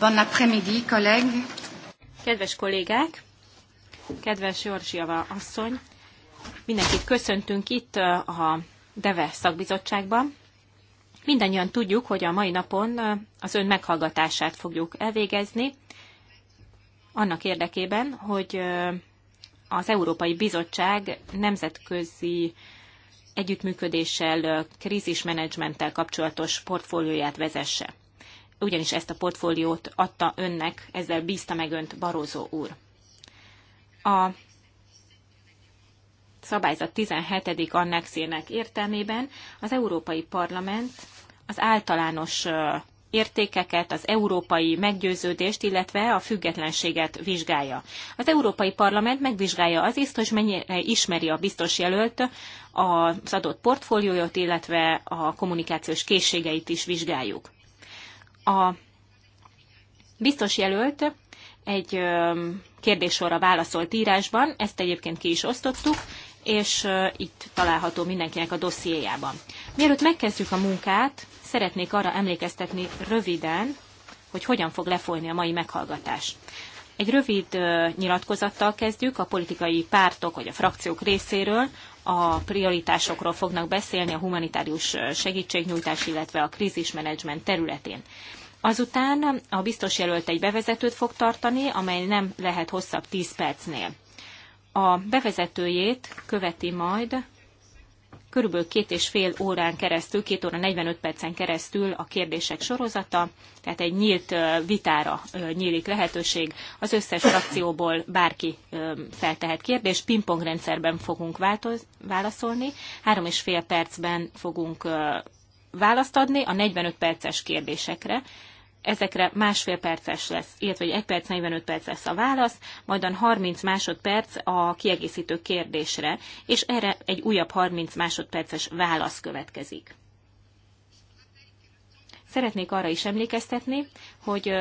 Bon après-midi, collègues. Kedves kollégák, kedves Georgiava asszony, mindenkit köszöntünk itt a DEVE szakbizottságban. Mindannyian tudjuk, hogy a mai napon az ön meghallgatását fogjuk elvégezni, annak érdekében, hogy az Európai Bizottság nemzetközi együttműködéssel, krízismenedzsmenttel kapcsolatos portfólióját vezesse ugyanis ezt a portfóliót adta önnek, ezzel bízta meg önt Barózó úr. A szabályzat 17. annexének értelmében az Európai Parlament az általános értékeket, az európai meggyőződést, illetve a függetlenséget vizsgálja. Az Európai Parlament megvizsgálja az is, hogy mennyire ismeri a biztos jelölt az adott portfólióját, illetve a kommunikációs készségeit is vizsgáljuk. A biztos jelölt egy kérdéssorra válaszolt írásban, ezt egyébként ki is osztottuk, és itt található mindenkinek a dossziéjában. Mielőtt megkezdjük a munkát, szeretnék arra emlékeztetni röviden, hogy hogyan fog lefolyni a mai meghallgatás. Egy rövid nyilatkozattal kezdjük, a politikai pártok vagy a frakciók részéről a prioritásokról fognak beszélni a humanitárius segítségnyújtás, illetve a krízismenedzsment területén. Azután a biztos jelölt egy bevezetőt fog tartani, amely nem lehet hosszabb 10 percnél. A bevezetőjét követi majd körülbelül két és fél órán keresztül, két óra 45 percen keresztül a kérdések sorozata, tehát egy nyílt vitára nyílik lehetőség. Az összes frakcióból bárki feltehet kérdést, pingpong rendszerben fogunk változ, válaszolni, három és fél percben fogunk választ adni a 45 perces kérdésekre, ezekre másfél perces lesz, illetve egy perc 45 perc lesz a válasz, majd a 30 másodperc a kiegészítő kérdésre, és erre egy újabb 30 másodperces válasz következik. Szeretnék arra is emlékeztetni, hogy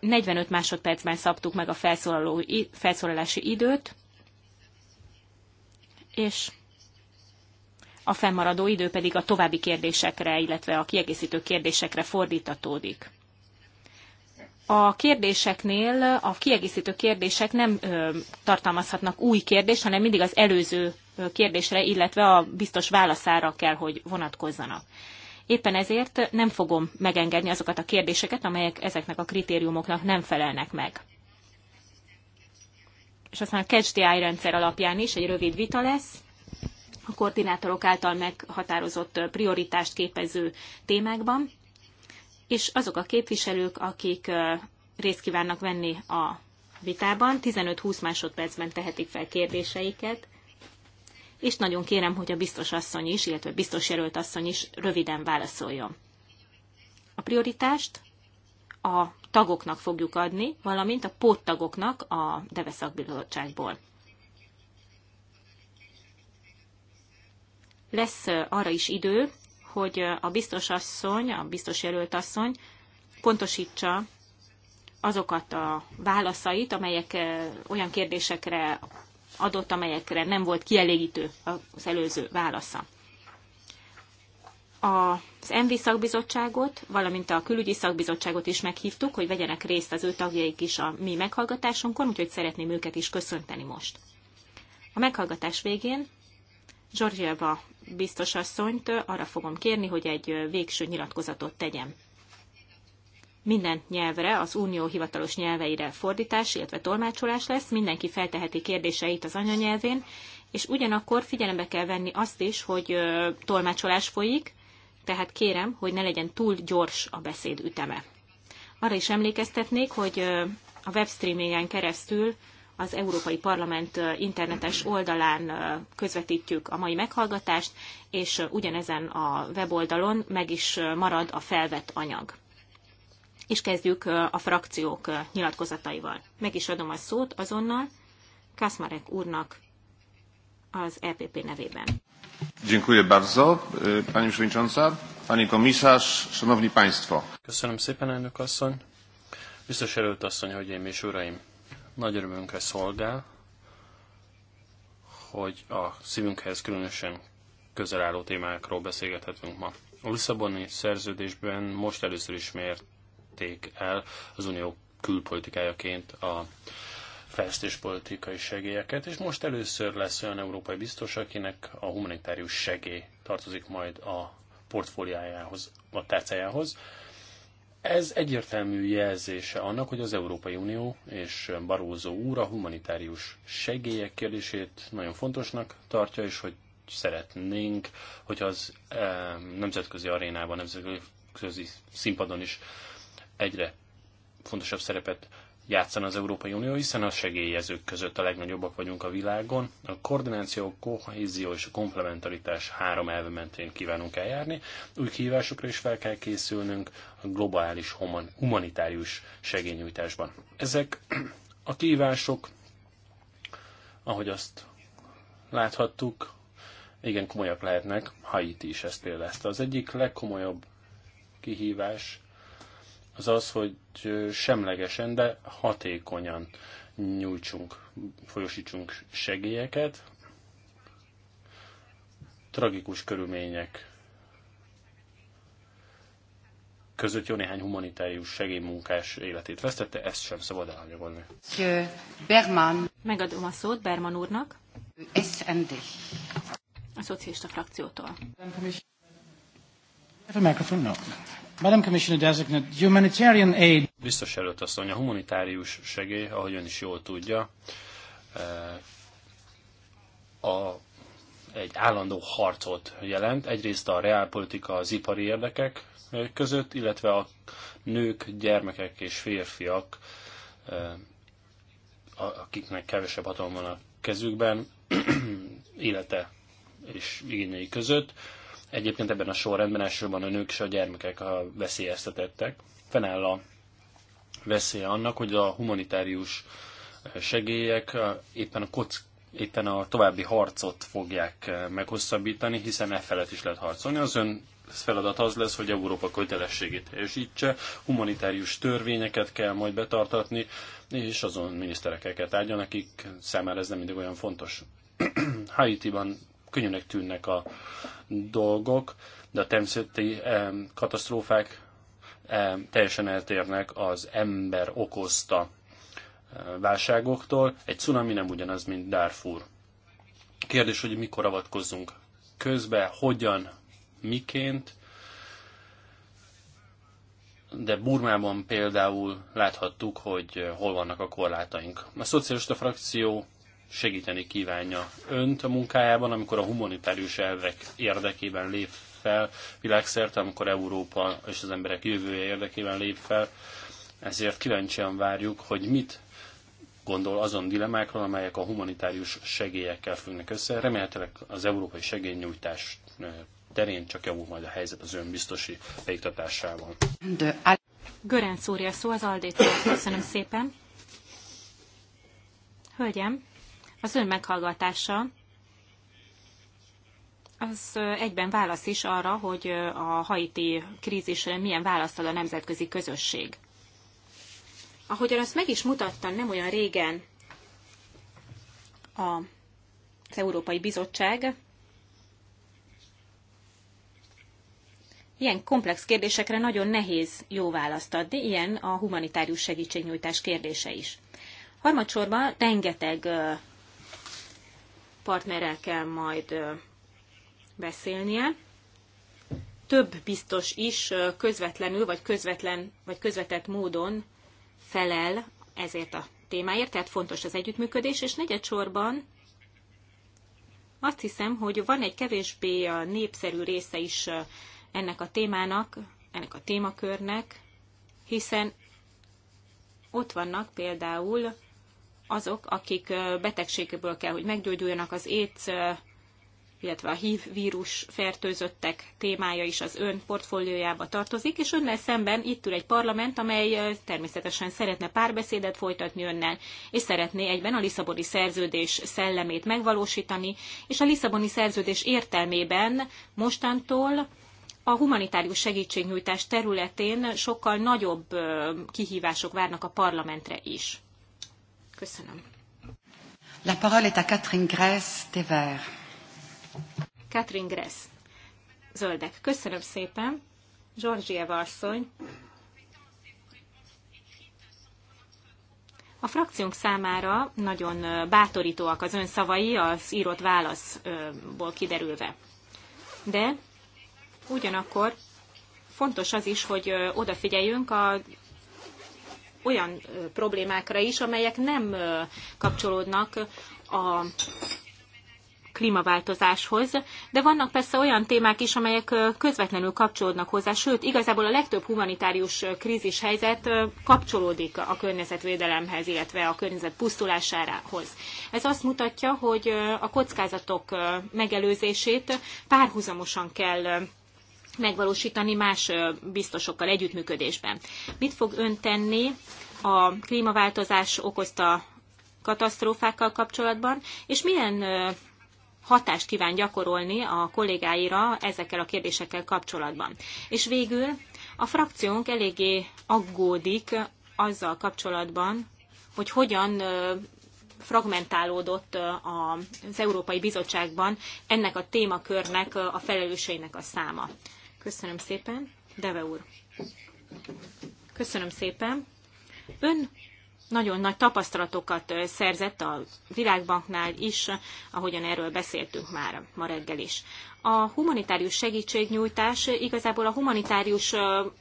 45 másodpercben szabtuk meg a felszólaló, felszólalási időt, és a fennmaradó idő pedig a további kérdésekre, illetve a kiegészítő kérdésekre fordítatódik a kérdéseknél, a kiegészítő kérdések nem ö, tartalmazhatnak új kérdést, hanem mindig az előző kérdésre, illetve a biztos válaszára kell, hogy vonatkozzanak. Éppen ezért nem fogom megengedni azokat a kérdéseket, amelyek ezeknek a kritériumoknak nem felelnek meg. És aztán a Catch the Eye rendszer alapján is egy rövid vita lesz, a koordinátorok által meghatározott prioritást képező témákban és azok a képviselők, akik részt kívánnak venni a vitában, 15-20 másodpercben tehetik fel kérdéseiket, és nagyon kérem, hogy a biztos asszony is, illetve biztos jelölt asszony is röviden válaszoljon. A prioritást a tagoknak fogjuk adni, valamint a póttagoknak a deveszakbizottságból. Lesz arra is idő, hogy a biztos asszony, a biztos jelölt asszony pontosítsa azokat a válaszait, amelyek eh, olyan kérdésekre adott, amelyekre nem volt kielégítő az előző válasza. Az ENVI szakbizottságot, valamint a külügyi szakbizottságot is meghívtuk, hogy vegyenek részt az ő tagjaik is a mi meghallgatásunkon, úgyhogy szeretném őket is köszönteni most. A meghallgatás végén Georgieva biztos asszonyt arra fogom kérni, hogy egy végső nyilatkozatot tegyen. Minden nyelvre, az unió hivatalos nyelveire fordítás, illetve tolmácsolás lesz, mindenki felteheti kérdéseit az anyanyelvén, és ugyanakkor figyelembe kell venni azt is, hogy tolmácsolás folyik, tehát kérem, hogy ne legyen túl gyors a beszéd üteme. Arra is emlékeztetnék, hogy a webstreamingen keresztül az Európai Parlament internetes oldalán közvetítjük a mai meghallgatást, és ugyanezen a weboldalon meg is marad a felvett anyag. És kezdjük a frakciók nyilatkozataival. Meg is adom a szót azonnal Kaszmarek úrnak az EPP nevében. Dziękuję bardzo, pani przewodnicząca, pani komisarz, szanowni państwo. Köszönöm szépen, elnök asszony. Biztos előtt asszony, hogy én és uraim. Nagy örömünkre szolgál, hogy a szívünkhez különösen közel álló témákról beszélgethetünk ma. A Lisszaboni szerződésben most először is mérték el az unió külpolitikájaként a fejlesztéspolitikai segélyeket, és most először lesz olyan európai biztos, akinek a humanitárius segély tartozik majd a portfóliájához, a tárcájához. Ez egyértelmű jelzése annak, hogy az Európai Unió és Barózó úr a humanitárius segélyek kérdését nagyon fontosnak tartja, és hogy szeretnénk, hogy az e, nemzetközi arénában, nemzetközi színpadon is egyre fontosabb szerepet játszan az Európai Unió, hiszen a segélyezők között a legnagyobbak vagyunk a világon. A koordináció, a kohézió és a komplementaritás három elve mentén kívánunk eljárni. Új kihívásokra is fel kell készülnünk a globális humanitárius segélynyújtásban. Ezek a kihívások, ahogy azt láthattuk, igen komolyak lehetnek. itt is ezt példázta. Az egyik legkomolyabb kihívás az az, hogy semlegesen, de hatékonyan nyújtsunk, folyosítsunk segélyeket. Tragikus körülmények között jó néhány humanitárius segélymunkás életét vesztette, ezt sem szabad elhanyagolni. Berman. Megadom a szót Berman úrnak. SND. A szocialista frakciótól. Biztos előtt asszony, a humanitárius segély, ahogy ön is jól tudja, eh, a, egy állandó harcot jelent. Egyrészt a reálpolitika az ipari érdekek eh, között, illetve a nők, gyermekek és férfiak, eh, akiknek kevesebb hatalom van a kezükben, élete és igényei között Egyébként ebben a sorrendben elsősorban a nők és a gyermekek a veszélyeztetettek. Fennáll a veszélye annak, hogy a humanitárius segélyek éppen a kock éppen a további harcot fogják e, meghosszabbítani, hiszen e felett is lehet harcolni. Az ön feladat az lesz, hogy Európa kötelességét teljesítse, humanitárius törvényeket kell majd betartatni, és azon miniszterekkel kell tárgyalni, akik számára ez nem mindig olyan fontos. Haiti-ban könnyűnek tűnnek a dolgok, de a természeti katasztrófák teljesen eltérnek az ember okozta válságoktól. Egy cunami nem ugyanaz, mint Darfur. Kérdés, hogy mikor avatkozzunk közbe, hogyan, miként, de Burmában például láthattuk, hogy hol vannak a korlátaink. A szocialista frakció segíteni kívánja önt a munkájában, amikor a humanitárius elvek érdekében lép fel világszerte, amikor Európa és az emberek jövője érdekében lép fel. Ezért kíváncsian várjuk, hogy mit gondol azon dilemákról, amelyek a humanitárius segélyekkel függnek össze. Remélhetőleg az európai segélynyújtás terén csak javul majd a helyzet az önbiztosi beiktatásával. Görán szúrja szó az Aldétól. Köszönöm szépen. Hölgyem, az ön meghallgatása az egyben válasz is arra, hogy a haiti krízisre milyen választ ad a nemzetközi közösség. Ahogyan azt meg is mutattam nem olyan régen a, az Európai Bizottság, Ilyen komplex kérdésekre nagyon nehéz jó választ adni, ilyen a humanitárius segítségnyújtás kérdése is. Harmadsorban rengeteg partnerrel kell majd beszélnie. Több biztos is közvetlenül, vagy közvetlen, vagy közvetett módon felel ezért a témáért, tehát fontos az együttműködés, és negyedsorban azt hiszem, hogy van egy kevésbé a népszerű része is ennek a témának, ennek a témakörnek, hiszen ott vannak például azok, akik betegségből kell, hogy meggyógyuljanak az AIDS, illetve a HIV vírus fertőzöttek témája is az ön portfóliójába tartozik, és önnel szemben itt ül egy parlament, amely természetesen szeretne párbeszédet folytatni önnel, és szeretné egyben a Lisszaboni szerződés szellemét megvalósítani, és a Lisszaboni szerződés értelmében mostantól a humanitárius segítségnyújtás területén sokkal nagyobb kihívások várnak a parlamentre is. Köszönöm. La parole est à Catherine Gress, des Verts. Catherine Gress, zöldek. Köszönöm szépen. Georgieva asszony. A frakciónk számára nagyon bátorítóak az ön szavai az írott válaszból kiderülve. De ugyanakkor fontos az is, hogy odafigyeljünk a olyan problémákra is, amelyek nem kapcsolódnak a klímaváltozáshoz, de vannak persze olyan témák is, amelyek közvetlenül kapcsolódnak hozzá, sőt, igazából a legtöbb humanitárius krízis helyzet kapcsolódik a környezetvédelemhez, illetve a környezet pusztulásához. Ez azt mutatja, hogy a kockázatok megelőzését párhuzamosan kell megvalósítani más biztosokkal együttműködésben. Mit fog ön tenni a klímaváltozás okozta katasztrófákkal kapcsolatban, és milyen hatást kíván gyakorolni a kollégáira ezekkel a kérdésekkel kapcsolatban. És végül a frakciónk eléggé aggódik azzal kapcsolatban, hogy hogyan fragmentálódott az Európai Bizottságban ennek a témakörnek a felelőseinek a száma. Köszönöm szépen. Deve úr. Köszönöm szépen. Ön nagyon nagy tapasztalatokat szerzett a Világbanknál is, ahogyan erről beszéltünk már ma reggel is. A humanitárius segítségnyújtás igazából a humanitárius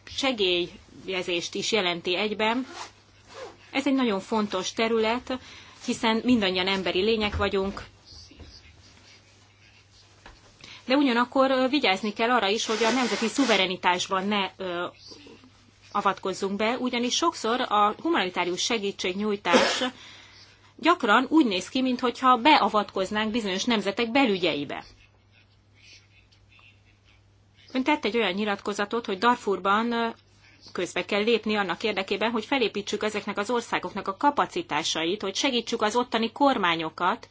segélyezést is jelenti egyben. Ez egy nagyon fontos terület, hiszen mindannyian emberi lények vagyunk, de ugyanakkor vigyázni kell arra is, hogy a nemzeti szuverenitásban ne avatkozzunk be, ugyanis sokszor a humanitárius segítségnyújtás gyakran úgy néz ki, mintha beavatkoznánk bizonyos nemzetek belügyeibe. Ön tett egy olyan nyilatkozatot, hogy Darfurban közbe kell lépni annak érdekében, hogy felépítsük ezeknek az országoknak a kapacitásait, hogy segítsük az ottani kormányokat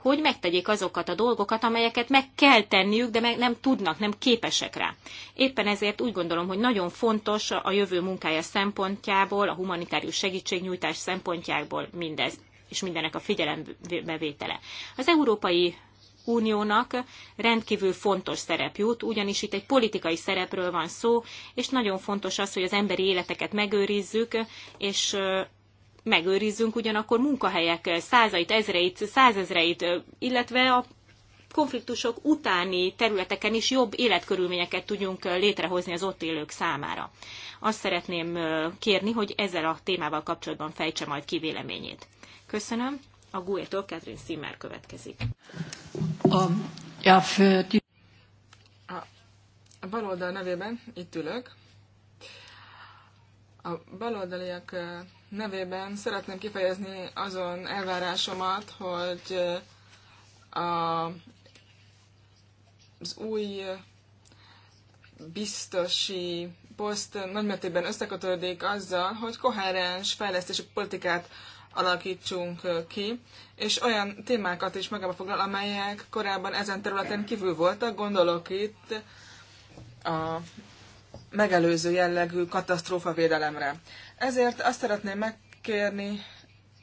hogy megtegyék azokat a dolgokat, amelyeket meg kell tenniük, de meg nem tudnak, nem képesek rá. Éppen ezért úgy gondolom, hogy nagyon fontos a jövő munkája szempontjából, a humanitárius segítségnyújtás szempontjából mindez, és mindenek a figyelembevétele. Az Európai Uniónak rendkívül fontos szerep jut, ugyanis itt egy politikai szerepről van szó, és nagyon fontos az, hogy az emberi életeket megőrizzük, és megőrizzünk ugyanakkor munkahelyek százait, ezreit, százezreit, illetve a konfliktusok utáni területeken is jobb életkörülményeket tudjunk létrehozni az ott élők számára. Azt szeretném kérni, hogy ezzel a témával kapcsolatban fejtse majd ki véleményét. Köszönöm. A GUE-tól Catherine Simmer következik. Um, a, a, a baloldal nevében itt ülök. A baloldaliak nevében szeretném kifejezni azon elvárásomat, hogy a, az új biztosi poszt nagymértékben összekötődik azzal, hogy koherens fejlesztési politikát alakítsunk ki, és olyan témákat is magába foglal, amelyek korábban ezen területen kívül voltak. Gondolok itt a megelőző jellegű katasztrófavédelemre. Ezért azt szeretném megkérni,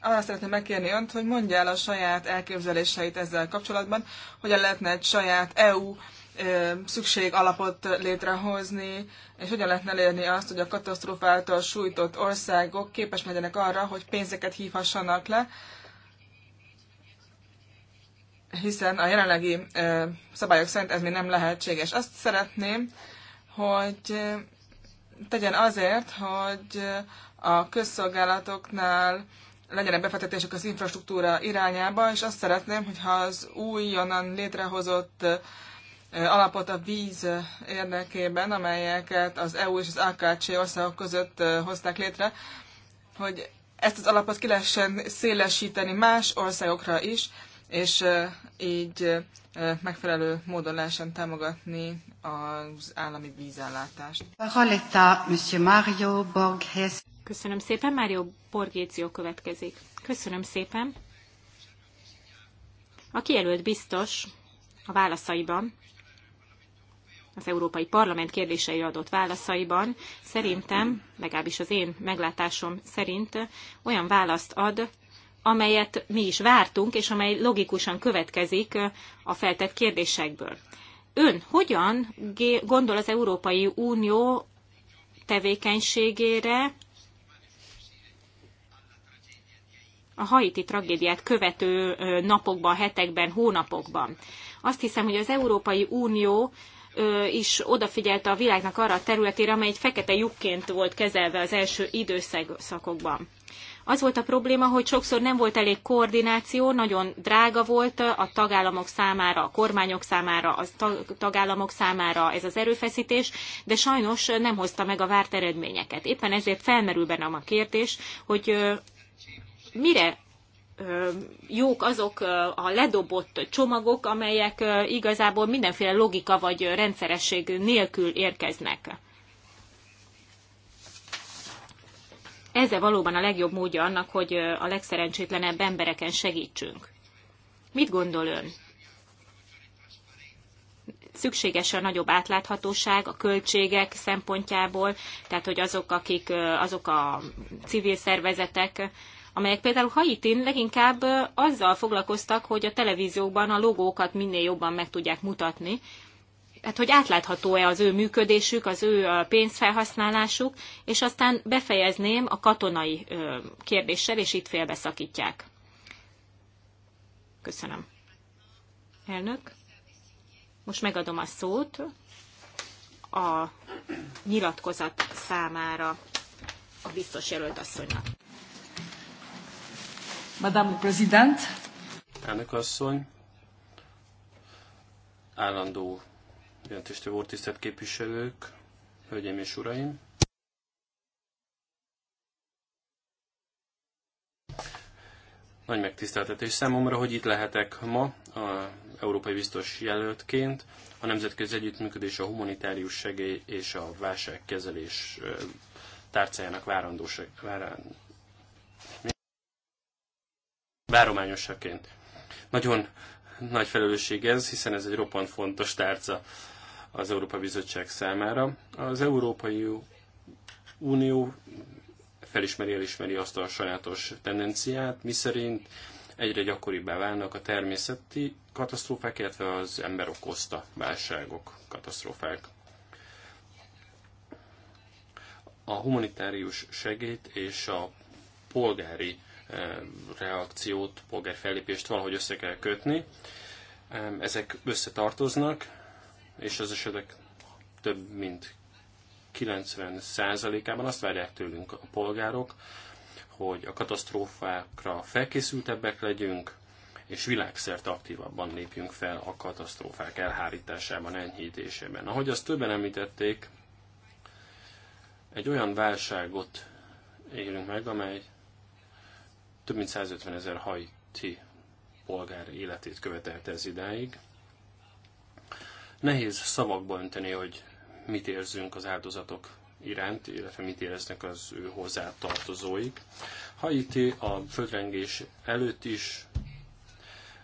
arra szeretném megkérni önt, hogy mondja el a saját elképzeléseit ezzel kapcsolatban, hogyan lehetne egy saját EU szükség alapot létrehozni, és hogyan lehetne elérni azt, hogy a katasztrófáltal sújtott országok képes legyenek arra, hogy pénzeket hívhassanak le, hiszen a jelenlegi szabályok szerint ez még nem lehetséges. Azt szeretném, hogy tegyen azért, hogy a közszolgálatoknál legyenek befektetések az infrastruktúra irányába, és azt szeretném, hogyha az újonnan létrehozott alapot a víz érdekében, amelyeket az EU és az AKC országok között hozták létre, hogy ezt az alapot ki lehessen szélesíteni más országokra is, és így megfelelő módon lehessen támogatni az állami vízellátást. Mario Borges. Köszönöm szépen, Mário Borgézió következik. Köszönöm szépen. A kijelölt biztos a válaszaiban, az Európai Parlament kérdéseire adott válaszaiban szerintem, legalábbis az én meglátásom szerint olyan választ ad, amelyet mi is vártunk, és amely logikusan következik a feltett kérdésekből. Ön hogyan gondol az Európai Unió tevékenységére a haiti tragédiát követő napokban, hetekben, hónapokban? Azt hiszem, hogy az Európai Unió is odafigyelte a világnak arra a területére, amely egy fekete lyukként volt kezelve az első időszakokban. Az volt a probléma, hogy sokszor nem volt elég koordináció, nagyon drága volt a tagállamok számára, a kormányok számára, a tagállamok számára ez az erőfeszítés, de sajnos nem hozta meg a várt eredményeket. Éppen ezért felmerül bennem a kérdés, hogy mire jók azok a ledobott csomagok, amelyek igazából mindenféle logika vagy rendszeresség nélkül érkeznek. ez-e valóban a legjobb módja annak, hogy a legszerencsétlenebb embereken segítsünk? Mit gondol ön? Szükséges a nagyobb átláthatóság a költségek szempontjából, tehát hogy azok, akik, azok a civil szervezetek, amelyek például Haitin leginkább azzal foglalkoztak, hogy a televíziókban a logókat minél jobban meg tudják mutatni, hát hogy átlátható-e az ő működésük, az ő pénzfelhasználásuk, és aztán befejezném a katonai kérdéssel, és itt félbeszakítják. Köszönöm. Elnök, most megadom a szót a nyilatkozat számára a biztos jelölt asszonynak. Madame President. Elnök asszony, állandó Jelentéstő volt tisztelt képviselők, hölgyeim és uraim! Nagy megtiszteltetés számomra, hogy itt lehetek ma a Európai Biztos jelöltként a Nemzetközi Együttműködés, a Humanitárius Segély és a Válságkezelés tárcájának várandós, várományosaként. Nagyon nagy felelősség ez, hiszen ez egy roppant fontos tárca az Európa Bizottság számára. Az Európai Unió felismeri, elismeri azt a sajátos tendenciát, miszerint egyre gyakoribbá válnak a természeti katasztrófák, illetve az ember okozta válságok, katasztrófák. A humanitárius segélyt és a polgári eh, reakciót, polgári fellépést valahogy össze kell kötni. Ezek összetartoznak, és az esetek több mint 90%-ában azt várják tőlünk a polgárok, hogy a katasztrófákra felkészültebbek legyünk, és világszerte aktívabban lépjünk fel a katasztrófák elhárításában, enyhítésében. Ahogy azt többen említették, egy olyan válságot élünk meg, amely több mint 150 ezer hajti polgár életét követelte ez idáig. Nehéz szavakba önteni, hogy mit érzünk az áldozatok iránt, illetve mit éreznek az ő hozzátartozóik. Haiti a földrengés előtt is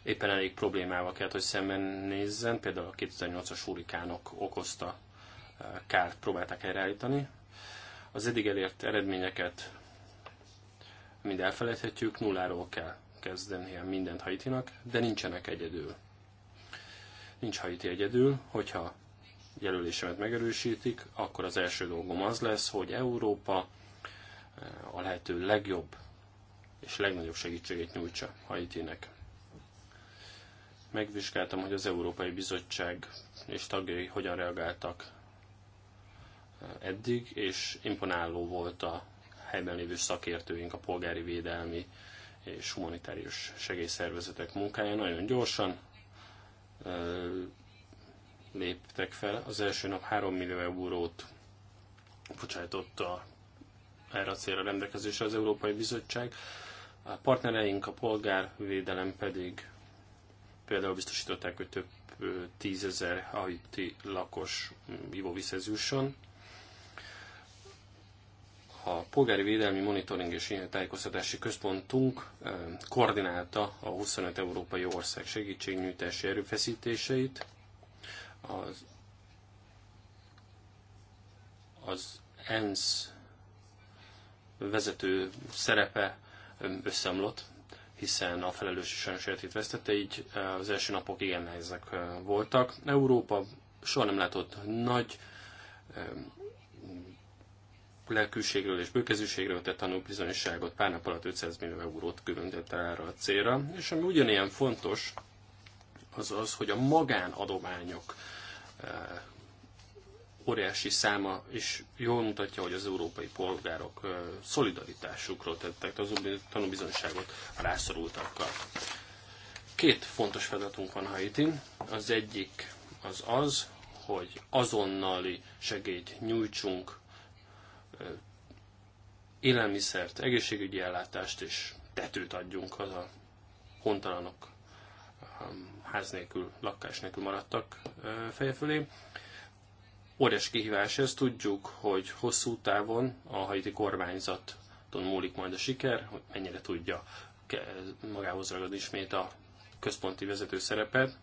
éppen elég problémával kellett, hogy szemben nézzen. Például a 2008-as hurikánok okozta eh, kárt próbálták helyreállítani. Az eddig elért eredményeket mind elfelejthetjük, nulláról kell kezdeni mindent Haitinak, de nincsenek egyedül. Nincs Haiti egyedül, hogyha jelölésemet megerősítik, akkor az első dolgom az lesz, hogy Európa eh, a lehető legjobb és legnagyobb segítségét nyújtsa Haitinek. Megvizsgáltam, hogy az Európai Bizottság és tagjai hogyan reagáltak eh, eddig, és imponáló volt a helyben lévő szakértőink, a polgári védelmi és humanitárius segélyszervezetek munkája. Nagyon gyorsan, léptek fel. Az első nap 3 millió eurót a, erre a célra rendelkezésre az Európai Bizottság. A partnereink, a polgárvédelem pedig például biztosították, hogy több tízezer hajti lakos ivóvízhez jusson a Polgári Védelmi Monitoring és Tájékoztatási Központunk koordinálta a 25 európai ország segítségnyújtási erőfeszítéseit. Az, az ENSZ vezető szerepe összeomlott, hiszen a felelős is sajnos életét vesztette, így az első napok igen nehezek voltak. Európa soha nem látott nagy lelkűségről és bőkezűségről tett tanúbizonyosságot pár nap alatt 500 millió eurót különített el erre a célra. És ami ugyanilyen fontos, az az, hogy a magánadományok eh, óriási száma is jól mutatja, hogy az európai polgárok eh, szolidaritásukról tettek tanúbizonyságot a rászorultakkal. Két fontos feladatunk van Haitin. Az egyik az az, hogy azonnali segélyt nyújtsunk élelmiszert, egészségügyi ellátást és tetőt adjunk az a hontalanok um, ház nélkül, lakás nélkül maradtak feje fölé. Óriás kihívás ez, tudjuk, hogy hosszú távon a haiti kormányzaton múlik majd a siker, hogy mennyire tudja magához ragadni ismét a központi vezető szerepet.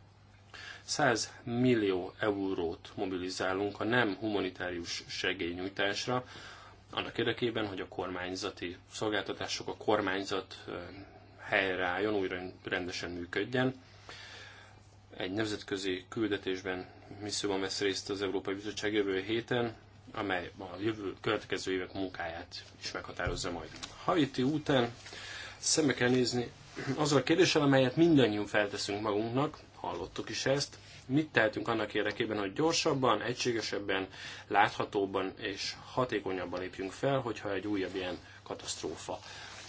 100 millió eurót mobilizálunk a nem humanitárius segélynyújtásra, annak érdekében, hogy a kormányzati szolgáltatások, a kormányzat helyreálljon, újra rendesen működjen. Egy nemzetközi küldetésben misszióban vesz részt az Európai Bizottság jövő héten, amely a jövő következő évek munkáját is meghatározza majd. Haiti után szembe kell nézni azzal a kérdéssel, amelyet mindannyian felteszünk magunknak, hallottuk is ezt, mit tehetünk annak érdekében, hogy gyorsabban, egységesebben, láthatóbban és hatékonyabban lépjünk fel, hogyha egy újabb ilyen katasztrófa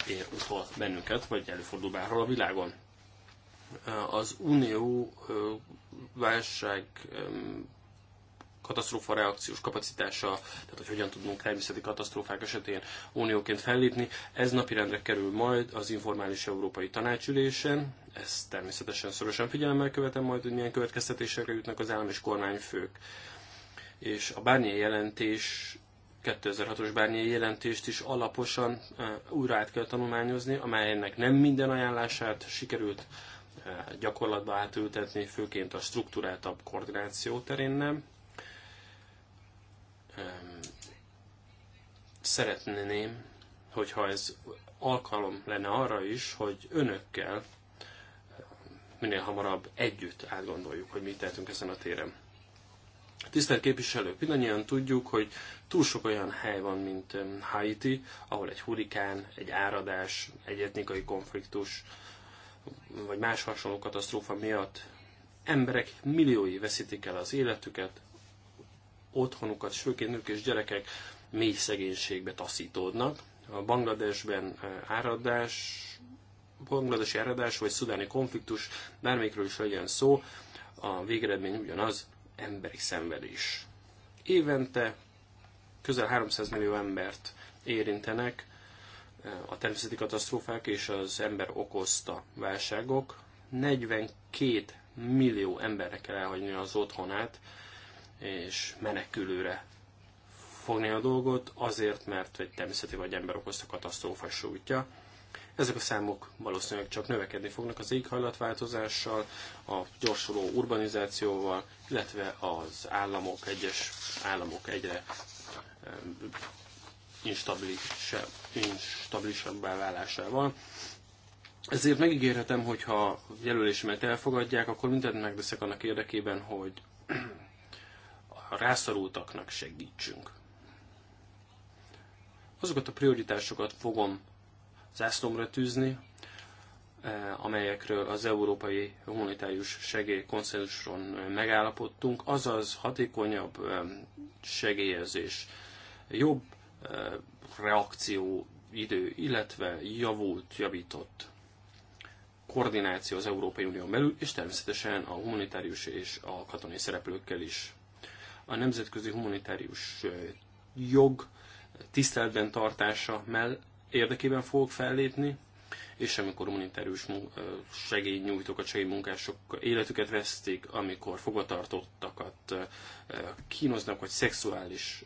ér utol bennünket, vagy előfordul bárhol a világon. Az unió válság katasztrófa reakciós kapacitása, tehát hogy hogyan tudunk természeti katasztrófák esetén unióként fellépni. Ez napirendre kerül majd az informális európai tanácsülésen, ezt természetesen szorosan figyelemmel követem majd, hogy milyen következtetésekre jutnak az állam és kormányfők. És a bárnyi jelentés 2006-os bárnyi jelentést is alaposan eh, újra át kell tanulmányozni, amelynek nem minden ajánlását sikerült eh, gyakorlatba átültetni, főként a struktúráltabb koordináció terén nem. Szeretném, hogyha ez alkalom lenne arra is, hogy önökkel minél hamarabb együtt átgondoljuk, hogy mit tehetünk ezen a téren. Tisztelt képviselők, mindannyian tudjuk, hogy túl sok olyan hely van, mint Haiti, ahol egy hurikán, egy áradás, egy etnikai konfliktus, vagy más hasonló katasztrófa miatt emberek milliói veszítik el az életüket, otthonukat, sőként nők és gyerekek mély szegénységbe taszítódnak. A Bangladesben eh, áradás bangladesi eredás vagy szudáni konfliktus, bármikről is legyen szó, a végeredmény ugyanaz, emberi szenvedés. Évente közel 300 millió embert érintenek eh, a természeti katasztrófák és az ember okozta válságok. 42 millió emberre kell elhagyni az otthonát, és menekülőre fogni a dolgot, azért, mert egy természeti vagy ember okozta katasztrófa sújtja. Ezek a számok valószínűleg csak növekedni fognak az éghajlatváltozással, a gyorsuló urbanizációval, illetve az államok, egyes államok egyre eh, instabilisabbá válásával. Ezért megígérhetem, hogy ha jelölésemet elfogadják, akkor mindent megveszek annak érdekében, hogy a rászorultaknak segítsünk. Azokat a prioritásokat fogom zászlomra tűzni, eh, amelyekről az európai humanitárius Segélykonszenzuson megállapodtunk, azaz hatékonyabb eh, segélyezés, jobb eh, reakció idő, illetve javult, javított koordináció az Európai Unión belül, és természetesen a humanitárius és a katonai szereplőkkel is. A nemzetközi humanitárius jog tiszteletben tartása mell érdekében fogok fellépni, és amikor humanitárius segélynyújtókat, segélymunkások életüket vesztik, amikor fogvatartottakat kínoznak, vagy szexuális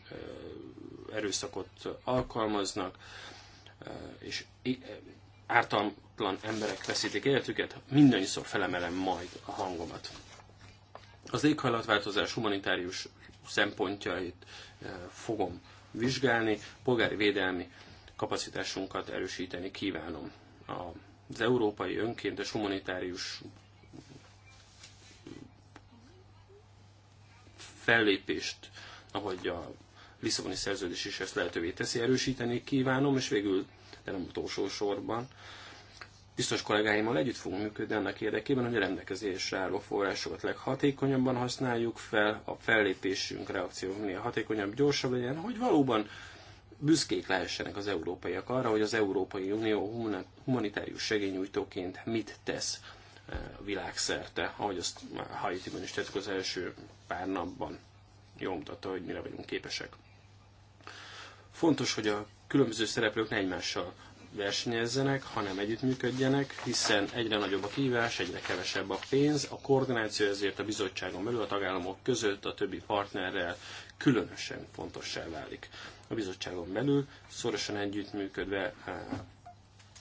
erőszakot alkalmaznak, és ártalmatlan emberek veszítik életüket, mindannyiszor felemelem majd a hangomat. Az éghajlatváltozás humanitárius szempontjait fogom vizsgálni, polgári védelmi kapacitásunkat erősíteni kívánom. Az európai önkéntes humanitárius fellépést, ahogy a Lisszaboni szerződés is ezt lehetővé teszi, erősíteni kívánom, és végül, de nem utolsó sorban, biztos kollégáimmal együtt fogunk működni annak érdekében, hogy a rendelkezésre álló forrásokat leghatékonyabban használjuk fel, a fellépésünk, reakciónk minél hatékonyabb, gyorsabb legyen, hogy valóban büszkék lehessenek az európaiak arra, hogy az Európai Unió humanitárius segényújtóként mit tesz eh, világszerte, ahogy azt Haiti-ban is tettük az első pár napban. jól mutatta, hogy mire vagyunk képesek. Fontos, hogy a különböző szereplők ne egymással versenyezzenek, hanem együttműködjenek, hiszen egyre nagyobb a kívás, egyre kevesebb a pénz, a koordináció ezért a bizottságon belül a tagállamok között a többi partnerrel különösen fontossá válik a bizottságon belül, szorosan együttműködve eh,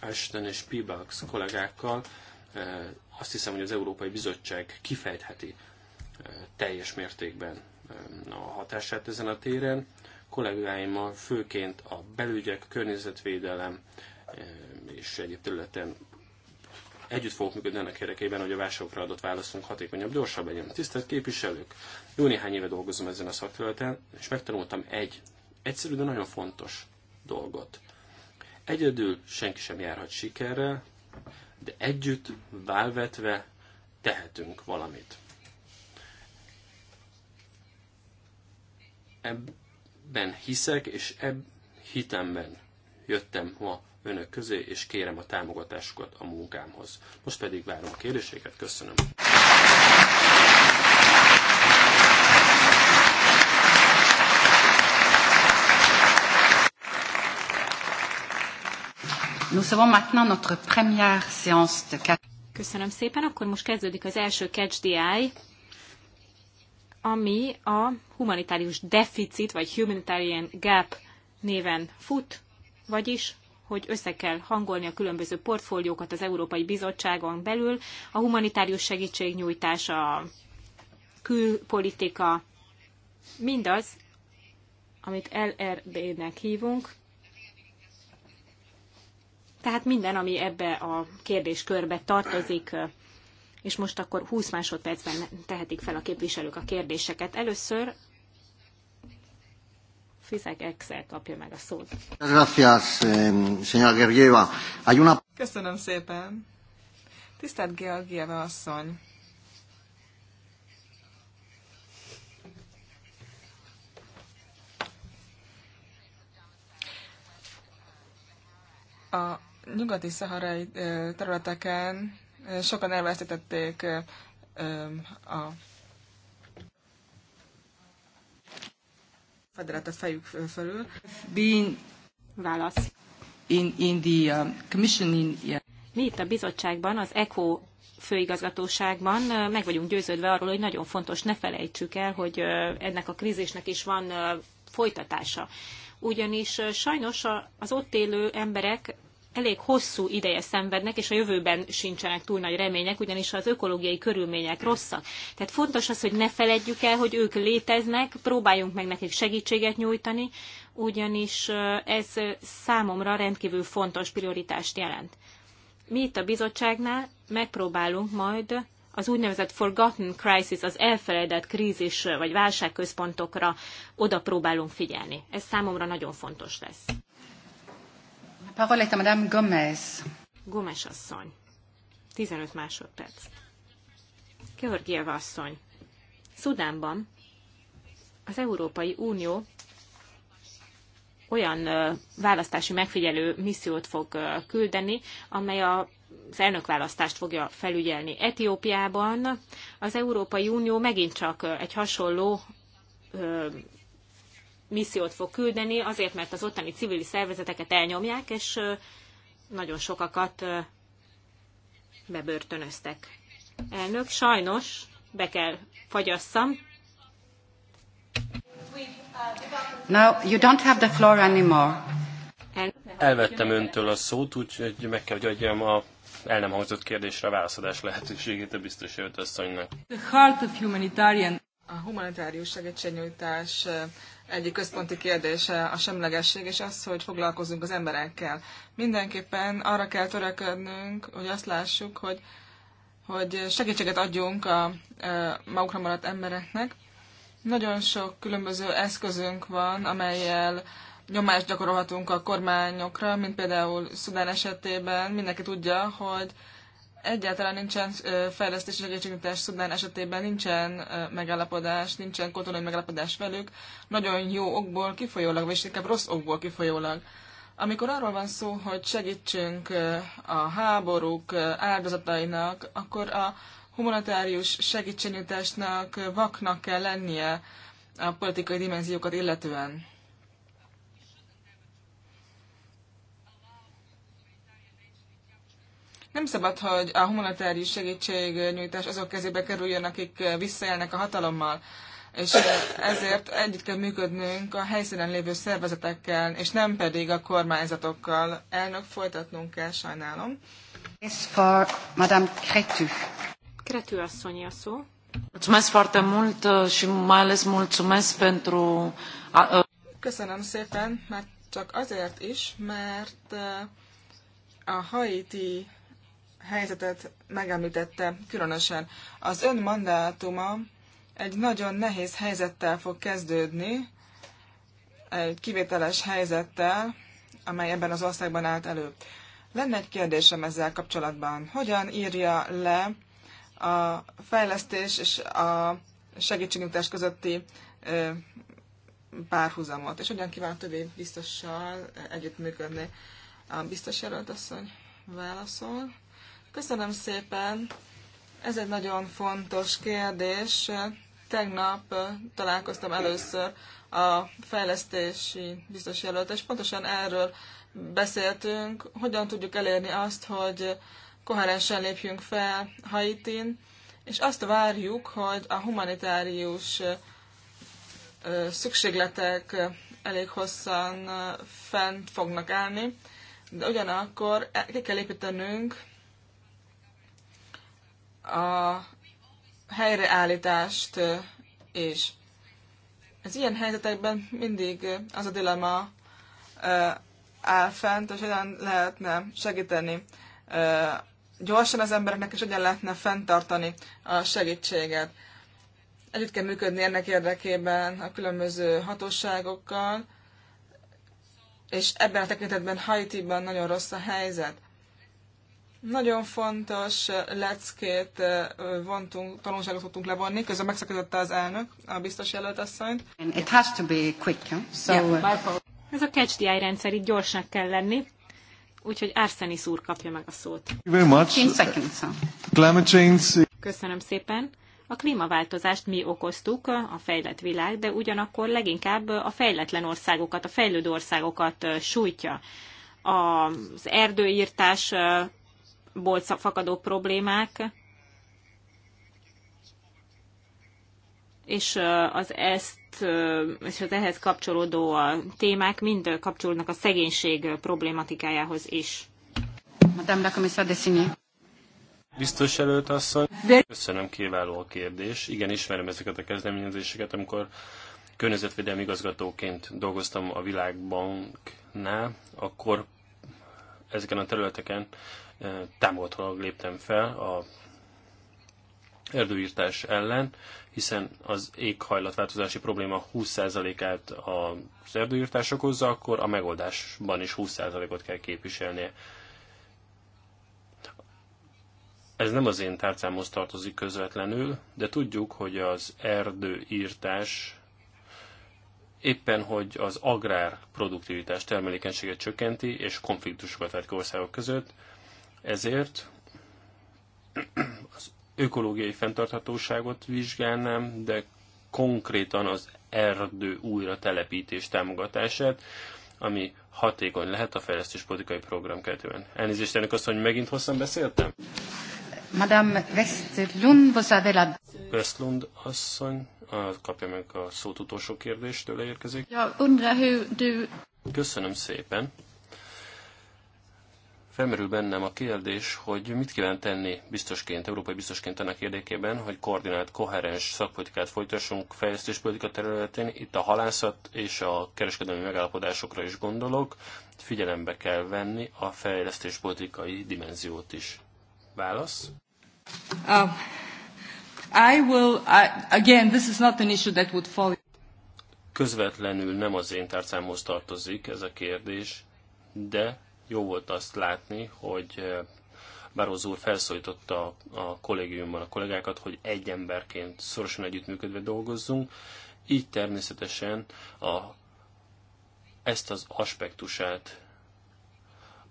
Ashton és Pibax kollégákkal, eh, azt hiszem, hogy az Európai Bizottság kifejtheti eh, teljes mértékben a hatását ezen a téren. Kollégáimmal főként a belügyek, a környezetvédelem és egyéb területen együtt fogok működni ennek érdekében, hogy a válságokra adott válaszunk hatékonyabb, gyorsabb legyen. Tisztelt képviselők, jó néhány éve dolgozom ezen a szakterületen, és megtanultam egy egyszerű, de nagyon fontos dolgot. Egyedül senki sem járhat sikerrel, de együtt, válvetve tehetünk valamit. Ebben hiszek, és ebb hitemben jöttem ma önök közé, és kérem a támogatásukat a munkámhoz. Most pedig várom a kérdéseket, köszönöm. Nous avons maintenant notre première séance de Köszönöm szépen, akkor most kezdődik az első Catch the Eye, ami a humanitárius deficit, vagy humanitarian gap néven fut, vagyis hogy össze kell hangolni a különböző portfóliókat az Európai Bizottságon belül, a humanitárius segítségnyújtás, a külpolitika, mindaz, amit LRD-nek hívunk, tehát minden, ami ebbe a kérdéskörbe tartozik, és most akkor 20 másodpercben tehetik fel a képviselők a kérdéseket. Először Fizek Excel kapja meg a szót. Eh, Köszönöm szépen. Tisztelt Georgieva asszony! A nyugati szaharai területeken sokan elvesztették a fedelet a fejük fölül. Bin válasz. In, in the uh, commission in, yeah. Mi itt a bizottságban, az ECO főigazgatóságban meg vagyunk győződve arról, hogy nagyon fontos, ne felejtsük el, hogy ennek a krízisnek is van folytatása. Ugyanis sajnos az ott élő emberek elég hosszú ideje szenvednek, és a jövőben sincsenek túl nagy remények, ugyanis az ökológiai körülmények rosszak. Tehát fontos az, hogy ne feledjük el, hogy ők léteznek, próbáljunk meg nekik segítséget nyújtani, ugyanis ez számomra rendkívül fontos prioritást jelent. Mi itt a bizottságnál megpróbálunk majd az úgynevezett forgotten crisis, az elfeledett krízis vagy válságközpontokra oda próbálunk figyelni. Ez számomra nagyon fontos lesz. Parole est à Madame Gomez. Gomes asszony. 15 másodperc. Georgieva asszony. Szudánban az Európai Unió olyan választási megfigyelő missziót fog küldeni, amely a az elnökválasztást fogja felügyelni. Etiópiában az Európai Unió megint csak egy hasonló missziót fog küldeni, azért, mert az ottani civil szervezeteket elnyomják, és nagyon sokakat bebörtönöztek. Elnök, sajnos be kell fagyasszam. Now you don't have the floor anymore. Elvettem öntől a szót, úgyhogy meg kell, hogy adjam a el nem hangzott kérdésre válaszadás lehetőségét a biztos asszonynak. The heart of humanitarian a humanitárius segítségnyújtás egyik központi kérdése a semlegesség, és az, hogy foglalkozunk az emberekkel. Mindenképpen arra kell törekednünk, hogy azt lássuk, hogy, hogy segítséget adjunk a, a e, magukra maradt embereknek. Nagyon sok különböző eszközünk van, amelyel nyomást gyakorolhatunk a kormányokra, mint például Szudán esetében mindenki tudja, hogy egyáltalán nincsen fejlesztési segítségnyújtás Szudán esetében, nincsen megállapodás, nincsen katonai megállapodás velük, nagyon jó okból kifolyólag, vagy inkább rossz okból kifolyólag. Amikor arról van szó, hogy segítsünk a háborúk áldozatainak, akkor a humanitárius segítségnyújtásnak vaknak kell lennie a politikai dimenziókat illetően. Nem szabad, hogy a humanitárius segítségnyújtás azok kezébe kerüljön, akik visszaélnek a hatalommal. És ezért együtt kell működnünk a helyszínen lévő szervezetekkel, és nem pedig a kormányzatokkal. Elnök, folytatnunk kell, sajnálom. Ez for Madame Kretü. Kretü, asszony a szó. Mulțumesc foarte mult uh, și mai ales mulțumesc pentru... Uh, Köszönöm szépen, mert csak azért is, mert uh, a haiti helyzetet megemlítette különösen. Az ön mandátuma egy nagyon nehéz helyzettel fog kezdődni, egy kivételes helyzettel, amely ebben az országban állt elő. Lenne egy kérdésem ezzel kapcsolatban. Hogyan írja le a fejlesztés és a segítségnyújtás közötti párhuzamot, és hogyan kíván többé biztossal együttműködni? A biztos jelölt asszony válaszol. Köszönöm szépen. Ez egy nagyon fontos kérdés. Tegnap találkoztam először a fejlesztési biztos jelölt, és pontosan erről beszéltünk, hogyan tudjuk elérni azt, hogy koherensen lépjünk fel Haitin, és azt várjuk, hogy a humanitárius szükségletek elég hosszan fent fognak állni, de ugyanakkor e, ki kell építenünk a helyreállítást és Az ilyen helyzetekben mindig az a dilema áll fent, és hogyan lehetne segíteni gyorsan az embereknek, és hogyan lehetne fenntartani a segítséget. Együtt kell működni ennek érdekében a különböző hatóságokkal, és ebben a tekintetben Haiti-ban nagyon rossz a helyzet. Nagyon fontos leckét vontunk, tanulságot tudtunk levonni, közben megszakította az elnök, a biztos jelölt asszonyt. It has to be quick, no? so... yeah, uh, Ez a catch the eye rendszer, itt gyorsnak kell lenni. Úgyhogy Arsenis úr kapja meg a szót. Köszönöm szépen. A klímaváltozást mi okoztuk, uh, a fejlett világ, de ugyanakkor leginkább uh, a fejletlen országokat, a fejlődő országokat sújtja. Az erdőírtás ból fakadó problémák, és az ezt és az ehhez kapcsolódó a témák mind kapcsolódnak a szegénység problématikájához is. Madame la commissaire Dessigné. Biztos előtt asszony. Köszönöm, kiváló a kérdés. Igen, ismerem ezeket a kezdeményezéseket, amikor környezetvédelmi igazgatóként dolgoztam a világbanknál, akkor ezeken a területeken támogatólag léptem fel a erdőírtás ellen, hiszen az éghajlatváltozási probléma 20%-át az erdőírtás okozza, akkor a megoldásban is 20%-ot kell képviselnie. Ez nem az én tárcámhoz tartozik közvetlenül, de tudjuk, hogy az erdőírtás éppen, hogy az agrár produktivitás termelékenységet csökkenti, és konfliktusokat vett országok között, ezért az ökológiai fenntarthatóságot vizsgálnám, de konkrétan az erdő újra telepítés támogatását, ami hatékony lehet a fejlesztés politikai program keretében. Elnézést ennek azt, hogy megint hosszan beszéltem? Madame Westlund, vous avez la... Westlund asszony, kapja meg a szót utolsó kérdéstől érkezik. Ja, undra, hő, du... Köszönöm szépen. Felmerül bennem a kérdés, hogy mit kíván tenni biztosként, európai biztosként annak érdekében, hogy koordinált, koherens szakpolitikát folytassunk fejlesztéspolitika területén. Itt a halászat és a kereskedelmi megállapodásokra is gondolok. Figyelembe kell venni a fejlesztéspolitikai dimenziót is. Válasz? Uh, I will, I, again, this is not an issue that would fall... Közvetlenül nem az én tárcámhoz tartozik ez a kérdés, de jó volt azt látni, hogy Barózó úr felszólította a kollégiumban a kollégákat, hogy egy emberként szorosan együttműködve dolgozzunk. Így természetesen a, ezt az aspektusát,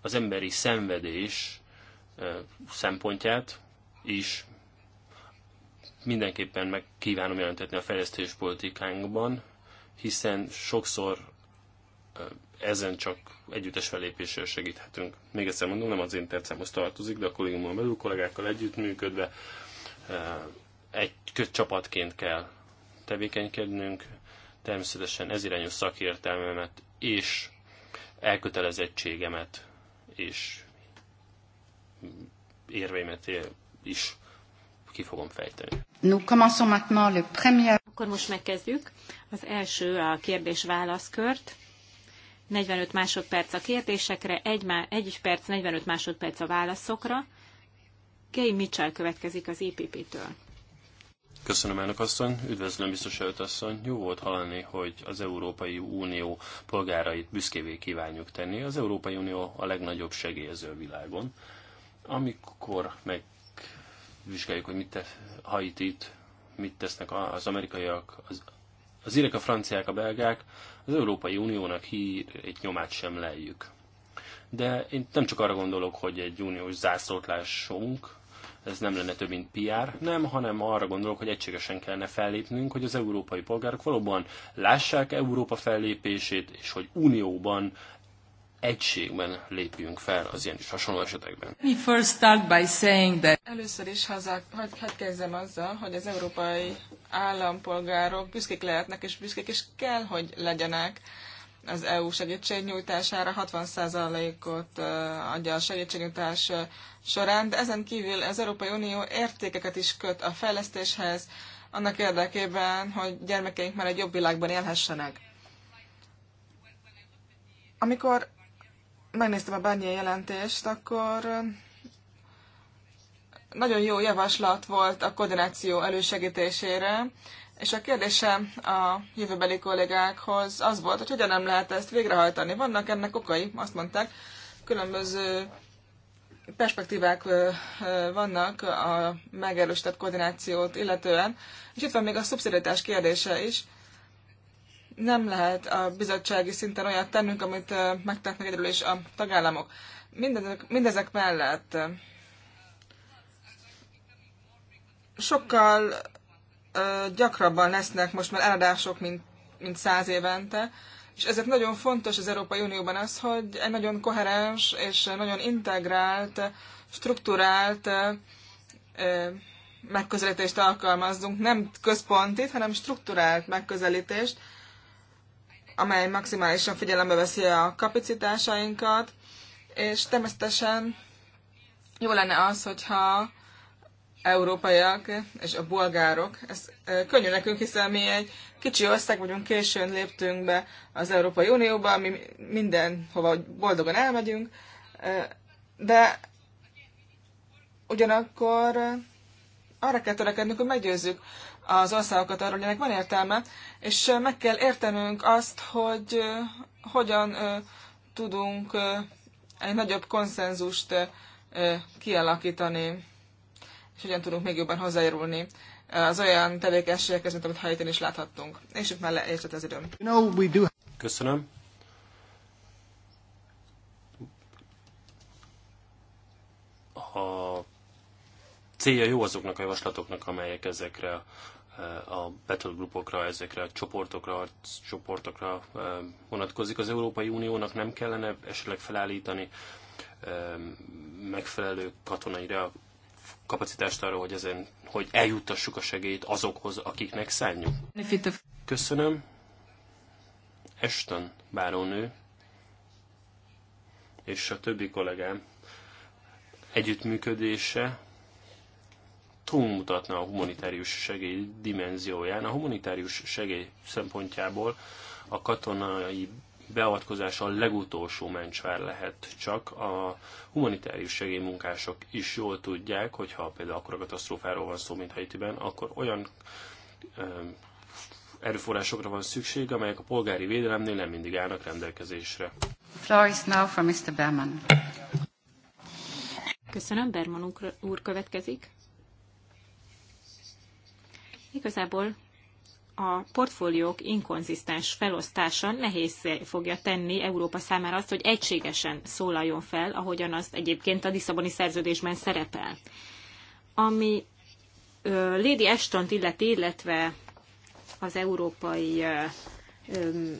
az emberi szenvedés szempontját is mindenképpen meg kívánom jelentetni a fejlesztéspolitikánkban, hiszen sokszor ezen csak együttes fellépéssel segíthetünk. Még egyszer mondom, nem az én tercemhoz tartozik, de a kollégiumon belül kollégákkal együttműködve e, egy csapatként kell tevékenykednünk, természetesen ez irányú szakértelmemet és elkötelezettségemet és érveimet is ki fogom fejteni. Akkor most megkezdjük az első a kérdés-válaszkört. 45 másodperc a kérdésekre, 1, 1 perc, 45 másodperc a válaszokra. Gay Mitchell következik az EPP-től. Köszönöm, elnök asszony. Üdvözlöm, biztos előtt asszony. Jó volt hallani, hogy az Európai Unió polgárait büszkévé kívánjuk tenni. Az Európai Unió a legnagyobb segélyező a világon. Amikor megvizsgáljuk, hogy mit te, itt, mit tesznek az amerikaiak, az, az írek, a franciák, a belgák, az Európai Uniónak hír egy nyomát sem lejjük. De én nem csak arra gondolok, hogy egy uniós zászlót lássunk, ez nem lenne több, mint PR, nem, hanem arra gondolok, hogy egységesen kellene fellépnünk, hogy az európai polgárok valóban lássák Európa fellépését, és hogy unióban egységben lépjünk fel az ilyen is hasonló esetekben. We first start by saying that... Először is haza, hadd hát kezdem azzal, hogy az európai állampolgárok büszkék lehetnek, és büszkék is kell, hogy legyenek az EU segítségnyújtására 60%-ot adja a segítségnyújtás során, de ezen kívül az Európai Unió értékeket is köt a fejlesztéshez, annak érdekében, hogy gyermekeink már egy jobb világban élhessenek. Amikor megnéztem a Bernier jelentést, akkor nagyon jó javaslat volt a koordináció elősegítésére, és a kérdésem a jövőbeli kollégákhoz az volt, hogy hogyan nem lehet ezt végrehajtani. Vannak ennek okai, azt mondták, különböző perspektívák vannak a megerősített koordinációt illetően, és itt van még a szubszidiaritás kérdése is nem lehet a bizottsági szinten olyat tennünk, amit megtehetnek egyedül is a tagállamok. Mindezek, mindezek mellett sokkal gyakrabban lesznek most már eladások, mint, mint száz évente, és ezért nagyon fontos az Európai Unióban az, hogy egy nagyon koherens és nagyon integrált, strukturált megközelítést alkalmazzunk, nem központit, hanem strukturált megközelítést, amely maximálisan figyelembe veszi a kapacitásainkat, és természetesen jó lenne az, hogyha európaiak és a bolgárok, ez könnyű nekünk, hiszen mi egy kicsi ország vagyunk, későn léptünk be az Európai Unióba, mi mindenhova boldogan elmegyünk, de ugyanakkor arra kell törekednünk, hogy meggyőzzük az országokat arról, hogy ennek van értelme, és meg kell értenünk azt, hogy hogyan tudunk egy nagyobb konszenzust kialakítani, és hogyan tudunk még jobban hozzájárulni az olyan tevékenységekhez, mint amit Haitén is láthattunk. És itt már leértett az időm. Köszönöm. célja jó azoknak a javaslatoknak, amelyek ezekre a groupokra, ezekre a csoportokra, csoportokra vonatkozik. Az Európai Uniónak nem kellene esetleg felállítani megfelelő katonai kapacitást arra, hogy, ezen, hogy eljuttassuk a segélyt azokhoz, akiknek szálljuk. Köszönöm. Eston bárónő és a többi kollégám együttműködése túlmutatna a humanitárius segély dimenzióján. A humanitárius segély szempontjából a katonai beavatkozás a legutolsó mencsvár lehet, csak a humanitárius segélymunkások is jól tudják, hogyha például akkor a katasztrófáról van szó, mint Haitiben, akkor olyan erőforrásokra van szükség, amelyek a polgári védelemnél nem mindig állnak rendelkezésre. Floor Mr. Berman. Köszönöm, Berman úr következik. Igazából a portfóliók inkonzisztens felosztása nehéz fogja tenni Európa számára azt, hogy egységesen szólaljon fel, ahogyan az egyébként a Lisszaboni szerződésben szerepel. Ami ö, Lady Ashton-t illeti, illetve az Európai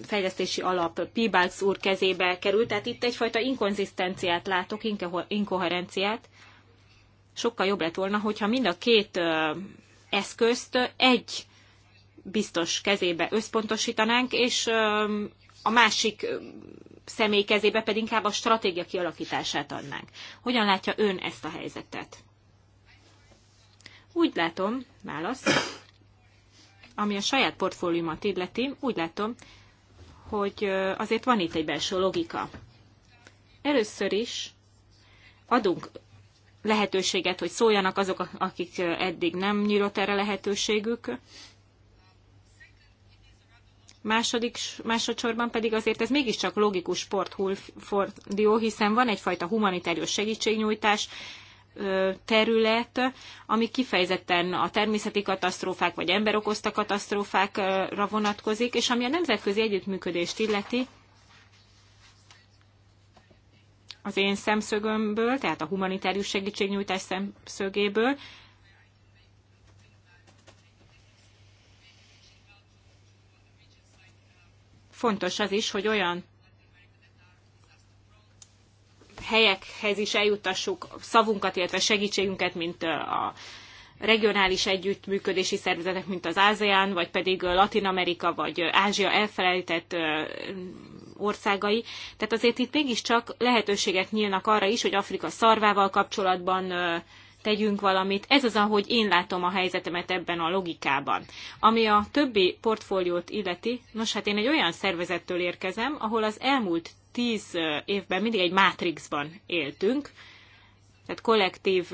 Fejlesztési Alap Pibalc úr kezébe került, tehát itt egyfajta inkonzisztenciát látok, inkoherenciát. Sokkal jobb lett volna, hogyha mind a két eszközt egy biztos kezébe összpontosítanánk, és a másik személy kezébe pedig inkább a stratégia kialakítását adnánk. Hogyan látja ön ezt a helyzetet? Úgy látom, válasz, ami a saját portfóliumat illeti, úgy látom, hogy azért van itt egy belső logika. Először is adunk lehetőséget, hogy szóljanak azok, akik eddig nem nyílt erre lehetőségük. Második, másodszorban pedig azért ez mégiscsak logikus sportforduló, hiszen van egyfajta humanitárius segítségnyújtás terület, ami kifejezetten a természeti katasztrófák vagy emberokozta katasztrófákra vonatkozik, és ami a nemzetközi együttműködést illeti, az én szemszögömből, tehát a humanitárius segítségnyújtás szemszögéből, fontos az is, hogy olyan helyekhez is eljutassuk szavunkat, illetve segítségünket, mint a regionális együttműködési szervezetek, mint az ASEAN, vagy pedig Latin Amerika, vagy Ázsia elfelejtett országai, tehát azért itt mégiscsak lehetőségek nyílnak arra is, hogy Afrika szarvával kapcsolatban tegyünk valamit. Ez az, ahogy én látom a helyzetemet ebben a logikában. Ami a többi portfóliót illeti, nos hát én egy olyan szervezettől érkezem, ahol az elmúlt tíz évben mindig egy mátrixban éltünk, tehát kollektív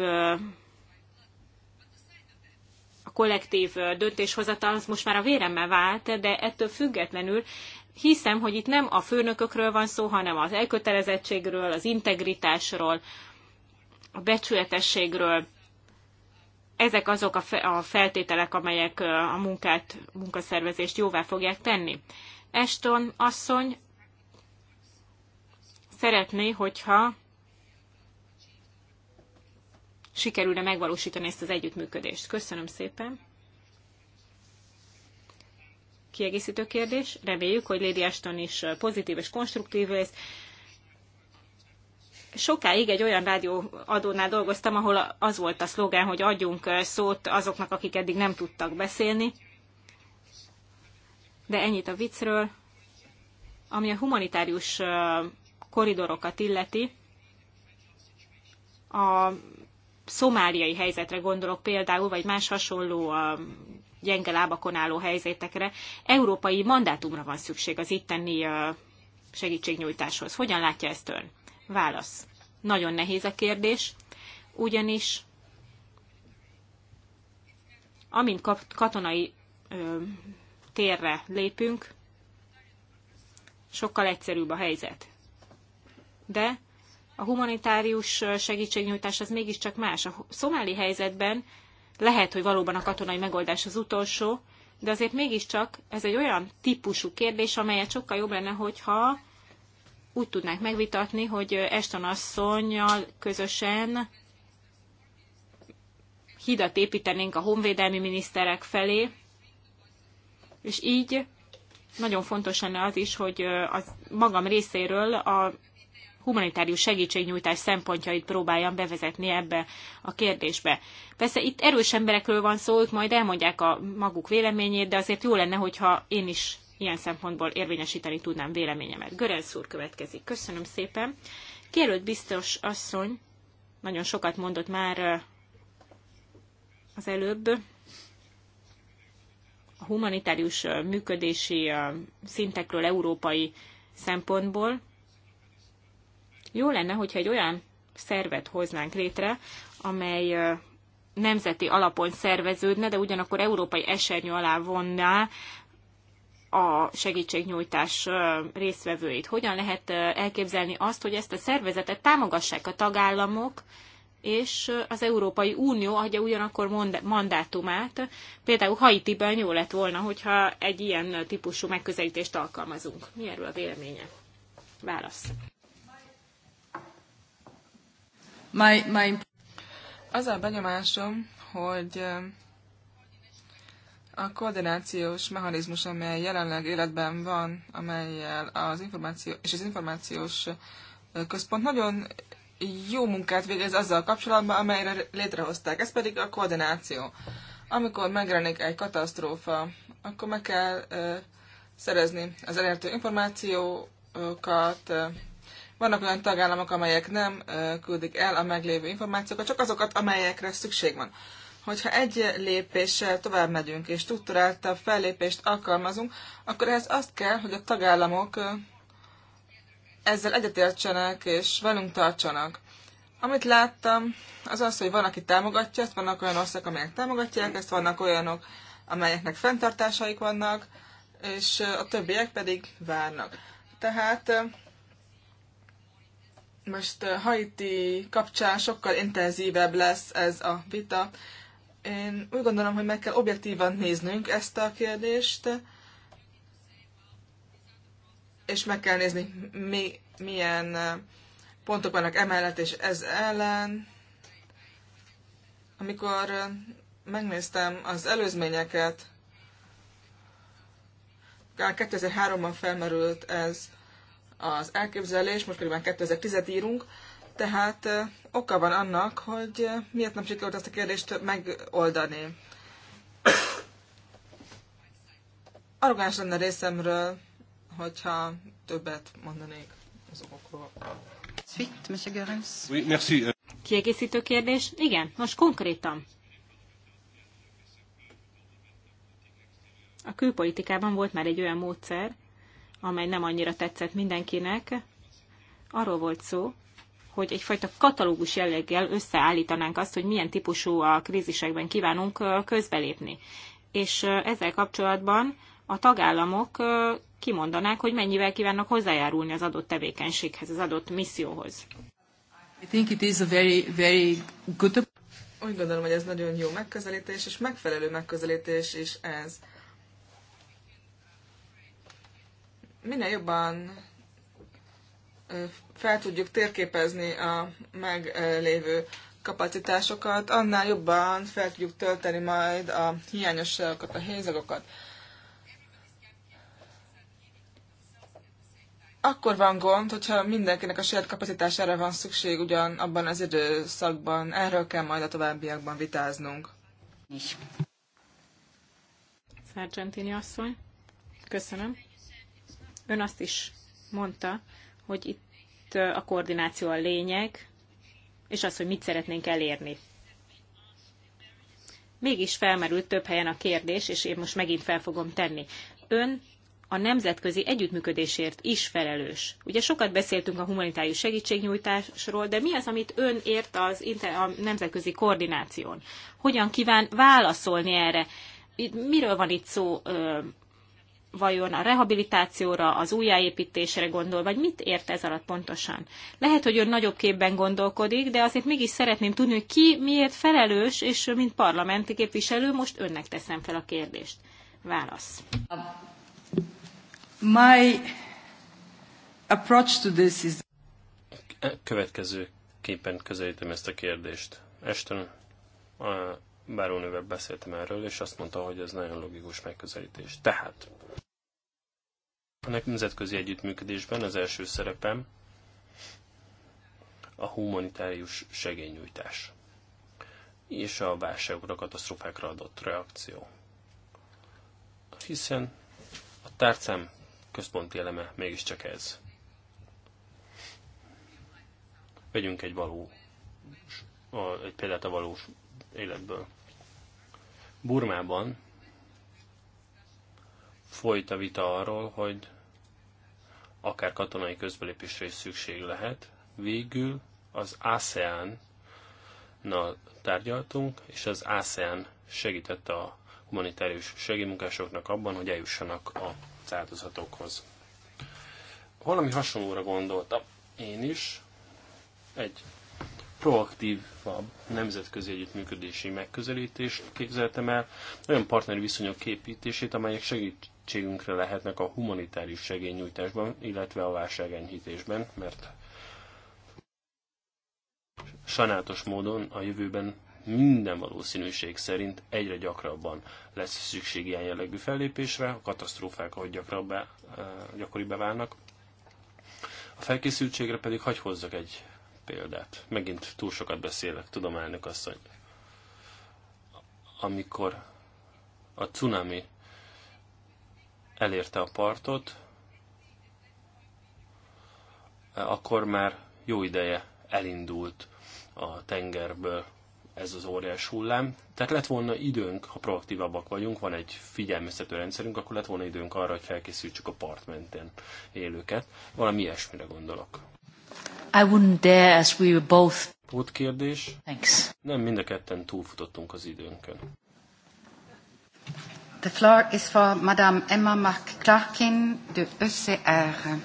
a kollektív döntéshozatal az most már a véremmel vált, de ettől függetlenül hiszem, hogy itt nem a főnökökről van szó, hanem az elkötelezettségről, az integritásról, a becsületességről. Ezek azok a feltételek, amelyek a munkát, a munkaszervezést jóvá fogják tenni. Eston asszony szeretné, hogyha sikerülne megvalósítani ezt az együttműködést. Köszönöm szépen! kiegészítő kérdés. Reméljük, hogy Lady Ashton is pozitív és konstruktív lesz. Sokáig egy olyan rádióadónál dolgoztam, ahol az volt a szlogán, hogy adjunk szót azoknak, akik eddig nem tudtak beszélni. De ennyit a viccről. Ami a humanitárius koridorokat illeti, a szomáliai helyzetre gondolok például, vagy más hasonló gyenge lábakon álló helyzetekre. Európai mandátumra van szükség az itteni segítségnyújtáshoz. Hogyan látja ezt ön? Válasz. Nagyon nehéz a kérdés, ugyanis amint katonai ö, térre lépünk, sokkal egyszerűbb a helyzet. De a humanitárius segítségnyújtás az mégiscsak más. A szomáli helyzetben lehet, hogy valóban a katonai megoldás az utolsó, de azért mégiscsak ez egy olyan típusú kérdés, amelyet sokkal jobb lenne, hogyha úgy tudnánk megvitatni, hogy Eston asszonynal közösen hidat építenénk a honvédelmi miniszterek felé, és így nagyon fontos lenne az is, hogy az magam részéről a humanitárius segítségnyújtás szempontjait próbáljam bevezetni ebbe a kérdésbe. Persze itt erős emberekről van szó, ők majd elmondják a maguk véleményét, de azért jó lenne, hogyha én is ilyen szempontból érvényesíteni tudnám véleményemet. Görensz úr következik. Köszönöm szépen. Kérőd biztos asszony, nagyon sokat mondott már az előbb, a humanitárius működési szintekről európai szempontból. Jó lenne, hogyha egy olyan szervet hoznánk létre, amely nemzeti alapon szerveződne, de ugyanakkor európai esernyő alá vonná a segítségnyújtás résztvevőit. Hogyan lehet elképzelni azt, hogy ezt a szervezetet támogassák a tagállamok, és az Európai Unió adja ugyanakkor mandátumát. Például Haiti-ben jó lett volna, hogyha egy ilyen típusú megközelítést alkalmazunk. Mi erről a véleménye? Válasz. My, my... Az a benyomásom, hogy eh, a koordinációs mechanizmus, amely jelenleg életben van, amelyel az információ és az információs eh, központ nagyon jó munkát végez azzal kapcsolatban, amelyre létrehozták. Ez pedig a koordináció. Amikor megjelenik egy katasztrófa, akkor meg kell eh, szerezni az elérhető információkat, vannak olyan tagállamok, amelyek nem küldik el a meglévő információkat, csak azokat, amelyekre szükség van. Hogyha egy lépéssel tovább megyünk, és struktúráltabb fellépést alkalmazunk, akkor ehhez azt kell, hogy a tagállamok ezzel egyetértsenek, és velünk tartsanak. Amit láttam, az az, hogy van, aki támogatja ezt, vannak olyan országok, amelyek támogatják ezt, vannak olyanok, amelyeknek fenntartásaik vannak, és a többiek pedig várnak. Tehát most Haiti kapcsán sokkal intenzívebb lesz ez a vita. Én úgy gondolom, hogy meg kell objektívan néznünk ezt a kérdést, és meg kell nézni, mi, milyen pontok vannak emellett és ez ellen. Amikor megnéztem az előzményeket, 2003-ban felmerült ez az elképzelés, most pedig már 2010-et írunk, tehát oka van annak, hogy miért nem sikerült ezt a kérdést megoldani. Arrogáns lenne részemről, hogyha többet mondanék az okokról. Kiegészítő kérdés? Igen, most konkrétan. A külpolitikában volt már egy olyan módszer, amely nem annyira tetszett mindenkinek, arról volt szó, hogy egyfajta katalógus jelleggel összeállítanánk azt, hogy milyen típusú a krízisekben kívánunk közbelépni. És ezzel kapcsolatban a tagállamok kimondanák, hogy mennyivel kívánnak hozzájárulni az adott tevékenységhez, az adott misszióhoz. I think it is a very, very good... Úgy gondolom, hogy ez nagyon jó megközelítés, és megfelelő megközelítés is ez. minél jobban fel tudjuk térképezni a meglévő kapacitásokat, annál jobban fel tudjuk tölteni majd a hiányosságokat, a hézagokat. Akkor van gond, hogyha mindenkinek a saját kapacitására van szükség ugyan abban az időszakban. Erről kell majd a továbbiakban vitáznunk. Is. Sargentini asszony, köszönöm. Ön azt is mondta, hogy itt a koordináció a lényeg, és az, hogy mit szeretnénk elérni. Mégis felmerült több helyen a kérdés, és én most megint fel fogom tenni. Ön a nemzetközi együttműködésért is felelős. Ugye sokat beszéltünk a humanitárius segítségnyújtásról, de mi az, amit ön ért az inter- a nemzetközi koordináción? Hogyan kíván válaszolni erre? Miről van itt szó? vajon a rehabilitációra, az újjáépítésre gondol, vagy mit ért ez alatt pontosan? Lehet, hogy ön nagyobb képben gondolkodik, de azért mégis szeretném tudni, hogy ki miért felelős, és mint parlamenti képviselő most önnek teszem fel a kérdést. Válasz. My approach to this is... E képen közelítem ezt a kérdést. Esten a bárónővel beszéltem erről, és azt mondta, hogy ez nagyon logikus megközelítés. Tehát a nemzetközi együttműködésben az első szerepem a humanitárius segélynyújtás és a válságokra, katasztrofákra adott reakció. Hiszen a tárcám központi eleme mégiscsak ez. Vegyünk egy való, egy példát a valós életből. Burmában folyt a vita arról, hogy akár katonai közbelépésre is szükség lehet. Végül az ASEAN-nal tárgyaltunk, és az ASEAN segített a humanitárius segélymunkásoknak abban, hogy eljussanak a áldozatokhoz. Valami hasonlóra gondoltam én is, egy proaktívabb nemzetközi együttműködési megközelítést képzeltem el, olyan partneri viszonyok képítését, amelyek segít, segítségünkre lehetnek a humanitárius segélynyújtásban, illetve a válságenyhítésben, mert sanátos módon a jövőben minden valószínűség szerint egyre gyakrabban lesz szükség ilyen jellegű fellépésre, a katasztrófák ahogy gyakrabbá, gyakoribbá válnak. A felkészültségre pedig hagy hozzak egy példát. Megint túl sokat beszélek, tudom elnök asszony. Amikor a cunami elérte a partot, akkor már jó ideje elindult a tengerből ez az óriás hullám. Tehát lett volna időnk, ha proaktívabbak vagyunk, van egy figyelmeztető rendszerünk, akkor lett volna időnk arra, hogy felkészítsük a part mentén élőket. Valami ilyesmire gondolok. I wouldn't dare as we were both. Pót kérdés. Thanks. Nem, mind a ketten túlfutottunk az időnkön. The floor is for Madame Emma Mark-Clarkin de ECR.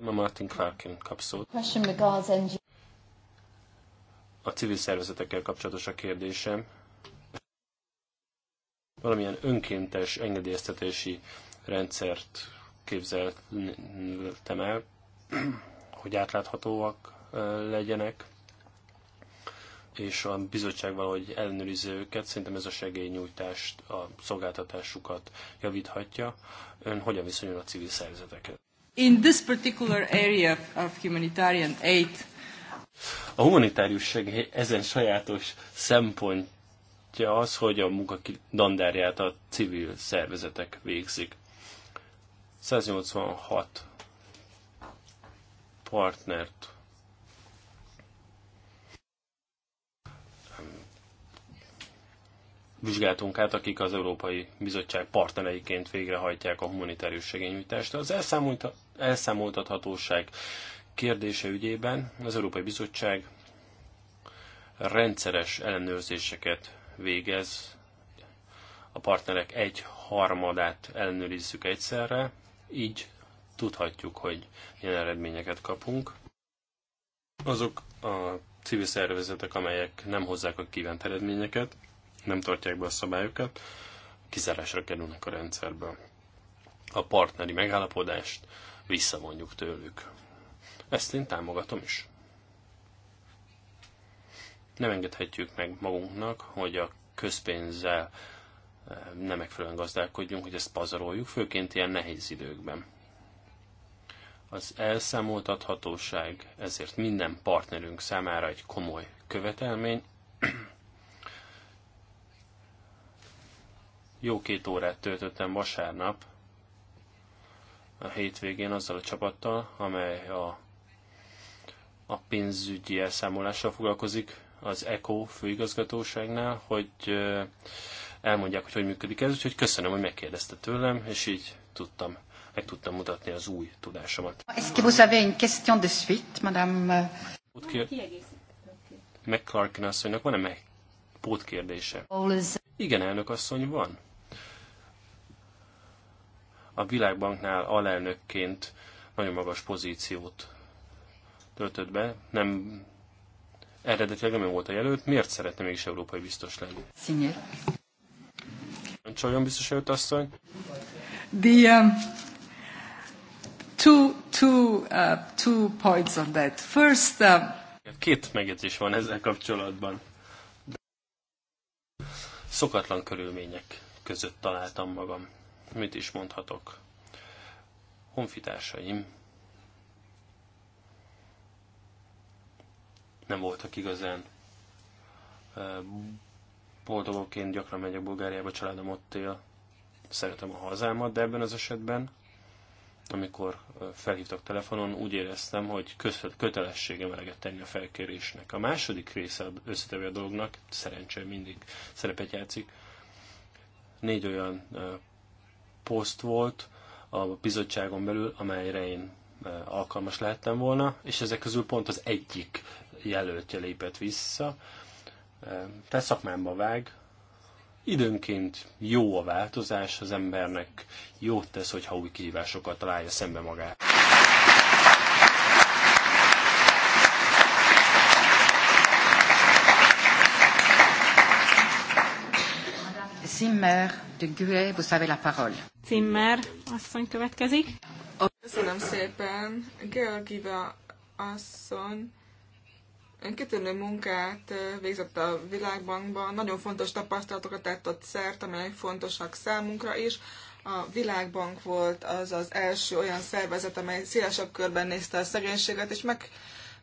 Emma Martin Clarkin kap szót. A civil szervezetekkel kapcsolatos a kérdésem. Valamilyen önkéntes engedélyeztetési rendszert képzeltem el, hogy átláthatóak eh, legyenek és a bizottság valahogy ellenőrizze őket, szerintem ez a segélynyújtást, a szolgáltatásukat javíthatja. Ön hogyan viszonyul a civil szervezeteket? In this particular area of humanitarian aid, a humanitárius segély ezen sajátos szempontja az, hogy a munka dandárját a civil szervezetek végzik. 186 partnert vizsgáltunk akik az Európai Bizottság partnereiként végrehajtják a humanitárius segényújtást. Az elszámoltathatóság kérdése ügyében az Európai Bizottság rendszeres ellenőrzéseket végez, a partnerek egy harmadát ellenőrizzük egyszerre, így tudhatjuk, hogy milyen eredményeket kapunk. Azok a civil szervezetek, amelyek nem hozzák a kívánt eredményeket, nem tartják be a szabályokat, kizárásra kerülnek a rendszerből. A partneri megállapodást visszavonjuk tőlük. Ezt én támogatom is. Nem engedhetjük meg magunknak, hogy a közpénzzel eh, nem megfelelően gazdálkodjunk, hogy ezt pazaroljuk, főként ilyen nehéz időkben. Az elszámoltathatóság ezért minden partnerünk számára egy komoly követelmény, Jó két órát töltöttem vasárnap a hétvégén azzal a csapattal, amely a, a pénzügyi elszámolással foglalkozik az ECO főigazgatóságnál, hogy elmondják, hogy hogy működik ez, úgyhogy köszönöm, hogy megkérdezte tőlem, és így tudtam, meg tudtam mutatni az új tudásomat. Est-ce que vous avez une question de suite, madame? Euh? McClarkin asszonynak van-e meg pótkérdése? Igen, elnök asszony, van a Világbanknál alelnökként nagyon magas pozíciót töltött be. Nem eredetileg nem volt a jelölt. Miért szeretne mégis európai biztos lenni? Szinyer. Csajon biztos előtt asszony. The, um, two, two, uh, two points on that. First, uh, Két megjegyzés van ezzel kapcsolatban. Szokatlan körülmények között találtam magam mit is mondhatok. Honfitársaim nem voltak igazán boldogok én gyakran megyek Bulgáriába, családom ott él, szeretem a hazámat, de ebben az esetben, amikor felhívtak telefonon, úgy éreztem, hogy kötelességem eleget tenni a felkérésnek. A második része összetevő a dolognak, szerencsé mindig szerepet játszik, négy olyan poszt volt a bizottságon belül, amelyre én e, alkalmas lehettem volna, és ezek közül pont az egyik jelöltje lépett vissza. E, te szakmámba vág, időnként jó a változás, az embernek jót tesz, hogyha új kihívásokat találja szembe magát. Zimmer de Gué, vous avez la parole. Zimmer asszony következik. Köszönöm szépen. Georgiva asszony kitűnő munkát végzett a Világbankban, nagyon fontos tapasztalatokat tett ott szert, amelyek fontosak számunkra is. A Világbank volt az az első olyan szervezet, amely szélesebb körben nézte a szegénységet, és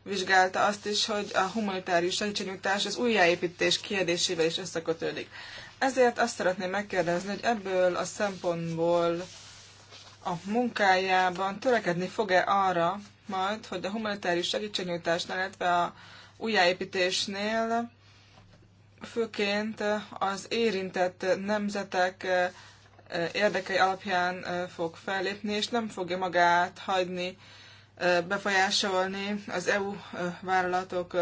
megvizsgálta azt is, hogy a humanitárius segítségnyújtás az újjáépítés kérdésével is összekötődik. Ezért azt szeretném megkérdezni, hogy ebből a szempontból a munkájában törekedni fog-e arra majd, hogy a humanitárius segítségnyújtásnál, illetve a újjáépítésnél főként az érintett nemzetek érdekei alapján fog fellépni, és nem fogja magát hagyni befolyásolni az EU vállalatok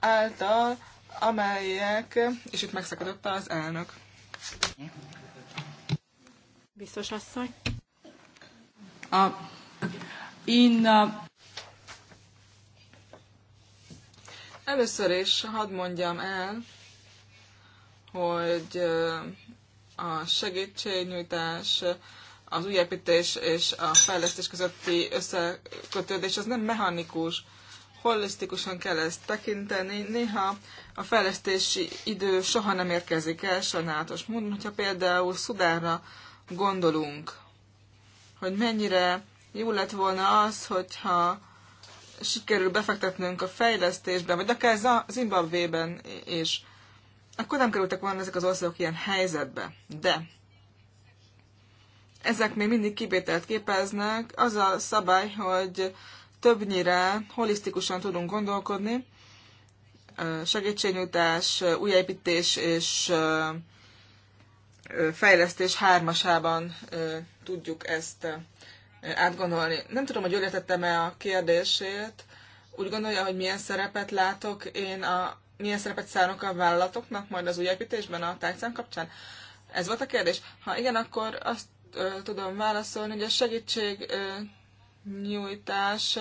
által, amelyek, és itt megszakította az elnök. Biztos asszony? A, in a... Először is hadd mondjam el, hogy a segítségnyújtás, az újépítés és a fejlesztés közötti összekötődés az nem mechanikus, holisztikusan kell ezt tekinteni. Néha a fejlesztési idő soha nem érkezik el sajnálatos módon, hogyha például Szudánra gondolunk, hogy mennyire jó lett volna az, hogyha sikerül befektetnünk a fejlesztésben, vagy akár Zimbabvében is, akkor nem kerültek volna ezek az országok ilyen helyzetbe. De ezek még mindig kibételt képeznek. Az a szabály, hogy többnyire holisztikusan tudunk gondolkodni, segítségnyújtás, újjáépítés és fejlesztés hármasában tudjuk ezt átgondolni. Nem tudom, hogy jól értettem-e a kérdését. Úgy gondolja, hogy milyen szerepet látok én a, milyen szerepet szállok a vállalatoknak majd az újjáépítésben a tárcán kapcsán? Ez volt a kérdés. Ha igen, akkor azt tudom válaszolni, hogy a segítség nyújtás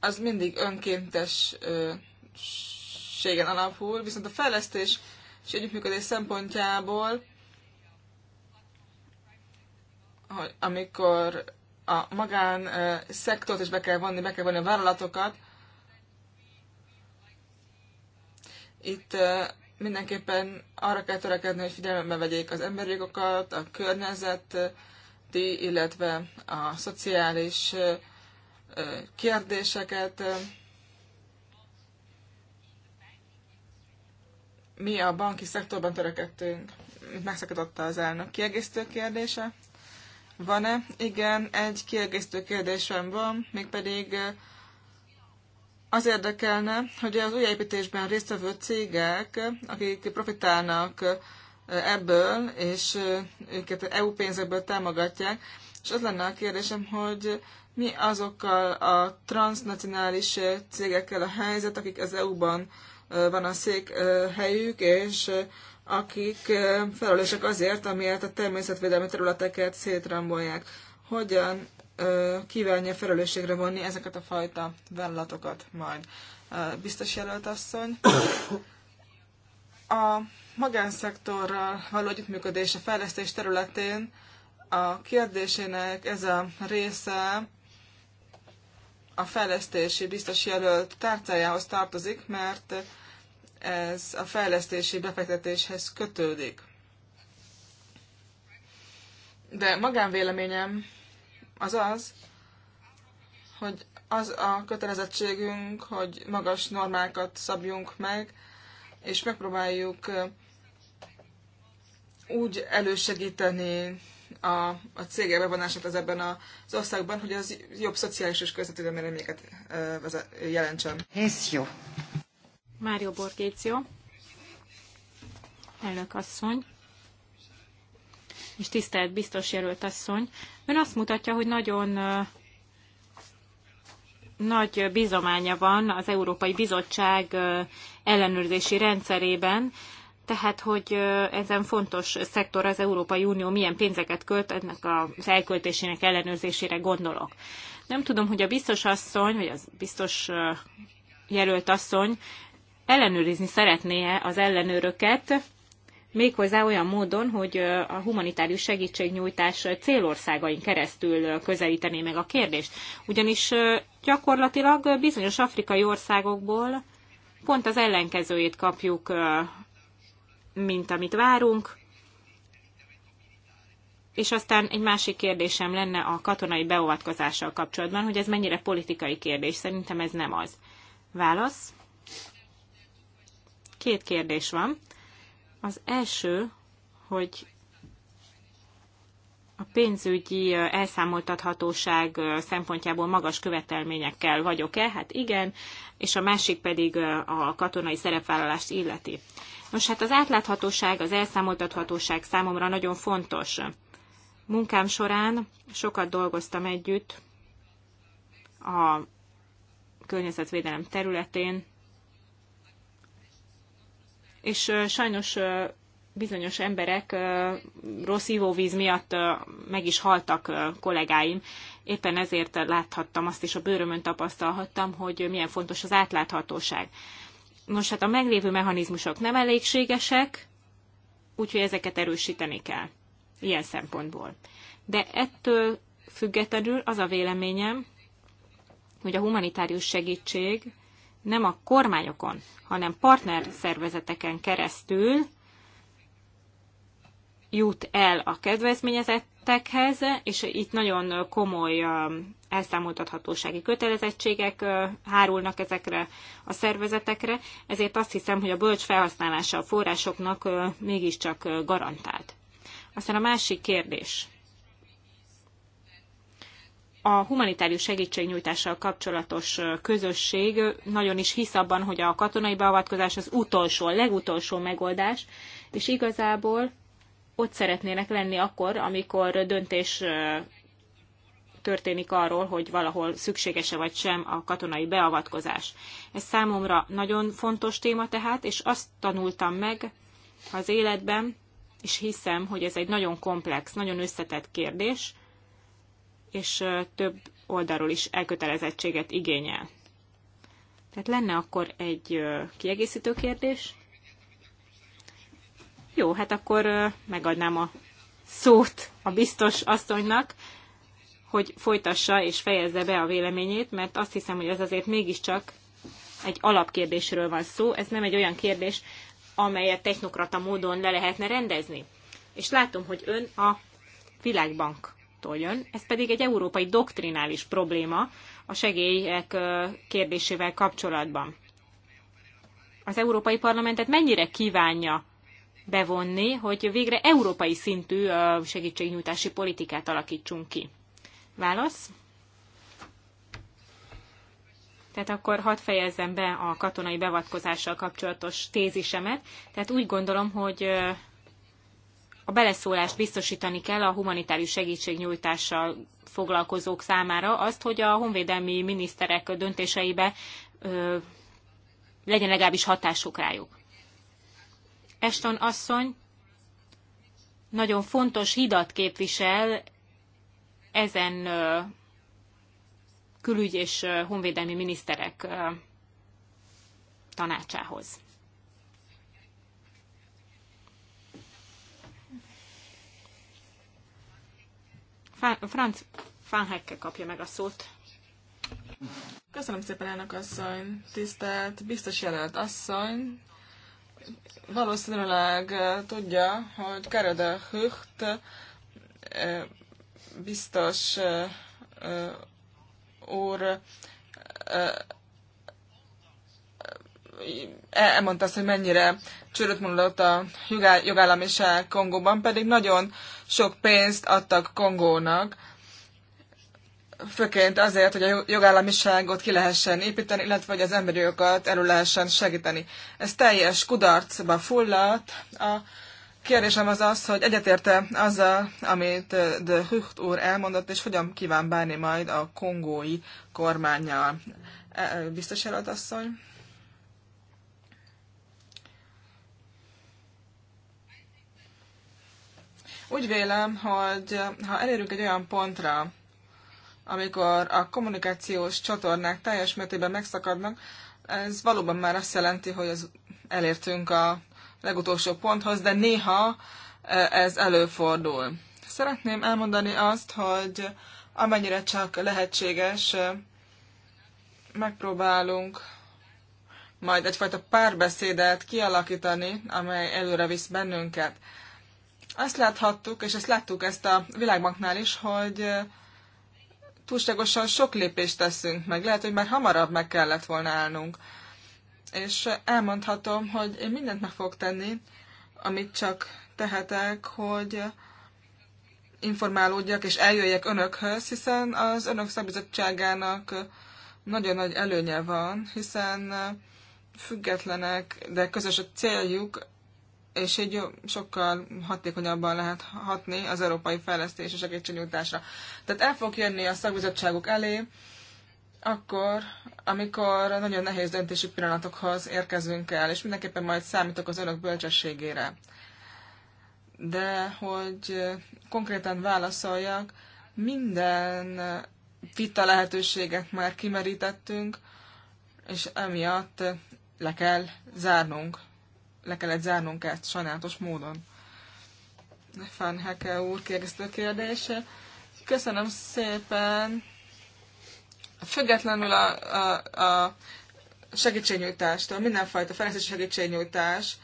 az mindig önkéntességen alapul, viszont a fejlesztés és együttműködés szempontjából, hogy amikor a magán szektort is be kell vonni, be kell vonni a vállalatokat, itt mindenképpen arra kell törekedni, hogy figyelembe vegyék az emberi jogokat, a környezet közötti, illetve a szociális kérdéseket. Mi a banki szektorban törekedtünk, megszakította az elnök kiegészítő kérdése. Van-e? Igen, egy kiegészítő kérdésem van, mégpedig az érdekelne, hogy az újjáépítésben résztvevő cégek, akik profitálnak ebből, és őket EU pénzekből támogatják. És az lenne a kérdésem, hogy mi azokkal a transnacionális cégekkel a helyzet, akik az EU-ban van a helyük, és akik felelősek azért, amiért a természetvédelmi területeket szétrambolják. Hogyan kívánja felelősségre vonni ezeket a fajta vállalatokat majd? Biztos jelölt asszony. A magánszektorral való együttműködés a fejlesztés területén a kérdésének ez a része a fejlesztési biztos jelölt tárcájához tartozik, mert ez a fejlesztési befektetéshez kötődik. De magánvéleményem az az, hogy az a kötelezettségünk, hogy magas normákat szabjunk meg, és megpróbáljuk úgy elősegíteni a, a cég elbevonását az ebben az országban, hogy az jobb szociális és közvetlenül reményeket jelentsen. Ez jó. Mário Borgézio, elnök asszony, és tisztelt biztos jelölt asszony, Ön azt mutatja, hogy nagyon nagy bizománya van az Európai Bizottság ellenőrzési rendszerében, tehát hogy ezen fontos szektor az Európai Unió milyen pénzeket költ, ennek az elköltésének ellenőrzésére gondolok. Nem tudom, hogy a biztos asszony, vagy az biztos jelölt asszony ellenőrizni szeretné-e az ellenőröket, méghozzá olyan módon, hogy a humanitárius segítségnyújtás célországain keresztül közelítené meg a kérdést. Ugyanis gyakorlatilag bizonyos afrikai országokból pont az ellenkezőjét kapjuk mint amit várunk. És aztán egy másik kérdésem lenne a katonai beavatkozással kapcsolatban, hogy ez mennyire politikai kérdés. Szerintem ez nem az. Válasz? Két kérdés van. Az első, hogy a pénzügyi elszámoltathatóság szempontjából magas követelményekkel vagyok-e? Hát igen, és a másik pedig a katonai szerepvállalást illeti. Nos, hát az átláthatóság, az elszámoltathatóság számomra nagyon fontos. Munkám során sokat dolgoztam együtt a környezetvédelem területén, és sajnos bizonyos emberek rossz ivóvíz miatt meg is haltak kollégáim. Éppen ezért láthattam azt, és a bőrömön tapasztalhattam, hogy milyen fontos az átláthatóság. Most hát a meglévő mechanizmusok nem elégségesek, úgyhogy ezeket erősíteni kell ilyen szempontból. De ettől függetlenül az a véleményem, hogy a humanitárius segítség nem a kormányokon, hanem partner szervezeteken keresztül jut el a kedvezményezettekhez, és itt nagyon komoly elszámoltathatósági kötelezettségek hárulnak ezekre a szervezetekre, ezért azt hiszem, hogy a bölcs felhasználása a forrásoknak mégiscsak garantált. Aztán a másik kérdés. A humanitárius segítségnyújtással kapcsolatos közösség nagyon is hisz abban, hogy a katonai beavatkozás az utolsó, a legutolsó megoldás, és igazából ott szeretnének lenni akkor, amikor döntés történik arról, hogy valahol szükséges-e vagy sem a katonai beavatkozás. Ez számomra nagyon fontos téma tehát, és azt tanultam meg az életben, és hiszem, hogy ez egy nagyon komplex, nagyon összetett kérdés, és több oldalról is elkötelezettséget igényel. Tehát lenne akkor egy kiegészítő kérdés. Jó, hát akkor megadnám a szót a biztos asszonynak, hogy folytassa és fejezze be a véleményét, mert azt hiszem, hogy ez azért mégiscsak egy alapkérdésről van szó. Ez nem egy olyan kérdés, amelyet technokrata módon le lehetne rendezni. És látom, hogy ön a Világbanktól jön, ez pedig egy európai doktrinális probléma a segélyek kérdésével kapcsolatban. Az Európai Parlamentet mennyire kívánja bevonni, hogy végre európai szintű segítségnyújtási politikát alakítsunk ki. Válasz? Tehát akkor hadd fejezzem be a katonai beavatkozással kapcsolatos tézisemet. Tehát úgy gondolom, hogy a beleszólást biztosítani kell a humanitárius segítségnyújtással foglalkozók számára, azt, hogy a honvédelmi miniszterek döntéseibe legyen legalábbis hatásuk rájuk. Ashton asszony nagyon fontos hidat képvisel ezen külügy és honvédelmi miniszterek tanácsához. Franz Fanhekke kapja meg a szót. Köszönöm szépen, elnök asszony, tisztelt, biztos jelölt asszony, valószínűleg tudja, hogy Kereda Hücht biztos úr e, elmondta azt, hogy mennyire csőröt mondott a jogállamiság Kongóban, pedig nagyon sok pénzt adtak Kongónak, főként azért, hogy a jogállamiságot ki lehessen építeni, illetve hogy az emberi jogokat elő lehessen segíteni. Ez teljes kudarcba fulladt. A kérdésem az az, hogy egyetérte azzal, amit de Hucht úr elmondott, és hogyan kíván bánni majd a kongói kormányjal. E, biztos jelölt asszony? Úgy vélem, hogy ha elérünk egy olyan pontra, amikor a kommunikációs csatornák teljes mértékben megszakadnak, ez valóban már azt jelenti, hogy az elértünk a legutolsó ponthoz, de néha e, ez előfordul. Szeretném elmondani azt, hogy amennyire csak lehetséges, e, megpróbálunk majd egyfajta párbeszédet kialakítani, amely előre visz bennünket. Azt láthattuk, és ezt láttuk ezt a Világbanknál is, hogy túlságosan sok lépést teszünk meg. Lehet, hogy már hamarabb meg kellett volna állnunk. És elmondhatom, hogy én mindent meg fogok tenni, amit csak tehetek, hogy informálódjak és eljöjjek önökhöz, hiszen az önök szabizottságának nagyon nagy előnye van, hiszen függetlenek, de közös a céljuk, és így sokkal hatékonyabban lehet hatni az európai fejlesztés és segítségnyújtásra. Tehát el fog jönni a szakbizottságok elé, akkor, amikor nagyon nehéz döntési pillanatokhoz érkezünk el, és mindenképpen majd számítok az önök bölcsességére. De hogy konkrétan válaszoljak, minden vita lehetőséget már kimerítettünk, és emiatt le kell zárnunk le kellett zárnunk ezt sajnálatos módon. Fán Heke úr kiegészítő kérdése. Köszönöm szépen. Függetlenül a, a, a segítségnyújtástól, mindenfajta fejlesztési segítségnyújtás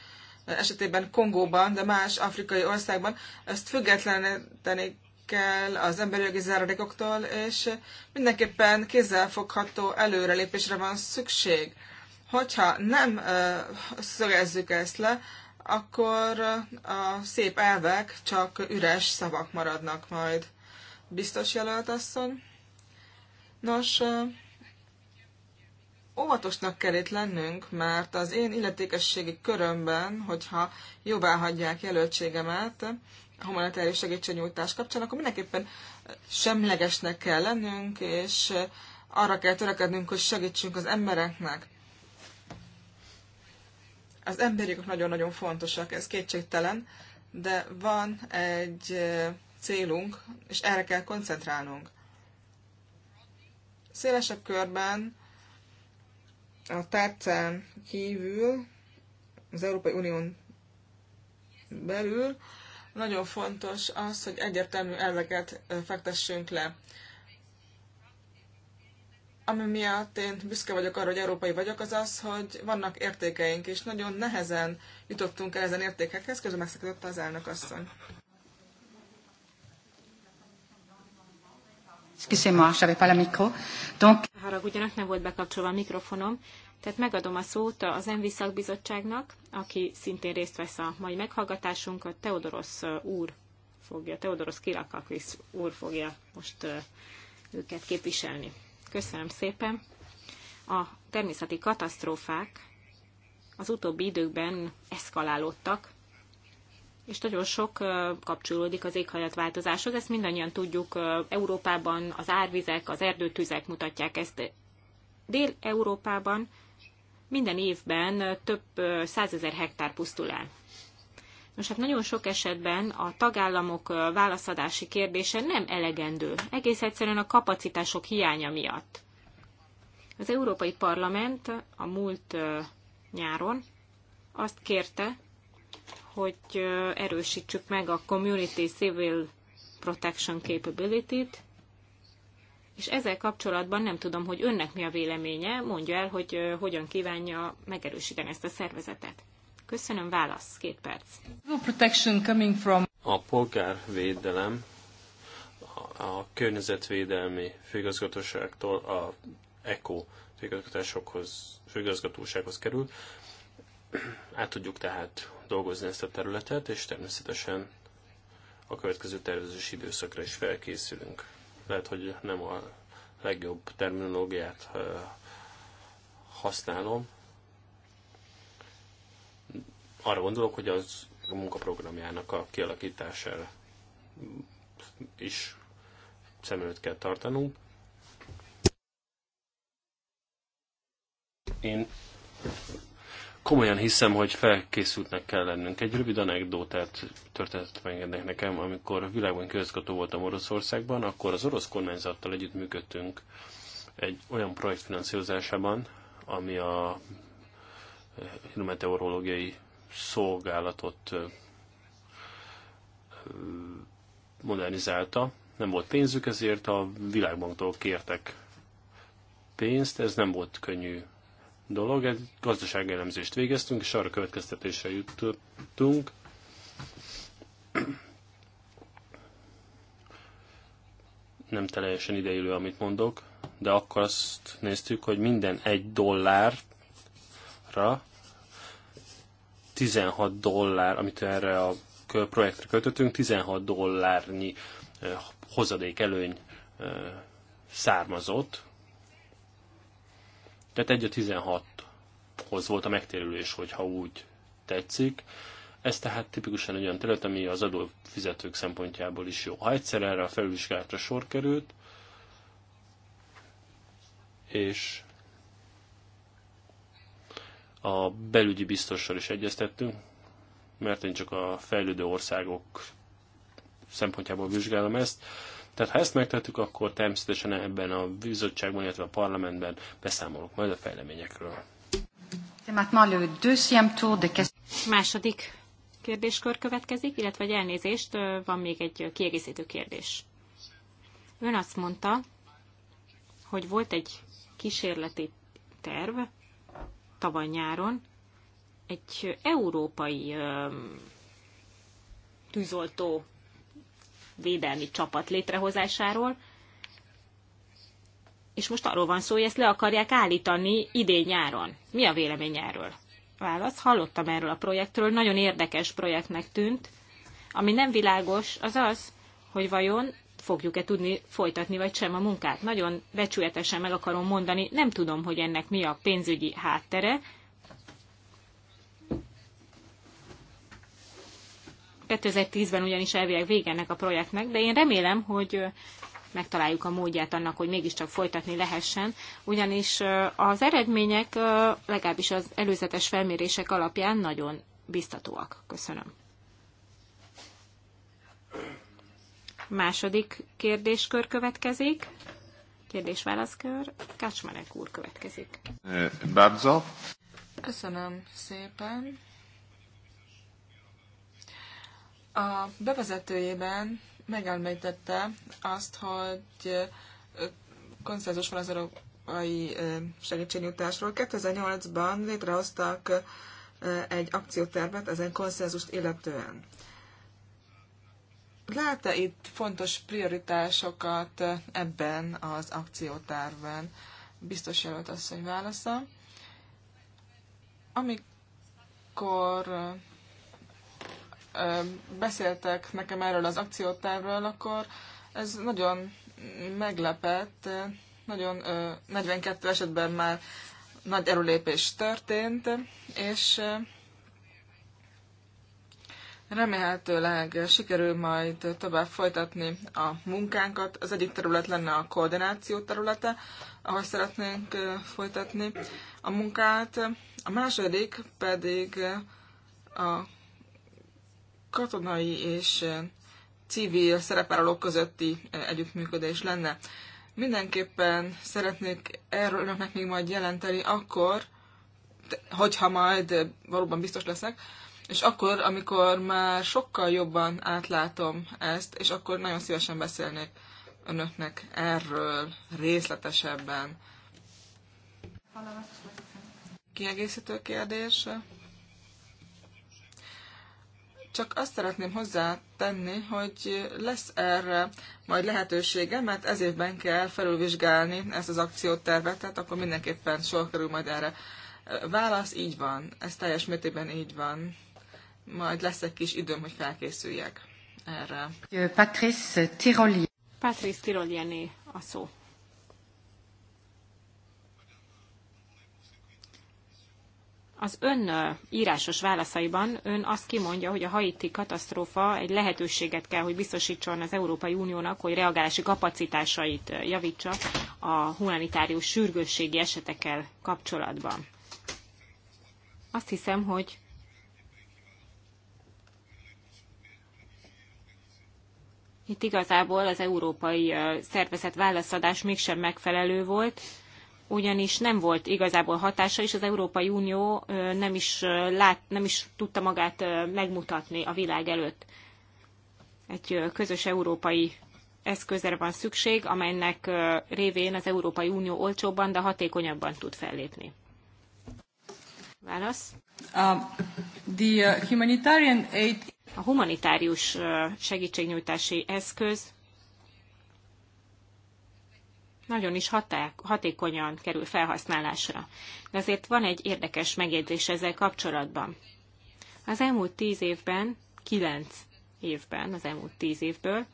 esetében Kongóban, de más afrikai országban, ezt függetleníteni kell az emberi jogi záradékoktól, és mindenképpen kézzelfogható előrelépésre van szükség Hogyha nem szögezzük ezt le, akkor a szép elvek csak üres szavak maradnak majd. Biztos jelölt asszony? Nos, óvatosnak kell itt lennünk, mert az én illetékességi körömben, hogyha jóvá hagyják jelöltségemet a humanitárius segítségnyújtás kapcsán, akkor mindenképpen semlegesnek kell lennünk, és arra kell törekednünk, hogy segítsünk az embereknek. Az emberi nagyon-nagyon fontosak, ez kétségtelen, de van egy célunk, és erre kell koncentrálnunk. Szélesebb körben a tárcán kívül, az Európai Unión belül nagyon fontos az, hogy egyértelmű elveket fektessünk le ami miatt én büszke vagyok arra, hogy európai vagyok, az az, hogy vannak értékeink, és nagyon nehezen jutottunk el ezen értékekhez, közben megszakította az elnök asszony. Haragudjanak, nem volt bekapcsolva a mikrofonom. Tehát megadom a szót az ENVI szakbizottságnak, aki szintén részt vesz a mai meghallgatásunkat. Teodorosz úr fogja, Teodorosz Kilakakis úr fogja most őket képviselni. Köszönöm szépen. A természeti katasztrófák az utóbbi időkben eszkalálódtak, és nagyon sok kapcsolódik az éghajlatváltozáshoz. Ezt mindannyian tudjuk, Európában az árvizek, az erdőtüzek mutatják ezt. Dél-Európában minden évben több százezer hektár pusztul el. Nos, hát nagyon sok esetben a tagállamok válaszadási kérdése nem elegendő, egész egyszerűen a kapacitások hiánya miatt. Az Európai Parlament a múlt nyáron azt kérte, hogy erősítsük meg a Community Civil Protection Capability-t, és ezzel kapcsolatban nem tudom, hogy önnek mi a véleménye, mondja el, hogy hogyan kívánja megerősíteni ezt a szervezetet. Köszönöm, válasz, két perc. A polgárvédelem a környezetvédelmi főigazgatóságtól a ECO főigazgatósághoz kerül. Át tudjuk tehát dolgozni ezt a területet, és természetesen a következő tervezési időszakra is felkészülünk. Lehet, hogy nem a legjobb terminológiát használom, arra gondolok, hogy az a munkaprogramjának a kialakítására is szem előtt kell tartanunk. Én komolyan hiszem, hogy felkészültnek kell lennünk. Egy rövid anekdótát történetet megengednek nekem, amikor világban közgató voltam Oroszországban, akkor az orosz kormányzattal együtt működtünk egy olyan projekt finanszírozásában, ami a eh, hidrometeorológiai szolgálatot modernizálta. Nem volt pénzük, ezért a világbanktól kértek pénzt, ez nem volt könnyű dolog. Egy gazdaságelemzést végeztünk, és arra következtetésre jutottunk, nem teljesen ideillő, amit mondok, de akkor azt néztük, hogy minden egy dollárra 16 dollár, amit erre a projektre kötöttünk, 16 dollárnyi hozadék előny származott. Tehát egy a 16-hoz volt a megtérülés, hogyha úgy tetszik. Ez tehát tipikusan egy olyan terület, ami az adófizetők szempontjából is jó. Ha egyszer erre a felülvizsgálatra sor került, és a belügyi biztossal is egyeztettünk, mert én csak a fejlődő országok szempontjából vizsgálom ezt. Tehát ha ezt megtettük, akkor természetesen ebben a bizottságban, illetve a parlamentben beszámolok majd a fejleményekről. Második kérdéskör következik, illetve egy elnézést, van még egy kiegészítő kérdés. Ön azt mondta, hogy volt egy kísérleti terv, tavaly nyáron egy európai tűzoltó védelmi csapat létrehozásáról, és most arról van szó, hogy ezt le akarják állítani idén nyáron. Mi a vélemény erről? Válasz, hallottam erről a projektről, nagyon érdekes projektnek tűnt. Ami nem világos, az az, hogy vajon fogjuk-e tudni folytatni vagy sem a munkát. Nagyon becsületesen meg akarom mondani, nem tudom, hogy ennek mi a pénzügyi háttere. ben ugyanis elvileg vége ennek a projektnek, de én remélem, hogy megtaláljuk a módját annak, hogy mégiscsak folytatni lehessen, ugyanis az eredmények legalábbis az előzetes felmérések alapján nagyon biztatóak. Köszönöm. Második kérdéskör következik. Kérdés-válaszkör. Kácsmarek úr következik. E, Bárza. Köszönöm szépen. A bevezetőjében megelmítette azt, hogy e, konszenzus van az európai e, segítségnyújtásról. 2008-ban létrehoztak egy akciótervet ezen konszenzust illetően lát-e itt fontos prioritásokat ebben az akciótárban? Biztos jelölt asszony válasza. Amikor beszéltek nekem erről az akciótárról, akkor ez nagyon meglepett, nagyon 42 esetben már nagy erőlépés történt, és Remélhetőleg sikerül majd tovább folytatni a munkánkat. Az egyik terület lenne a koordináció területe, ahol szeretnénk folytatni a munkát. A második pedig a katonai és civil szerepvállalók közötti együttműködés lenne. Mindenképpen szeretnék erről önöknek még majd jelenteni akkor, hogyha majd valóban biztos leszek, és akkor, amikor már sokkal jobban átlátom ezt, és akkor nagyon szívesen beszélnék önöknek erről részletesebben. Kiegészítő kérdés? Csak azt szeretném hozzátenni, hogy lesz erre majd lehetősége, mert ez évben kell felülvizsgálni ezt az akciótervet, tehát akkor mindenképpen sor kerül majd erre. Válasz így van, ez teljes mértékben így van majd lesz egy kis időm, hogy felkészüljek erre. Euh, Patrice Tiroli. Patrice Tiroli a szó. Az ön írásos válaszaiban ön azt kimondja, hogy a haiti katasztrófa egy lehetőséget kell, hogy biztosítson az Európai Uniónak, hogy reagálási kapacitásait javítsa a humanitárius sürgősségi esetekkel kapcsolatban. Azt hiszem, hogy Itt igazából az európai szervezet válaszadás mégsem megfelelő volt, ugyanis nem volt igazából hatása, és az Európai Unió nem is, lát, nem is tudta magát megmutatni a világ előtt. Egy közös európai eszközre van szükség, amelynek révén az Európai Unió olcsóbban, de hatékonyabban tud fellépni. Válasz? Um, uh, the humanitarian aid a humanitárius segítségnyújtási eszköz nagyon is hatékonyan kerül felhasználásra. De azért van egy érdekes megjegyzés ezzel kapcsolatban. Az elmúlt tíz évben, kilenc évben, az elmúlt tíz évből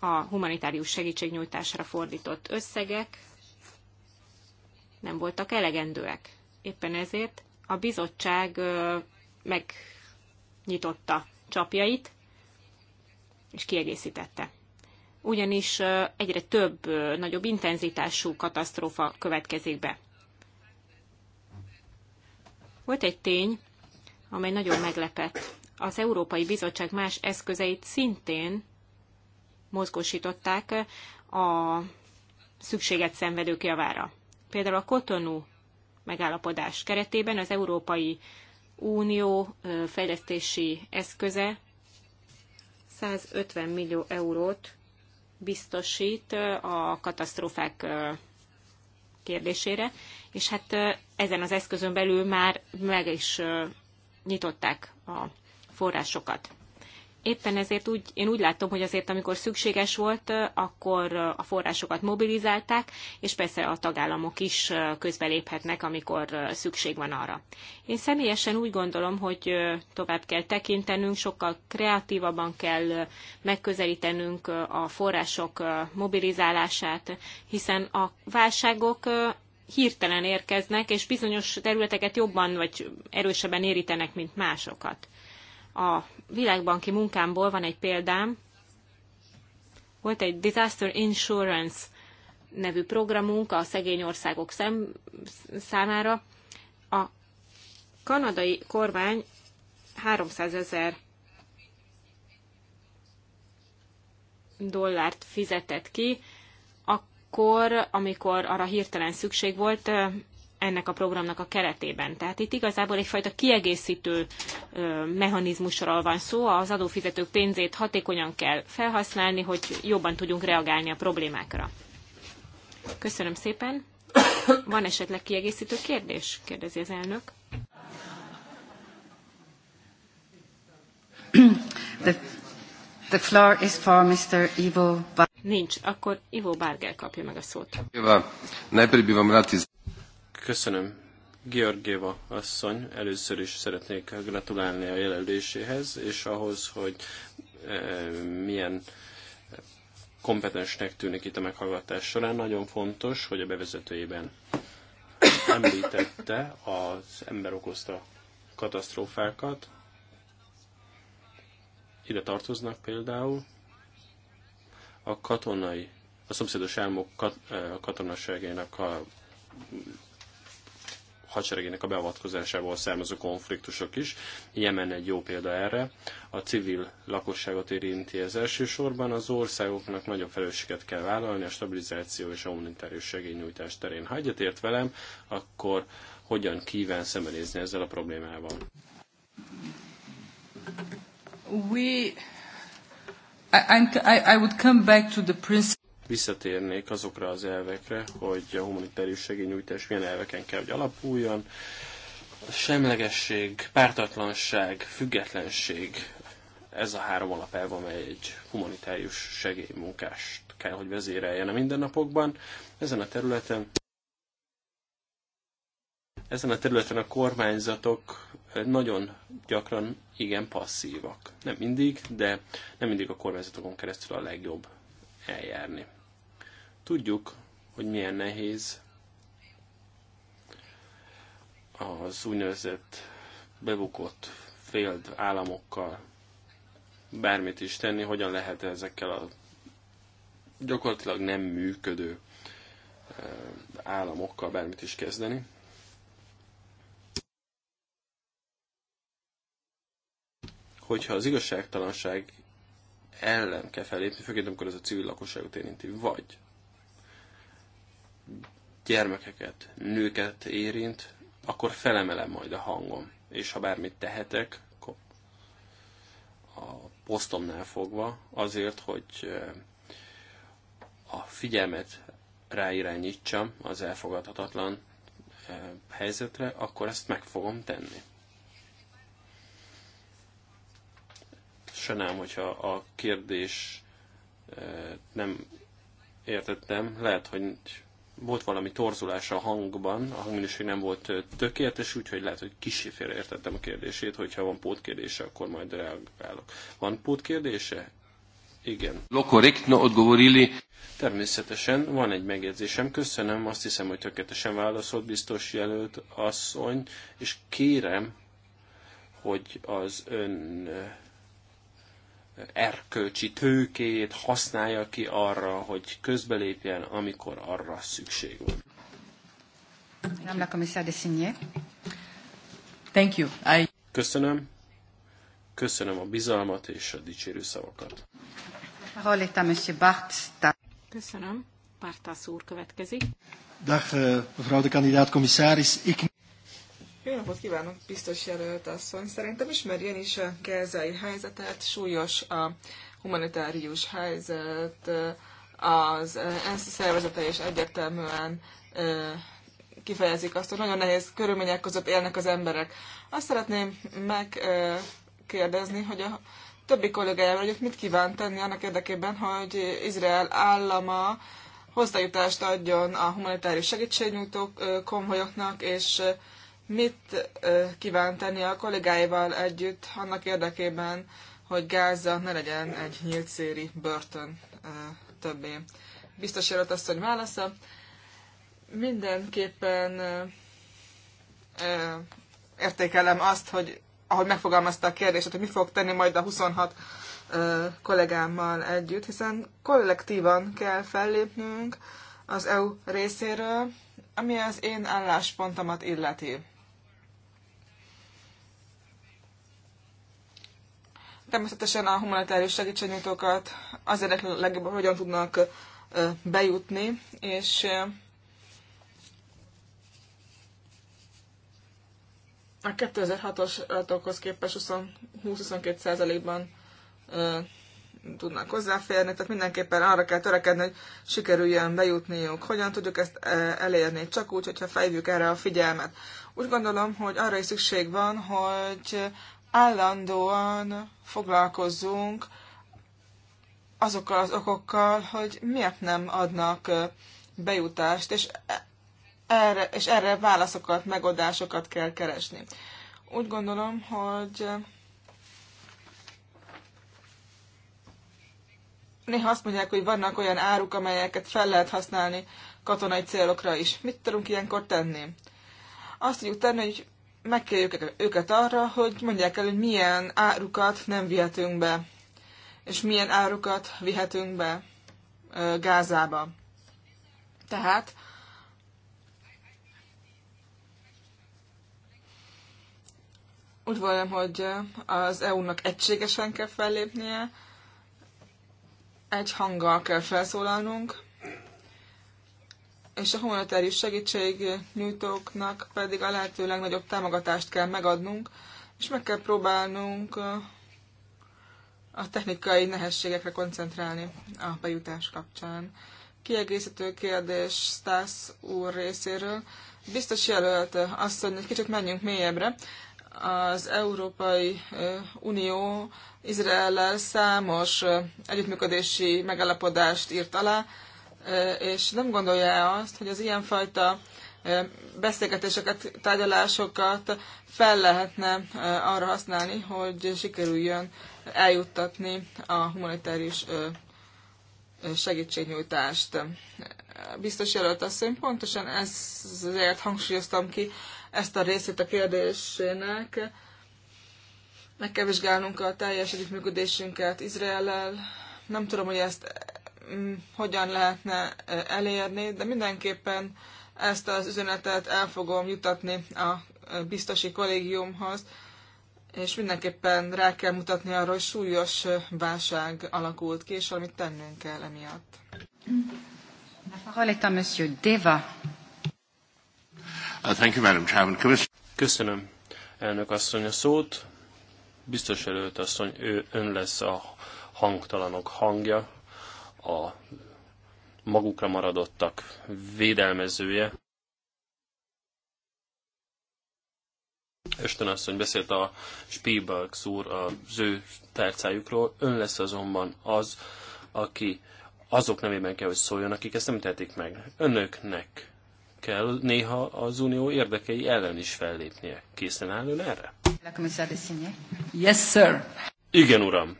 a humanitárius segítségnyújtásra fordított összegek nem voltak elegendőek. Éppen ezért a bizottság meg nyitotta csapjait, és kiegészítette. Ugyanis egyre több, nagyobb intenzitású katasztrófa következik be. Volt egy tény, amely nagyon meglepett. Az Európai Bizottság más eszközeit szintén mozgósították a szükséget szenvedők javára. Például a Kotonú megállapodás keretében az Európai Unió fejlesztési eszköze 150 millió eurót biztosít a katasztrófák kérdésére, és hát ezen az eszközön belül már meg is nyitották a forrásokat éppen ezért úgy, én úgy látom, hogy azért amikor szükséges volt, akkor a forrásokat mobilizálták, és persze a tagállamok is közbeléphetnek, amikor szükség van arra. Én személyesen úgy gondolom, hogy tovább kell tekintenünk, sokkal kreatívabban kell megközelítenünk a források mobilizálását, hiszen a válságok hirtelen érkeznek, és bizonyos területeket jobban vagy erősebben érítenek, mint másokat a világbanki munkámból van egy példám. Volt egy Disaster Insurance nevű programunk a szegény országok szem, számára. A kanadai kormány 300 ezer dollárt fizetett ki, akkor, amikor arra hirtelen szükség volt, ennek a programnak a keretében. Tehát itt igazából egyfajta kiegészítő mechanizmusról van szó, az adófizetők pénzét hatékonyan kell felhasználni, hogy jobban tudjunk reagálni a problémákra. Köszönöm szépen. Van esetleg kiegészítő kérdés? kérdezi az elnök. The, the floor is for Mr. Ivo Nincs, akkor Ivo Bargel kapja meg a szót. Najprej bi Köszönöm. Georgieva asszony, először is szeretnék gratulálni a jelöléséhez, és ahhoz, hogy eh, milyen kompetensnek tűnik itt a meghallgatás során. Nagyon fontos, hogy a bevezetőjében említette az ember okozta katasztrófákat. Ide tartoznak például a katonai, a szomszédos államok kat, eh, a hadseregének a beavatkozásából származó konfliktusok is. Jemen egy jó példa erre. A civil lakosságot érinti ez elsősorban, az országoknak nagyobb felelősséget kell vállalni a stabilizáció és a humanitárius segélynyújtás terén. Ha egyetért velem, akkor hogyan kíván szembenézni ezzel a problémával? We... I, I, I would come back to the principle visszatérnék azokra az elvekre, hogy a humanitárius segélynyújtás milyen elveken kell, hogy alapuljon. Semlegesség, pártatlanság, függetlenség, ez a három alapelv, amely egy humanitárius segélymunkást kell, hogy vezéreljen a mindennapokban. Ezen a területen ezen a területen a kormányzatok nagyon gyakran igen passzívak. Nem mindig, de nem mindig a kormányzatokon keresztül a legjobb eljárni. Tudjuk, hogy milyen nehéz az úgynevezett bebukott féld államokkal bármit is tenni, hogyan lehet ezekkel a gyakorlatilag nem működő államokkal bármit is kezdeni. Hogyha az igazságtalanság ellen kell felépni, főként amikor ez a civil lakosságot érinti, vagy gyermekeket, nőket érint, akkor felemelem majd a hangom. És ha bármit tehetek, a posztomnál fogva, azért, hogy eh, a figyelmet ráirányítsam az elfogadhatatlan eh, helyzetre, akkor ezt meg fogom tenni. Sajnálom, hogyha a kérdés eh, nem értettem, lehet, hogy volt valami torzulás a hangban, a hangminőség nem volt tökéletes, úgyhogy lehet, hogy kicsi félreértettem a kérdését, hogyha van pótkérdése, akkor majd reagálok. Van pótkérdése? Igen. Lokorektno odgovorili. Természetesen van egy megjegyzésem, köszönöm, azt hiszem, hogy tökéletesen válaszolt biztos jelölt asszony, és kérem, hogy az ön erkölcsi tőkét használja ki arra, hogy közbelépjen, amikor arra szükség van. Thank you. I... Köszönöm. Köszönöm a bizalmat és a dicsérő szavakat. Köszönöm. Pártász úr következik. Dag, eh, mevrouw de kandidaat commissaris. Ik... Jó napot kívánok, biztos jelölt asszony. Szerintem ismerjen is a gázai helyzetet, súlyos a humanitárius helyzet, az ENSZ szervezete is egyértelműen kifejezik azt, hogy nagyon nehéz körülmények között élnek az emberek. Azt szeretném megkérdezni, hogy a többi kollégájával hogy mit kíván tenni annak érdekében, hogy Izrael állama hozzájutást adjon a humanitárius segítségnyújtó konvojoknak, és mit kíván tenni a kollégáival együtt annak érdekében, hogy Gáza ne legyen egy nyílt széri börtön többé. Biztos jelölt azt, hogy válasza. Mindenképpen értékelem azt, hogy ahogy megfogalmazta a kérdést, hogy mi fog tenni majd a 26 kollégámmal együtt, hiszen kollektívan kell fellépnünk az EU részéről, ami az én álláspontomat illeti. Természetesen a humanitárius segítségnyújtókat az legjobb, legjobban, hogyan tudnak bejutni, és a 2006-os adatokhoz képest 20-22%-ban tudnak hozzáférni, tehát mindenképpen arra kell törekedni, hogy sikerüljön bejutniuk. Hogyan tudjuk ezt elérni? Csak úgy, hogyha fejvük erre a figyelmet. Úgy gondolom, hogy arra is szükség van, hogy állandóan foglalkozzunk azokkal az okokkal, hogy miért nem adnak bejutást, és e, erre, és erre válaszokat, megoldásokat kell keresni. Úgy gondolom, hogy néha azt mondják, hogy vannak olyan áruk, amelyeket fel lehet használni katonai célokra is. Mit tudunk ilyenkor tenni? Azt tudjuk tenni, hogy megkérjük őket arra, hogy mondják el, hogy milyen árukat nem vihetünk be, és milyen árukat vihetünk be Gázába. Tehát úgy voltam, hogy az EU-nak egységesen kell fellépnie, egy hanggal kell felszólalnunk, és a humanitárius segítségnyújtóknak pedig a lehető legnagyobb támogatást kell megadnunk, és meg kell próbálnunk a technikai nehézségekre koncentrálni a bejutás kapcsán. Kiegészítő kérdés Stász úr részéről. Biztos jelölt azt, hogy egy kicsit menjünk mélyebbre. Az Európai Unió Izrael számos együttműködési megállapodást írt alá, és nem gondolja azt, hogy az ilyenfajta beszélgetéseket, tárgyalásokat fel lehetne arra használni, hogy sikerüljön eljuttatni a humanitárius segítségnyújtást. Biztos jelölt asszony, pontosan ezért hangsúlyoztam ki ezt a részét a kérdésének. Meg kell vizsgálnunk a teljes együttműködésünket Izrael-el. Nem tudom, hogy ezt Mm, hogyan lehetne elérni, de mindenképpen ezt az üzenetet el fogom jutatni a biztosi kollégiumhoz, és mindenképpen rá kell mutatni arra, hogy súlyos válság alakult ki, és amit tennünk kell emiatt. Monsieur Deva. Uh, thank you, Madam Chairman. Köszönöm, elnök asszony a szót. Biztos előtt asszony, ő ön lesz a hangtalanok hangja a magukra maradottak védelmezője. Östön beszélt a Spielberg szúr az ő tárcájukról, ön lesz azonban az, aki azok nevében kell, hogy szóljon, akik ezt nem tehetik meg. Önöknek kell néha az unió érdekei ellen is fellépnie. Készen áll ön erre? Yes, sir. Igen, uram.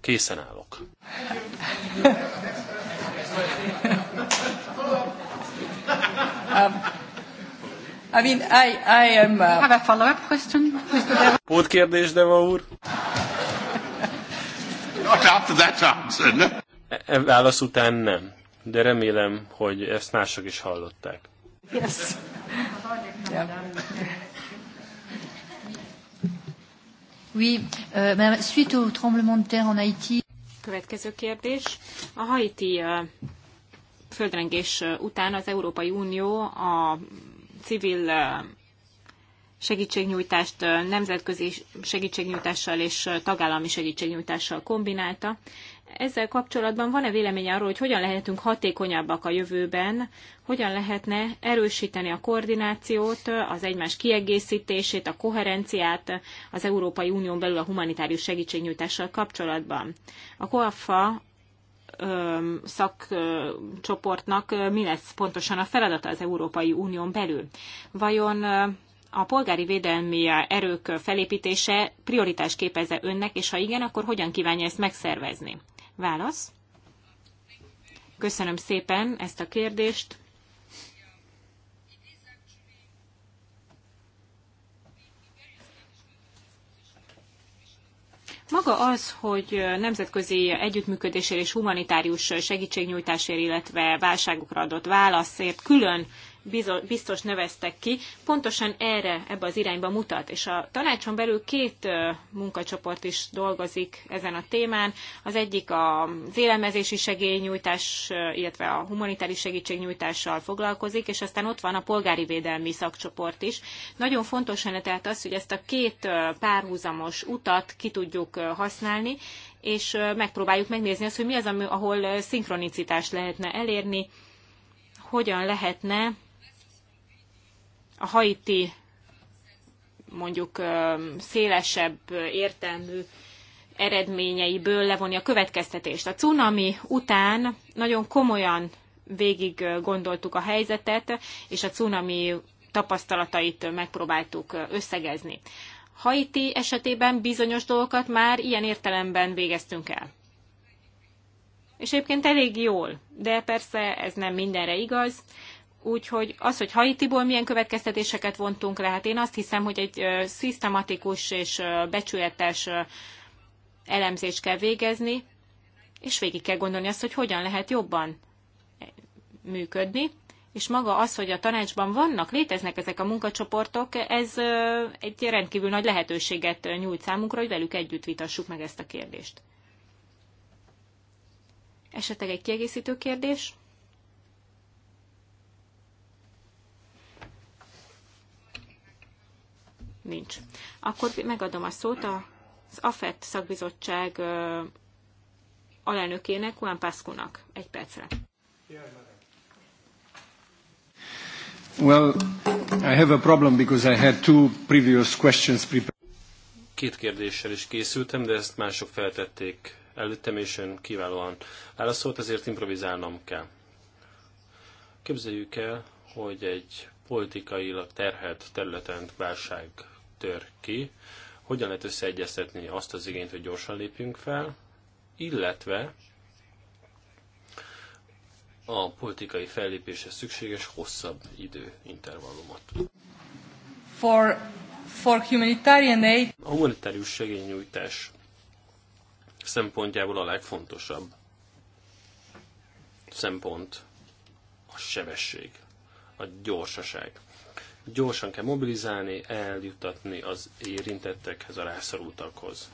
Készen állok. Um, I mean, I, I am... Uh... Have a follow-up question, Mr. Deva? Pótkérdés, Deva úr? Not after that answer, no? E, e válasz után nem, de remélem, hogy ezt mások is hallották. Yes. Yeah. Oui, euh, suite au tremblement de terre en Haïti. Következő kérdés. A haiti euh, földrengés euh, után az Európai Unió a civil segítségnyújtást nemzetközi segítségnyújtással és tagállami segítségnyújtással kombinálta ezzel kapcsolatban van-e vélemény arról, hogy hogyan lehetünk hatékonyabbak a jövőben, hogyan lehetne erősíteni a koordinációt, az egymás kiegészítését, a koherenciát az Európai Unión belül a humanitárius segítségnyújtással kapcsolatban. A COAFA szakcsoportnak mi lesz pontosan a feladata az Európai Unión belül? Vajon a polgári védelmi erők felépítése prioritás képeze önnek, és ha igen, akkor hogyan kívánja ezt megszervezni? Válasz. Köszönöm szépen ezt a kérdést. Maga az, hogy nemzetközi együttműködésért és humanitárius segítségnyújtásért, illetve válságokra adott válaszért külön biztos neveztek ki, pontosan erre, ebbe az irányba mutat. És a tanácson belül két munkacsoport is dolgozik ezen a témán. Az egyik az élelmezési segélynyújtás, illetve a humanitári segítségnyújtással foglalkozik, és aztán ott van a polgári védelmi szakcsoport is. Nagyon fontos lenne tehát az, hogy ezt a két párhuzamos utat ki tudjuk használni, és megpróbáljuk megnézni azt, hogy mi az, ahol szinkronicitást lehetne elérni, hogyan lehetne a haiti mondjuk szélesebb értelmű eredményeiből levonni a következtetést. A cunami után nagyon komolyan végig gondoltuk a helyzetet, és a cunami tapasztalatait megpróbáltuk összegezni. Haiti esetében bizonyos dolgokat már ilyen értelemben végeztünk el. És egyébként elég jól, de persze ez nem mindenre igaz. Úgyhogy az, hogy Haitiból milyen következtetéseket vontunk le, hát én azt hiszem, hogy egy szisztematikus és becsületes elemzést kell végezni, és végig kell gondolni azt, hogy hogyan lehet jobban működni, és maga az, hogy a tanácsban vannak, léteznek ezek a munkacsoportok, ez egy rendkívül nagy lehetőséget nyújt számunkra, hogy velük együtt vitassuk meg ezt a kérdést. Esetleg egy kiegészítő kérdés? Nincs. Akkor megadom a szót az AFET szakbizottság alelnökének, Juan Pászkónak. Egy percre. Well, I have a problem because I had two previous questions prepared. Két kérdéssel is készültem, de ezt mások feltették előttem, és ön kiválóan válaszolt, ezért improvizálnom kell. Képzeljük el, hogy egy politikailag terhelt területen válság tör ki, hogyan lehet összeegyeztetni azt az igényt, hogy gyorsan lépjünk fel, illetve a politikai fellépéshez szükséges hosszabb időintervallumot. For, for humanitarian aid. A humanitárius segélynyújtás szempontjából a legfontosabb szempont a sebesség a gyorsaság. Gyorsan kell mobilizálni, eljutatni az érintettekhez, a rászorultakhoz.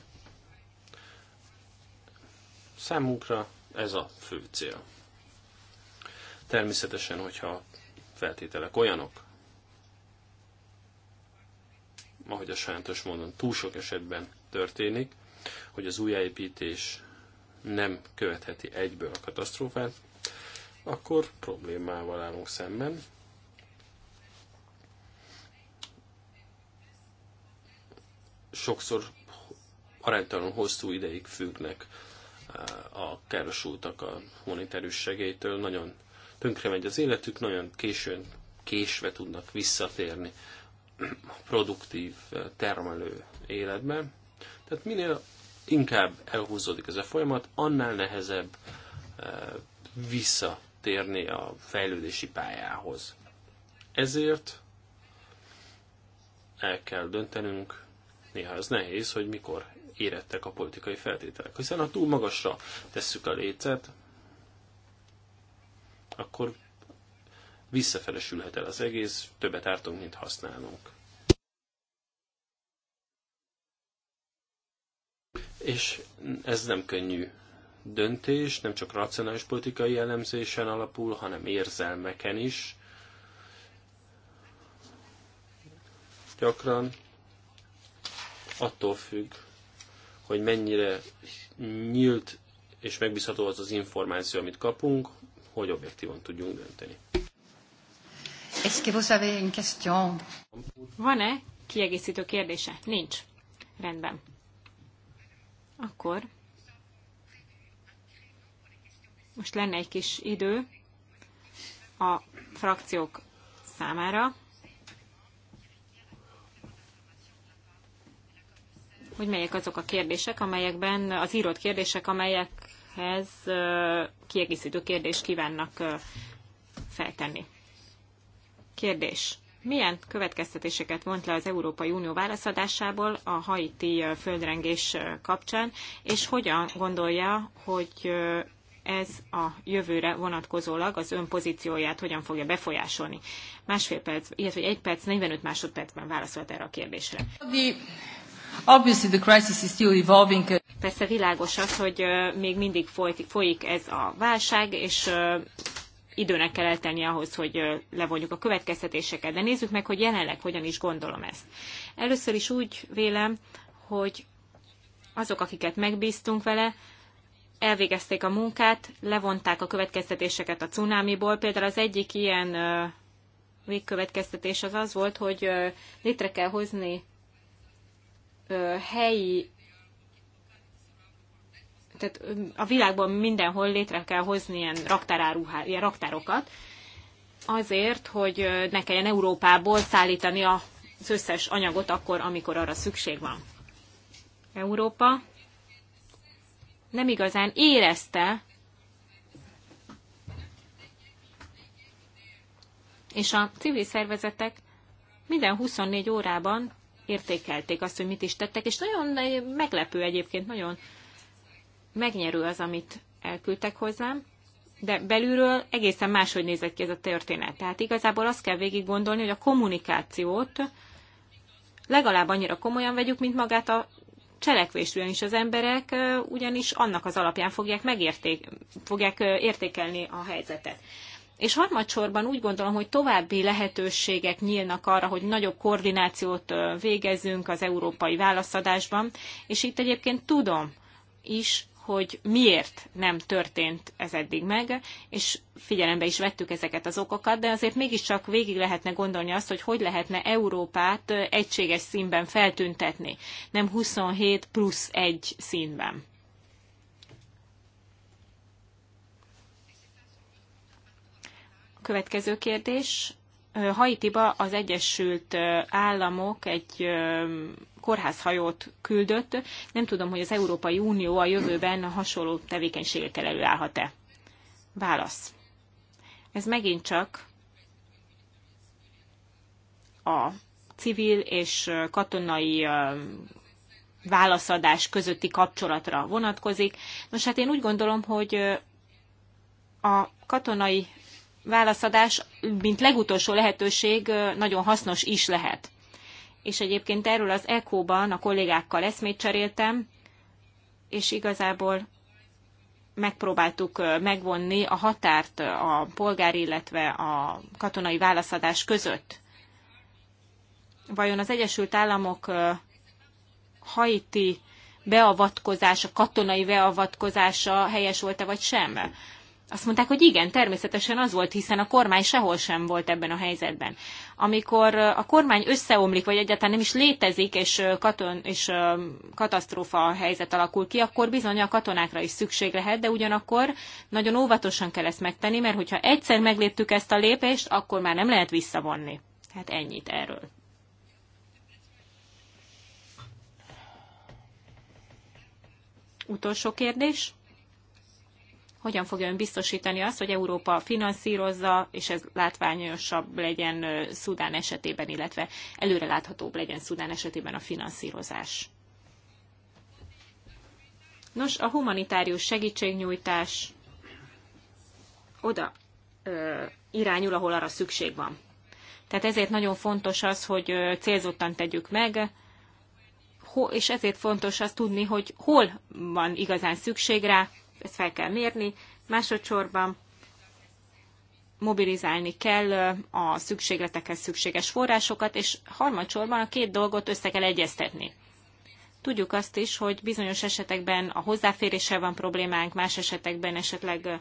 Számunkra ez a fő cél. Természetesen, hogyha feltételek olyanok, ahogy a sajátos módon túl sok esetben történik, hogy az újjáépítés nem követheti egyből a katasztrófát, akkor problémával állunk szemben, sokszor aránytalan hosszú ideig függnek eh, a károsultak a humanitárius segélytől, nagyon tönkre megy az életük, nagyon későn, késve tudnak visszatérni a produktív, eh, termelő életbe. Tehát minél inkább elhúzódik ez a folyamat, annál nehezebb eh, visszatérni a fejlődési pályához. Ezért el kell döntenünk, Néha ez nehéz, hogy mikor érettek a politikai feltételek. Hiszen ha túl magasra tesszük a lécet, akkor visszafelesülhet el az egész, többet ártunk, mint használunk. És ez nem könnyű döntés, nem csak racionális politikai elemzésen alapul, hanem érzelmeken is. Gyakran attól függ, hogy mennyire nyílt és megbízható az az információ, amit kapunk, hogy objektívan tudjunk dönteni. Van-e kiegészítő kérdése? Nincs. Rendben. Akkor most lenne egy kis idő a frakciók számára. hogy melyek azok a kérdések, amelyekben az írott kérdések, amelyekhez kiegészítő kérdést kívánnak feltenni. Kérdés. Milyen következtetéseket vont le az Európai Unió válaszadásából a haiti földrengés kapcsán, és hogyan gondolja, hogy ez a jövőre vonatkozólag az ön pozícióját hogyan fogja befolyásolni? Másfél perc, illetve egy perc, 45 másodpercben válaszolt erre a kérdésre. Obviously the crisis is still evolving. Uh, Persze világos az, hogy még mindig folyik ez a válság, és időnek kell eltenni ahhoz, hogy levonjuk a következtetéseket. De nézzük meg, hogy jelenleg hogyan is gondolom ezt. Először is úgy vélem, hogy azok, akiket megbíztunk vele, elvégezték a munkát, levonták a következtetéseket a cunámiból. Például az egyik ilyen végkövetkeztetés az az volt, hogy létre kell hozni helyi tehát a világban mindenhol létre kell hozni ilyen, ilyen raktárokat, azért, hogy ne kelljen Európából szállítani az összes anyagot akkor, amikor arra szükség van. Európa nem igazán érezte, és a civil szervezetek minden 24 órában értékelték azt, hogy mit is tettek, és nagyon meglepő egyébként, nagyon megnyerő az, amit elküldtek hozzám, de belülről egészen máshogy nézett ki ez a történet. Tehát igazából azt kell végig gondolni, hogy a kommunikációt legalább annyira komolyan vegyük, mint magát a cselekvést, ugyanis az emberek ugyanis annak az alapján fogják, megérték, fogják értékelni a helyzetet. És harmadsorban úgy gondolom, hogy további lehetőségek nyílnak arra, hogy nagyobb koordinációt végezzünk az európai válaszadásban, és itt egyébként tudom is, hogy miért nem történt ez eddig meg, és figyelembe is vettük ezeket az okokat, de azért mégiscsak végig lehetne gondolni azt, hogy hogy lehetne Európát egységes színben feltüntetni, nem 27 plusz egy színben. Következő kérdés. Haitiba az Egyesült Államok egy kórházhajót küldött. Nem tudom, hogy az Európai Unió a jövőben a hasonló tevékenységekkel előállhat-e. Válasz. Ez megint csak a civil és katonai válaszadás közötti kapcsolatra vonatkozik. Nos, hát én úgy gondolom, hogy a katonai válaszadás, mint legutolsó lehetőség nagyon hasznos is lehet. És egyébként erről az ECO-ban a kollégákkal eszmét cseréltem, és igazából megpróbáltuk megvonni a határt a polgári, illetve a katonai válaszadás között. Vajon az Egyesült Államok haiti beavatkozása, katonai beavatkozása helyes volt-e vagy sem? Azt mondták, hogy igen, természetesen az volt, hiszen a kormány sehol sem volt ebben a helyzetben. Amikor uh, a kormány összeomlik, vagy egyáltalán nem is létezik, és, uh, katon, és uh, katasztrófa helyzet alakul ki, akkor bizony a katonákra is szükség lehet, de ugyanakkor nagyon óvatosan kell ezt megtenni, mert hogyha egyszer megléptük ezt a lépést, akkor már nem lehet visszavonni. Hát ennyit erről. Utolsó kérdés hogyan fogja ön biztosítani azt, hogy Európa finanszírozza, és ez látványosabb legyen Szudán esetében, illetve előreláthatóbb legyen Szudán esetében a finanszírozás? Nos, a humanitárius segítségnyújtás oda ö, irányul, ahol arra szükség van. Tehát ezért nagyon fontos az, hogy célzottan tegyük meg, és ezért fontos az tudni, hogy hol van igazán szükség rá, ezt fel kell mérni. Másodszorban mobilizálni kell a szükségletekhez szükséges forrásokat, és harmadsorban a két dolgot össze kell egyeztetni. Tudjuk azt is, hogy bizonyos esetekben a hozzáféréssel van problémánk, más esetekben esetleg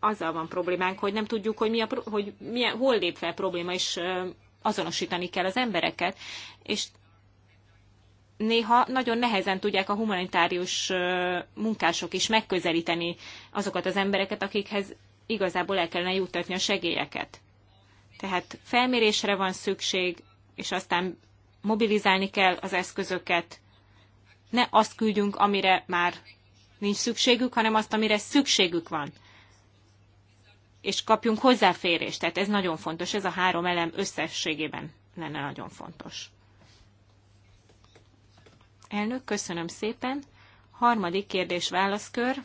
azzal van problémánk, hogy nem tudjuk, hogy, mi a, hogy milyen, hol lép fel probléma, és azonosítani kell az embereket, és néha nagyon nehezen tudják a humanitárius munkások is megközelíteni azokat az embereket, akikhez igazából el kellene juttatni a segélyeket. Tehát felmérésre van szükség, és aztán mobilizálni kell az eszközöket. Ne azt küldjünk, amire már nincs szükségük, hanem azt, amire szükségük van. És kapjunk hozzáférést. Tehát ez nagyon fontos, ez a három elem összességében lenne nagyon fontos. Elnök, köszönöm szépen. Harmadik kérdés-válaszkör.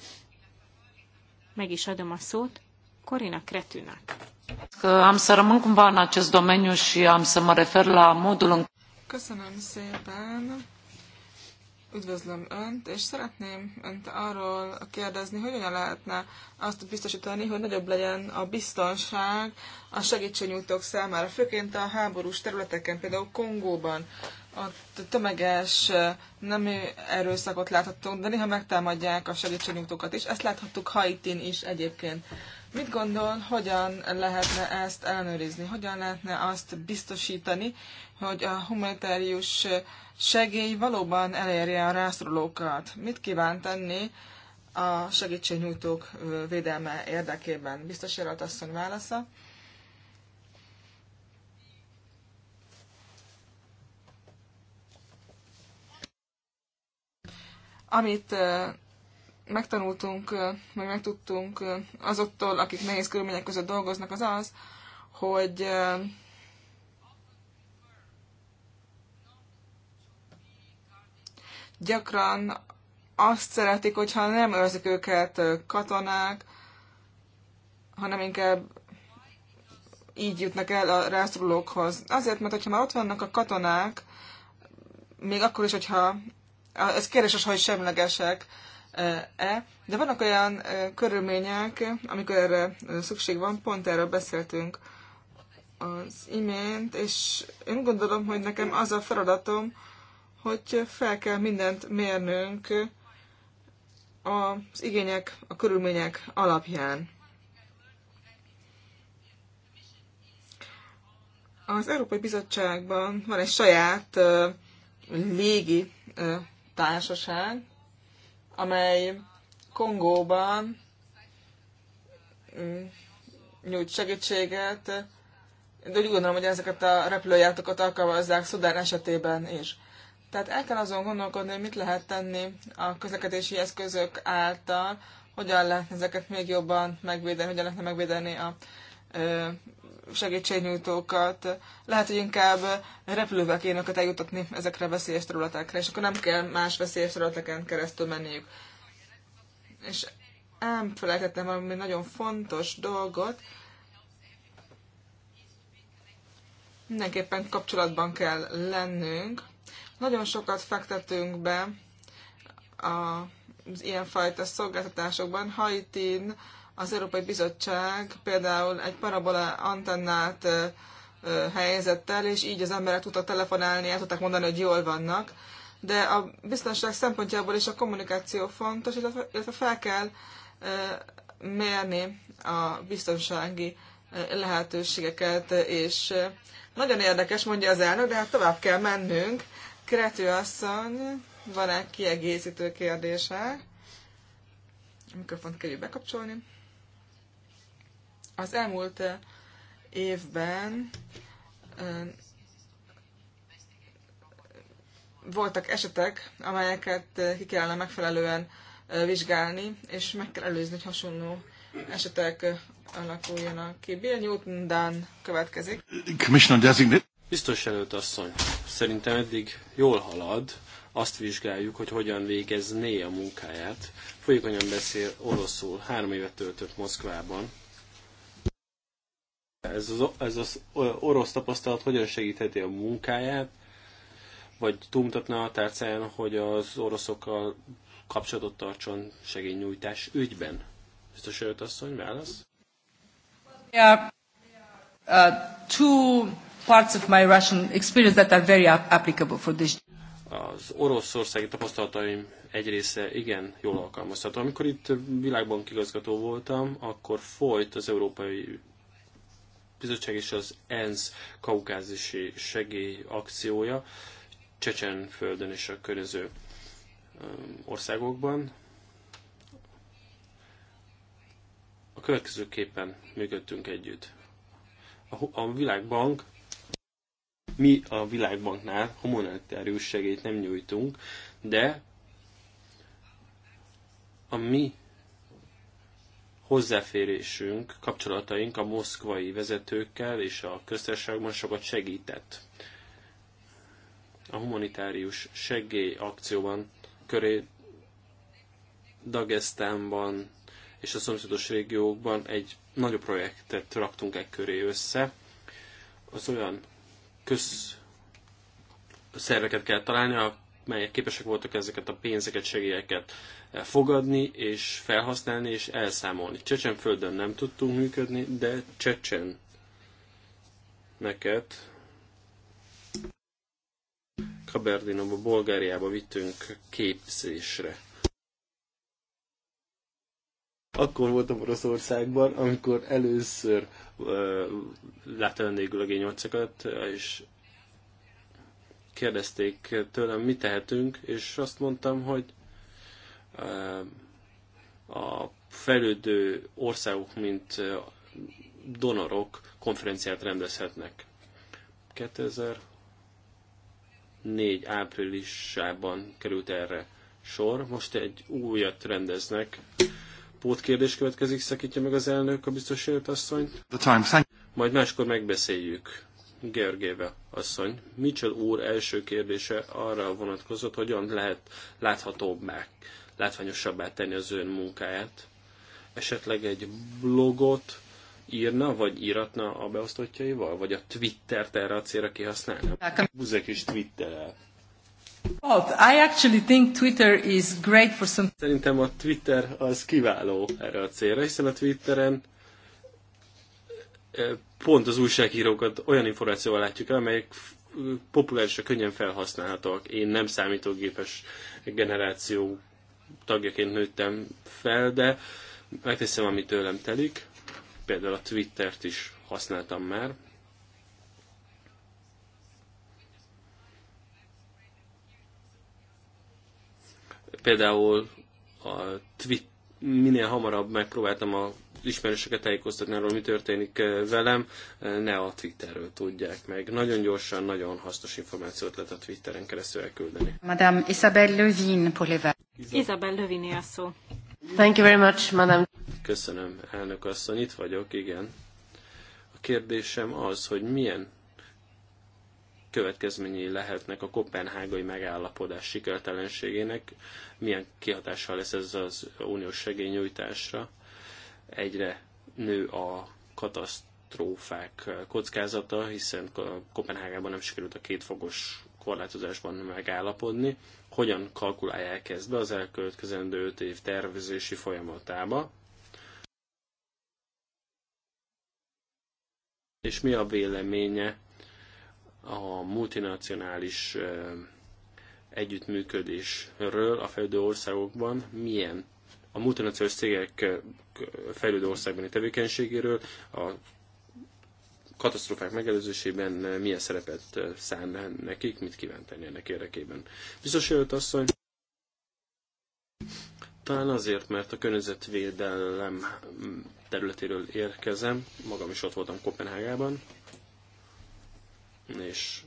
Meg is adom a szót Corina Cretűnek. Am să rămân cumva în acest domeniu și am să mă refer la modul în... Köszönöm szépen. Üdvözlöm Önt, és szeretném Önt arról kérdezni, hogy hogyan lehetne azt biztosítani, hogy nagyobb legyen a biztonság a segítségnyújtók számára, főként a háborús területeken, például Kongóban a tömeges nemi erőszakot láthattunk, de néha megtámadják a segítségnyújtókat is. Ezt láthattuk Haitin is egyébként. Mit gondol, hogyan lehetne ezt ellenőrizni? Hogyan lehetne azt biztosítani, hogy a humanitárius segély valóban elérje a rászorulókat? Mit kíván tenni a segítségnyújtók védelme érdekében? Biztos jelölt asszony válasza. Amit megtanultunk, meg megtudtunk azoktól, akik nehéz körülmények között dolgoznak, az az, hogy gyakran azt szeretik, hogyha nem őrzik őket katonák, hanem inkább így jutnak el a rászorulókhoz. Azért, mert hogyha már ott vannak a katonák, még akkor is, hogyha ez az, hogy semlegesek e, de vannak olyan e, körülmények, amikor erre e, szükség van, pont erről beszéltünk az imént, és én gondolom, hogy nekem az a feladatom, hogy fel kell mindent mérnünk az igények, a körülmények alapján. Az Európai Bizottságban van egy saját uh, légi uh, társaság, amely Kongóban mm, nyújt segítséget, de úgy gondolom, hogy ezeket a repülőjátokat alkalmazzák Szudán esetében is. Tehát el kell azon gondolkodni, hogy mit lehet tenni a közlekedési eszközök által, hogyan lehet ezeket még jobban megvédeni, hogyan lehetne megvédeni a segítségnyújtókat, lehet, hogy inkább repülővel kéne őket eljutatni ezekre a veszélyes területekre, és akkor nem kell más veszélyes területeken keresztül menniük. És elfelejtettem valami nagyon fontos dolgot, mindenképpen kapcsolatban kell lennünk. Nagyon sokat fektetünk be az ilyenfajta szolgáltatásokban. Haitin az Európai Bizottság például egy parabola antennát helyezett el, és így az emberek tudtak telefonálni, el tudtak mondani, hogy jól vannak. De a biztonság szempontjából is a kommunikáció fontos, illetve fel kell mérni a biztonsági lehetőségeket, és nagyon érdekes, mondja az elnök, de hát tovább kell mennünk. Krető asszony, van-e kiegészítő kérdése? A mikrofont kell bekapcsolni. Az elmúlt eh, évben eh, voltak esetek, amelyeket eh, ki kellene megfelelően vizsgálni, és meg kell előzni, hogy hasonló esetek alakuljanak ki. Bill Newton Dan következik. Biztos előtt asszony, szerintem eddig jól halad, azt vizsgáljuk, hogy hogyan végezné a munkáját. Folyékonyan beszél oroszul, három évet töltött Moszkvában, ez az, ez az orosz tapasztalat hogyan segítheti a munkáját, vagy túlmutatna a tárcáján, hogy az oroszokkal kapcsolatot tartson segélynyújtás ügyben? Biztos jött asszony, válasz? Uh, two parts of my Russian experience that are very applicable for this. Az oroszországi tapasztalataim egy része igen jól alkalmazható. Amikor itt világbank igazgató voltam, akkor folyt az európai bizottság és az ENSZ kaukázisi segély akciója Csecsenföldön és a környező országokban. A következőképpen működtünk együtt. A, a Világbank, mi a Világbanknál humanitárius segélyt nem nyújtunk, de a mi hozzáférésünk, kapcsolataink a moszkvai vezetőkkel és a köztársaságban sokat segített. A humanitárius segély akcióban köré Dagestánban és a szomszédos régiókban egy nagyobb projektet raktunk egy köré össze. Az olyan köz szerveket kell találni, amelyek képesek voltak ezeket a pénzeket, segélyeket fogadni és felhasználni és elszámolni. Csecsenföldön nem tudtunk működni, de Csecsen neked Kaberdinóba, Bulgáriába vittünk képzésre. Akkor voltam Oroszországban, amikor először uh, láttam vendégül a g és kérdezték tőlem, mi tehetünk, és azt mondtam, hogy a fejlődő országok, mint donorok konferenciát rendezhetnek. 2004 áprilisában került erre sor. Most egy újat rendeznek. kérdés következik, szakítja meg az elnök a biztos asszonyt. Majd máskor megbeszéljük. Gergéve asszony. Mitchell úr első kérdése arra vonatkozott, hogyan lehet láthatóbbá látványosabbá tenni az ön munkáját. Esetleg egy blogot írna, vagy íratna a beosztottjaival, vagy a Twittert erre a célra kihasználna? Buzek is twitterel. I actually think Twitter is great for some... Szerintem a Twitter az kiváló erre a célra, hiszen a Twitteren eh, pont az újságírókat olyan információval látjuk el, amelyek populárisra könnyen felhasználhatóak. Én nem számítógépes generáció tagjaként nőttem fel, de megteszem, ami tőlem telik. Például a Twittert is használtam már. Például a Twitter minél hamarabb megpróbáltam a ismerősöket tájékoztatni arról, mi történik eh, velem, eh, ne a Twitterről tudják meg. Nagyon gyorsan, nagyon hasznos információt lehet a Twitteren keresztül elküldeni. Madame Isabelle Lövin, pour les Isabel Lövini a szó. Thank you very much, madam. Köszönöm, elnök asszony, itt vagyok, igen. A kérdésem az, hogy milyen következményei lehetnek a kopenhágai megállapodás sikertelenségének, milyen kihatással lesz ez az uniós segélynyújtásra. Egyre nő a katasztrófák kockázata, hiszen Kopenhágában nem sikerült a kétfogos korlátozásban megállapodni, hogyan kalkulálják ezt be az elkövetkezendő 5 év tervezési folyamatába, és mi a véleménye a multinacionális együttműködésről a fejlődő országokban, milyen a multinacionális cégek fejlődő országbeni tevékenységéről, a katasztrófák megelőzésében eh, milyen szerepet eh, szán nekik, mit kíván tenni ennek érdekében. Biztos jött hogy talán azért, mert a környezetvédelem mm, területéről érkezem, magam is ott voltam Kopenhágában, és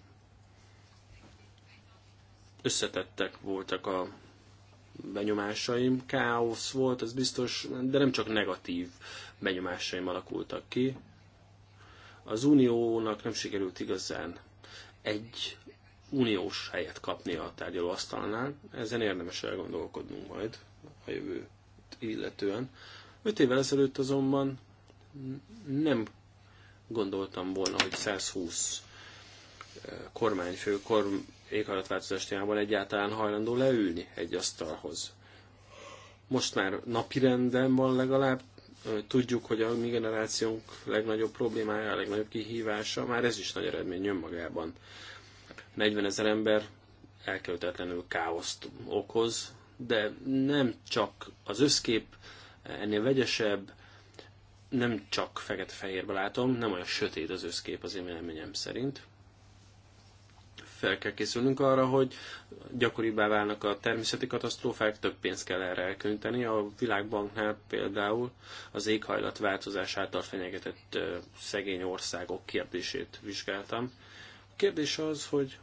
összetettek voltak a benyomásaim, káosz volt, ez biztos, de nem csak negatív benyomásaim alakultak ki, az uniónak nem sikerült igazán egy uniós helyet kapni a tárgyalóasztalnál, ezen érdemes elgondolkodnunk majd a jövőt illetően. Öt évvel ezelőtt azonban nem gondoltam volna, hogy 120 eh, kormányfő korm, éghajlatváltozás témában egyáltalán hajlandó leülni egy asztalhoz. Most már napirenden van legalább tudjuk, hogy a mi generációnk legnagyobb problémája, a legnagyobb kihívása, már ez is nagy eredmény önmagában. 40 ezer ember elkövetetlenül káoszt okoz, de nem csak az összkép ennél vegyesebb, nem csak fekete-fehérbe látom, nem olyan sötét az összkép az én véleményem szerint fel kell készülnünk arra, hogy gyakoribbá válnak a természeti katasztrófák, több pénzt kell erre elkönteni. A világbanknál például az éghajlatváltozás által fenyegetett szegény országok kérdését vizsgáltam. A kérdés az, hogy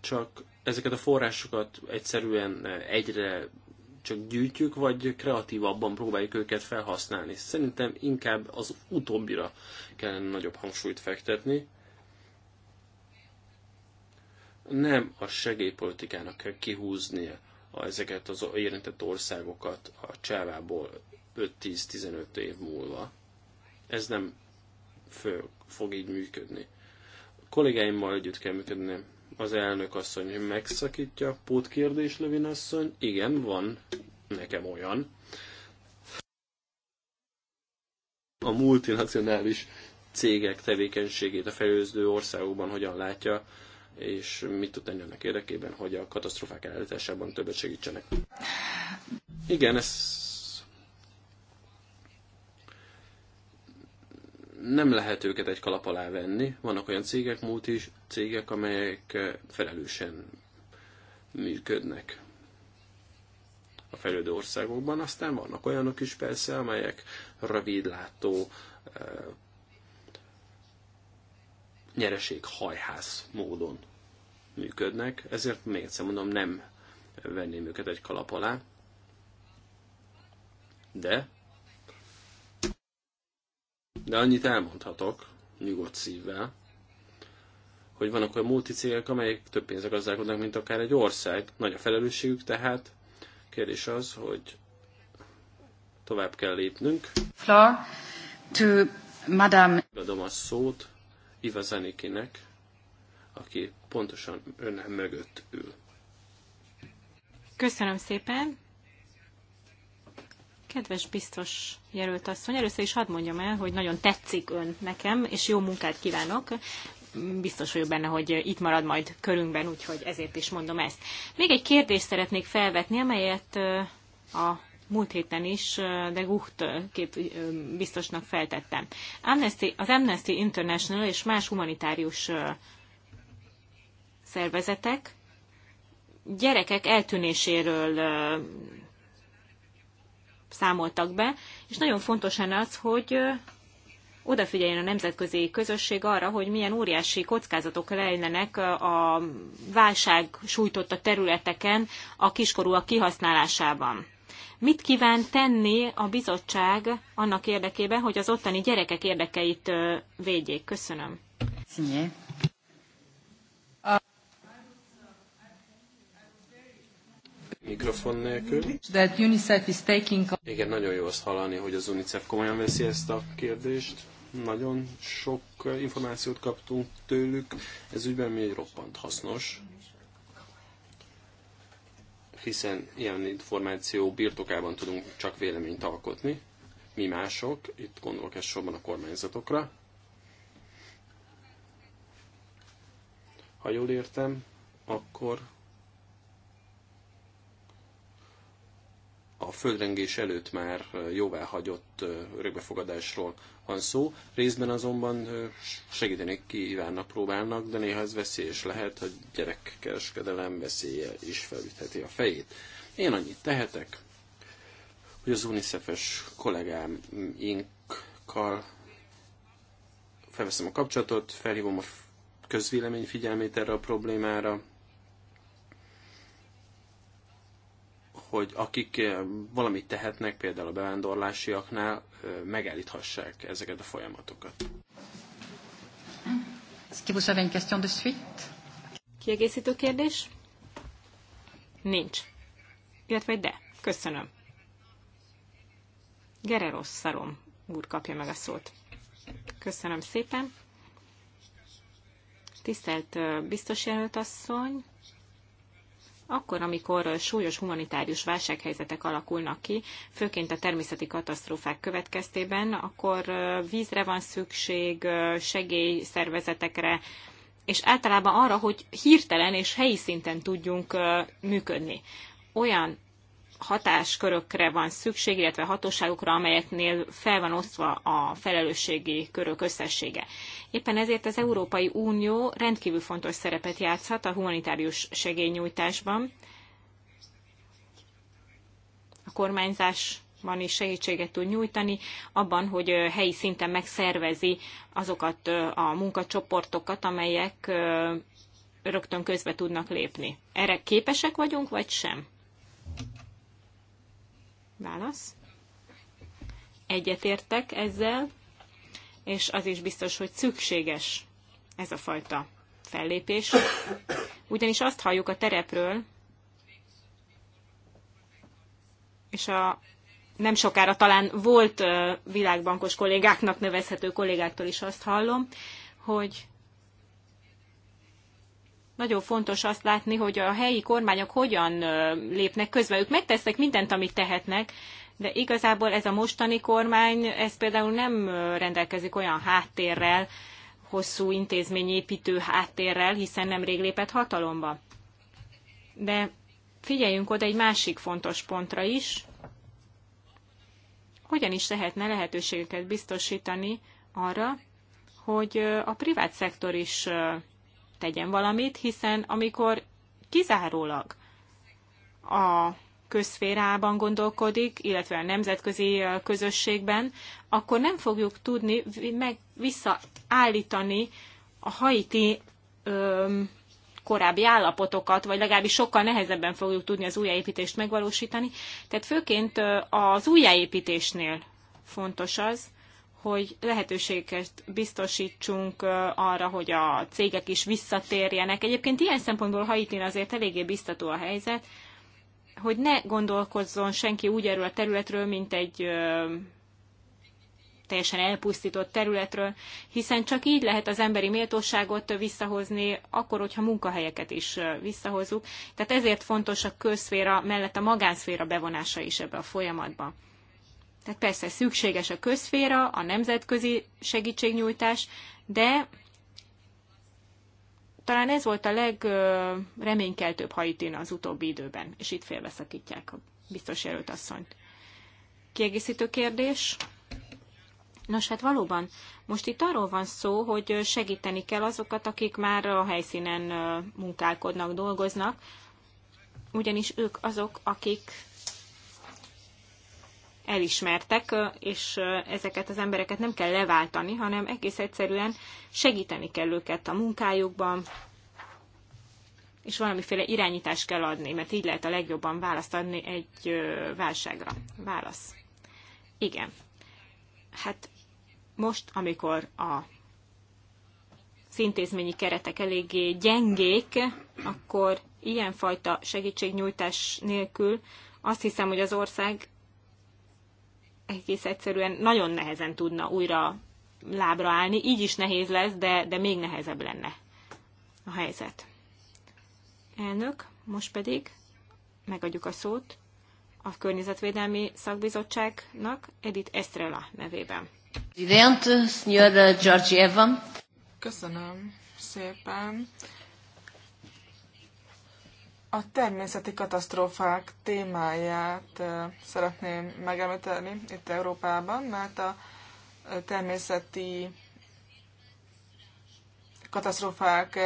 csak ezeket a forrásokat egyszerűen egyre csak gyűjtjük, vagy kreatívabban próbáljuk őket felhasználni. Szerintem inkább az utóbbira kellene nagyobb hangsúlyt fektetni nem a segélypolitikának kell kihúznia ezeket az érintett országokat a csávából 5-10-15 év múlva. Ez nem föl, fog így működni. A kollégáimmal együtt kell működni. Az elnök asszony megszakítja. Pótkérdés, Lövin asszony? Igen, van nekem olyan. A multinacionális cégek tevékenységét a fejlődő országokban hogyan látja és mit tud tenni ennek érdekében, hogy a katasztrofák elhárításában többet segítsenek. Igen, ez nem lehet őket egy kalap alá venni. Vannak olyan cégek, múlti, cégek, amelyek felelősen működnek a fejlődő országokban. Aztán vannak olyanok is persze, amelyek rövidlátó eh, hajház módon működnek, ezért még egyszer mondom, nem venném őket egy kalap alá, de de annyit elmondhatok, nyugodt szívvel, hogy vannak olyan multicégek, amelyek több pénzre gazdálkodnak, mint akár egy ország. Nagy a felelősségük, tehát kérdés az, hogy tovább kell lépnünk. Floor to Madame. Adom a szót Iva Zanikinek, aki pontosan önnel mögött ül. Köszönöm szépen! Kedves biztos jelölt asszony, először is hadd mondjam el, hogy nagyon tetszik ön nekem, és jó munkát kívánok. Biztos vagyok benne, hogy itt marad majd körünkben, úgyhogy ezért is mondom ezt. Még egy kérdést szeretnék felvetni, amelyet a múlt héten is de Gucht kép biztosnak feltettem. Amnesty, az Amnesty International és más humanitárius szervezetek gyerekek eltűnéséről számoltak be, és nagyon fontos az, hogy odafigyeljen a nemzetközi közösség arra, hogy milyen óriási kockázatok lejlenek a válság sújtotta területeken a kiskorúak kihasználásában. Mit kíván tenni a bizottság annak érdekében, hogy az ottani gyerekek érdekeit védjék? Köszönöm. Színje. mikrofon nélkül. That UNICEF is taking... Igen, nagyon jó azt hallani, hogy az UNICEF komolyan veszi ezt a kérdést. Nagyon sok információt kaptunk tőlük. Ez ügyben mi egy roppant hasznos hiszen ilyen információ birtokában tudunk csak véleményt alkotni, mi mások, itt gondolok elsősorban a kormányzatokra. Ha jól értem, akkor a földrengés előtt már jóváhagyott örökbefogadásról van szó, részben azonban segíteni kívánnak, próbálnak, de néha ez veszélyes lehet, hogy gyerekkereskedelem veszélye is felütheti a fejét. Én annyit tehetek, hogy az UNICEF-es inkkal felveszem a kapcsolatot, felhívom a közvélemény figyelmét erre a problémára, hogy akik eh, valamit tehetnek, például a bevándorlásiaknál, eh, megállíthassák ezeket a folyamatokat. Kiegészítő kérdés? Nincs. Illetve de. Köszönöm. rossz Szarom úr kapja meg a szót. Köszönöm szépen. Tisztelt eh, biztos jelölt asszony, akkor, amikor súlyos humanitárius válsághelyzetek alakulnak ki, főként a természeti katasztrófák következtében, akkor vízre van szükség, segélyszervezetekre, és általában arra, hogy hirtelen és helyi szinten tudjunk működni. Olyan hatáskörökre van szükség, illetve hatóságokra, amelyeknél fel van osztva a felelősségi körök összessége. Éppen ezért az Európai Unió rendkívül fontos szerepet játszhat a humanitárius segélynyújtásban, a kormányzásban is segítséget tud nyújtani, abban, hogy helyi szinten megszervezi azokat a munkacsoportokat, amelyek rögtön közbe tudnak lépni. Erre képesek vagyunk, vagy sem? Válasz. Egyetértek ezzel, és az is biztos, hogy szükséges ez a fajta fellépés. Ugyanis azt halljuk a terepről, és a nem sokára talán volt világbankos kollégáknak nevezhető kollégáktól is azt hallom, hogy nagyon fontos azt látni, hogy a helyi kormányok hogyan lépnek közben. Ők megtesznek mindent, amit tehetnek, de igazából ez a mostani kormány, ez például nem rendelkezik olyan háttérrel, hosszú intézményépítő háttérrel, hiszen nemrég lépett hatalomba. De figyeljünk oda egy másik fontos pontra is. Hogyan is lehetne lehetőségeket biztosítani arra, hogy a privát szektor is tegyen valamit, hiszen amikor kizárólag a közszférában gondolkodik, illetve a nemzetközi közösségben, akkor nem fogjuk tudni meg visszaállítani a haiti öm, korábbi állapotokat, vagy legalábbis sokkal nehezebben fogjuk tudni az újjáépítést megvalósítani. Tehát főként az újjáépítésnél fontos az, hogy lehetőséget biztosítsunk arra, hogy a cégek is visszatérjenek. Egyébként ilyen szempontból Haitin azért eléggé biztató a helyzet, hogy ne gondolkozzon senki úgy erről a területről, mint egy teljesen elpusztított területről, hiszen csak így lehet az emberi méltóságot visszahozni, akkor, hogyha munkahelyeket is visszahozunk. Tehát ezért fontos a közszféra mellett a magánszféra bevonása is ebbe a folyamatba. Tehát persze szükséges a közféra, a nemzetközi segítségnyújtás, de talán ez volt a legreménykeltőbb hajtin az utóbbi időben, és itt félbeszakítják a biztos jelölt asszonyt. Kiegészítő kérdés? Nos, hát valóban, most itt arról van szó, hogy segíteni kell azokat, akik már a helyszínen munkálkodnak, dolgoznak, ugyanis ők azok, akik elismertek, és ezeket az embereket nem kell leváltani, hanem egész egyszerűen segíteni kell őket a munkájukban, és valamiféle irányítást kell adni, mert így lehet a legjobban választ adni egy válságra. Válasz. Igen. Hát most, amikor a szintézményi keretek eléggé gyengék, akkor ilyenfajta segítségnyújtás nélkül azt hiszem, hogy az ország egész egyszerűen nagyon nehezen tudna újra lábra állni. Így is nehéz lesz, de, de még nehezebb lenne a helyzet. Elnök, most pedig megadjuk a szót a Környezetvédelmi Szakbizottságnak Edith Estrella nevében. Presidente, Köszönöm szépen. A természeti katasztrófák témáját szeretném megemlíteni itt Európában, mert a természeti katasztrófák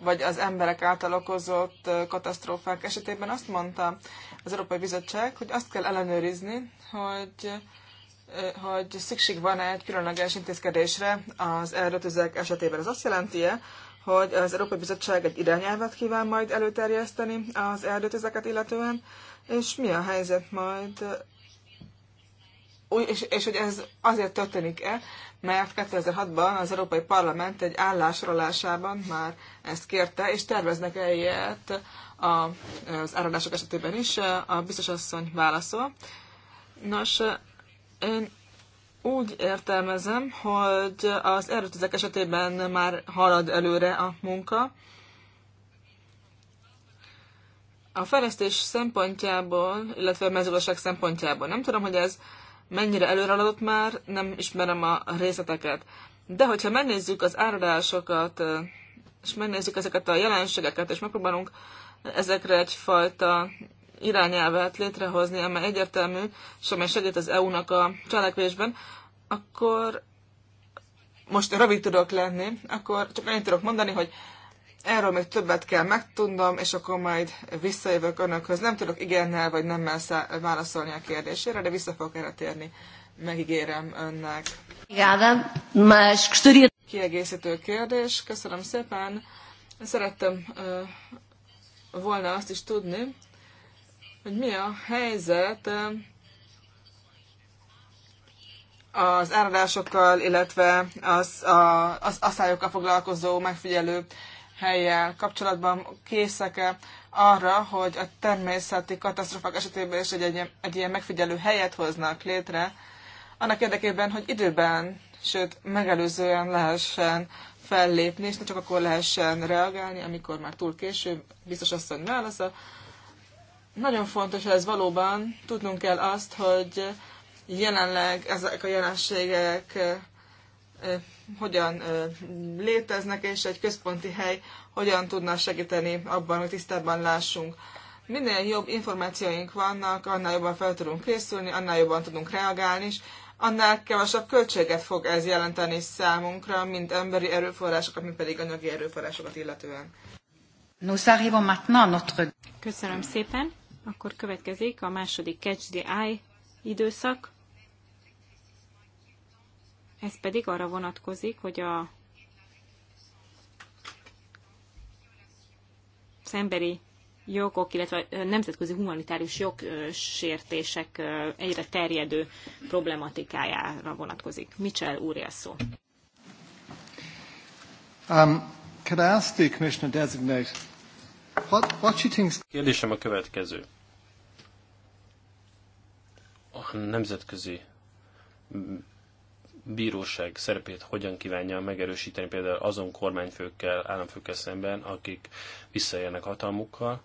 vagy az emberek által okozott katasztrófák esetében azt mondta az Európai Bizottság, hogy azt kell ellenőrizni, hogy, hogy szükség van egy különleges intézkedésre az erdőtüzek esetében. Ez azt jelenti -e, hogy az Európai Bizottság egy irányelvet kíván majd előterjeszteni az ezeket illetően, és mi a helyzet majd, és, és hogy ez azért történik-e, mert 2006-ban az Európai Parlament egy állásrolásában már ezt kérte, és terveznek -e ilyet a, az áradások esetében is, a biztosasszony válaszol. Nos, én úgy értelmezem, hogy az erőtüzek esetében már halad előre a munka. A fejlesztés szempontjából, illetve a mezőgazdaság szempontjából nem tudom, hogy ez mennyire előre már, nem ismerem a részleteket. De hogyha megnézzük az áradásokat, és megnézzük ezeket a jelenségeket, és megpróbálunk ezekre egyfajta irányelvet létrehozni, amely egyértelmű, és amely segít az EU-nak a cselekvésben, akkor most rövid tudok lenni, akkor csak annyit tudok mondani, hogy erről még többet kell megtudnom, és akkor majd visszajövök önökhöz. Nem tudok igennel vagy nemmel válaszolni a kérdésére, de vissza fogok erre térni. Megígérem önnek. Kiegészítő kérdés. Köszönöm szépen. Szerettem volna azt is tudni, hogy mi a helyzet eh, az áradásokkal, illetve az, a, az aszályokkal foglalkozó megfigyelő helyjel kapcsolatban készek-e arra, hogy a természeti katasztrofák esetében is egy, egy, egy ilyen megfigyelő helyet hoznak létre, annak érdekében, hogy időben, sőt megelőzően lehessen fellépni, és ne csak akkor lehessen reagálni, amikor már túl késő, biztos asszony válasza, nagyon fontos ez valóban, tudnunk kell azt, hogy jelenleg ezek a jelenségek hogyan léteznek, és egy központi hely hogyan tudna segíteni abban, hogy tisztában lássunk. Minél jobb információink vannak, annál jobban fel tudunk készülni, annál jobban tudunk reagálni, és annál kevesebb költséget fog ez jelenteni számunkra, mint emberi erőforrásokat, mint pedig anyagi erőforrásokat illetően. Köszönöm szépen! Akkor következik a második Catch the Eye időszak. Ez pedig arra vonatkozik, hogy a az emberi jogok, illetve nemzetközi humanitárius jogsértések egyre terjedő problematikájára vonatkozik. Mitchell úr a szó. Um, can I ask the Commissioner designate what, what she thinks... Kérdésem a következő a nemzetközi bíróság szerepét hogyan kívánja megerősíteni például azon kormányfőkkel, államfőkkel szemben, akik visszaélnek hatalmukkal,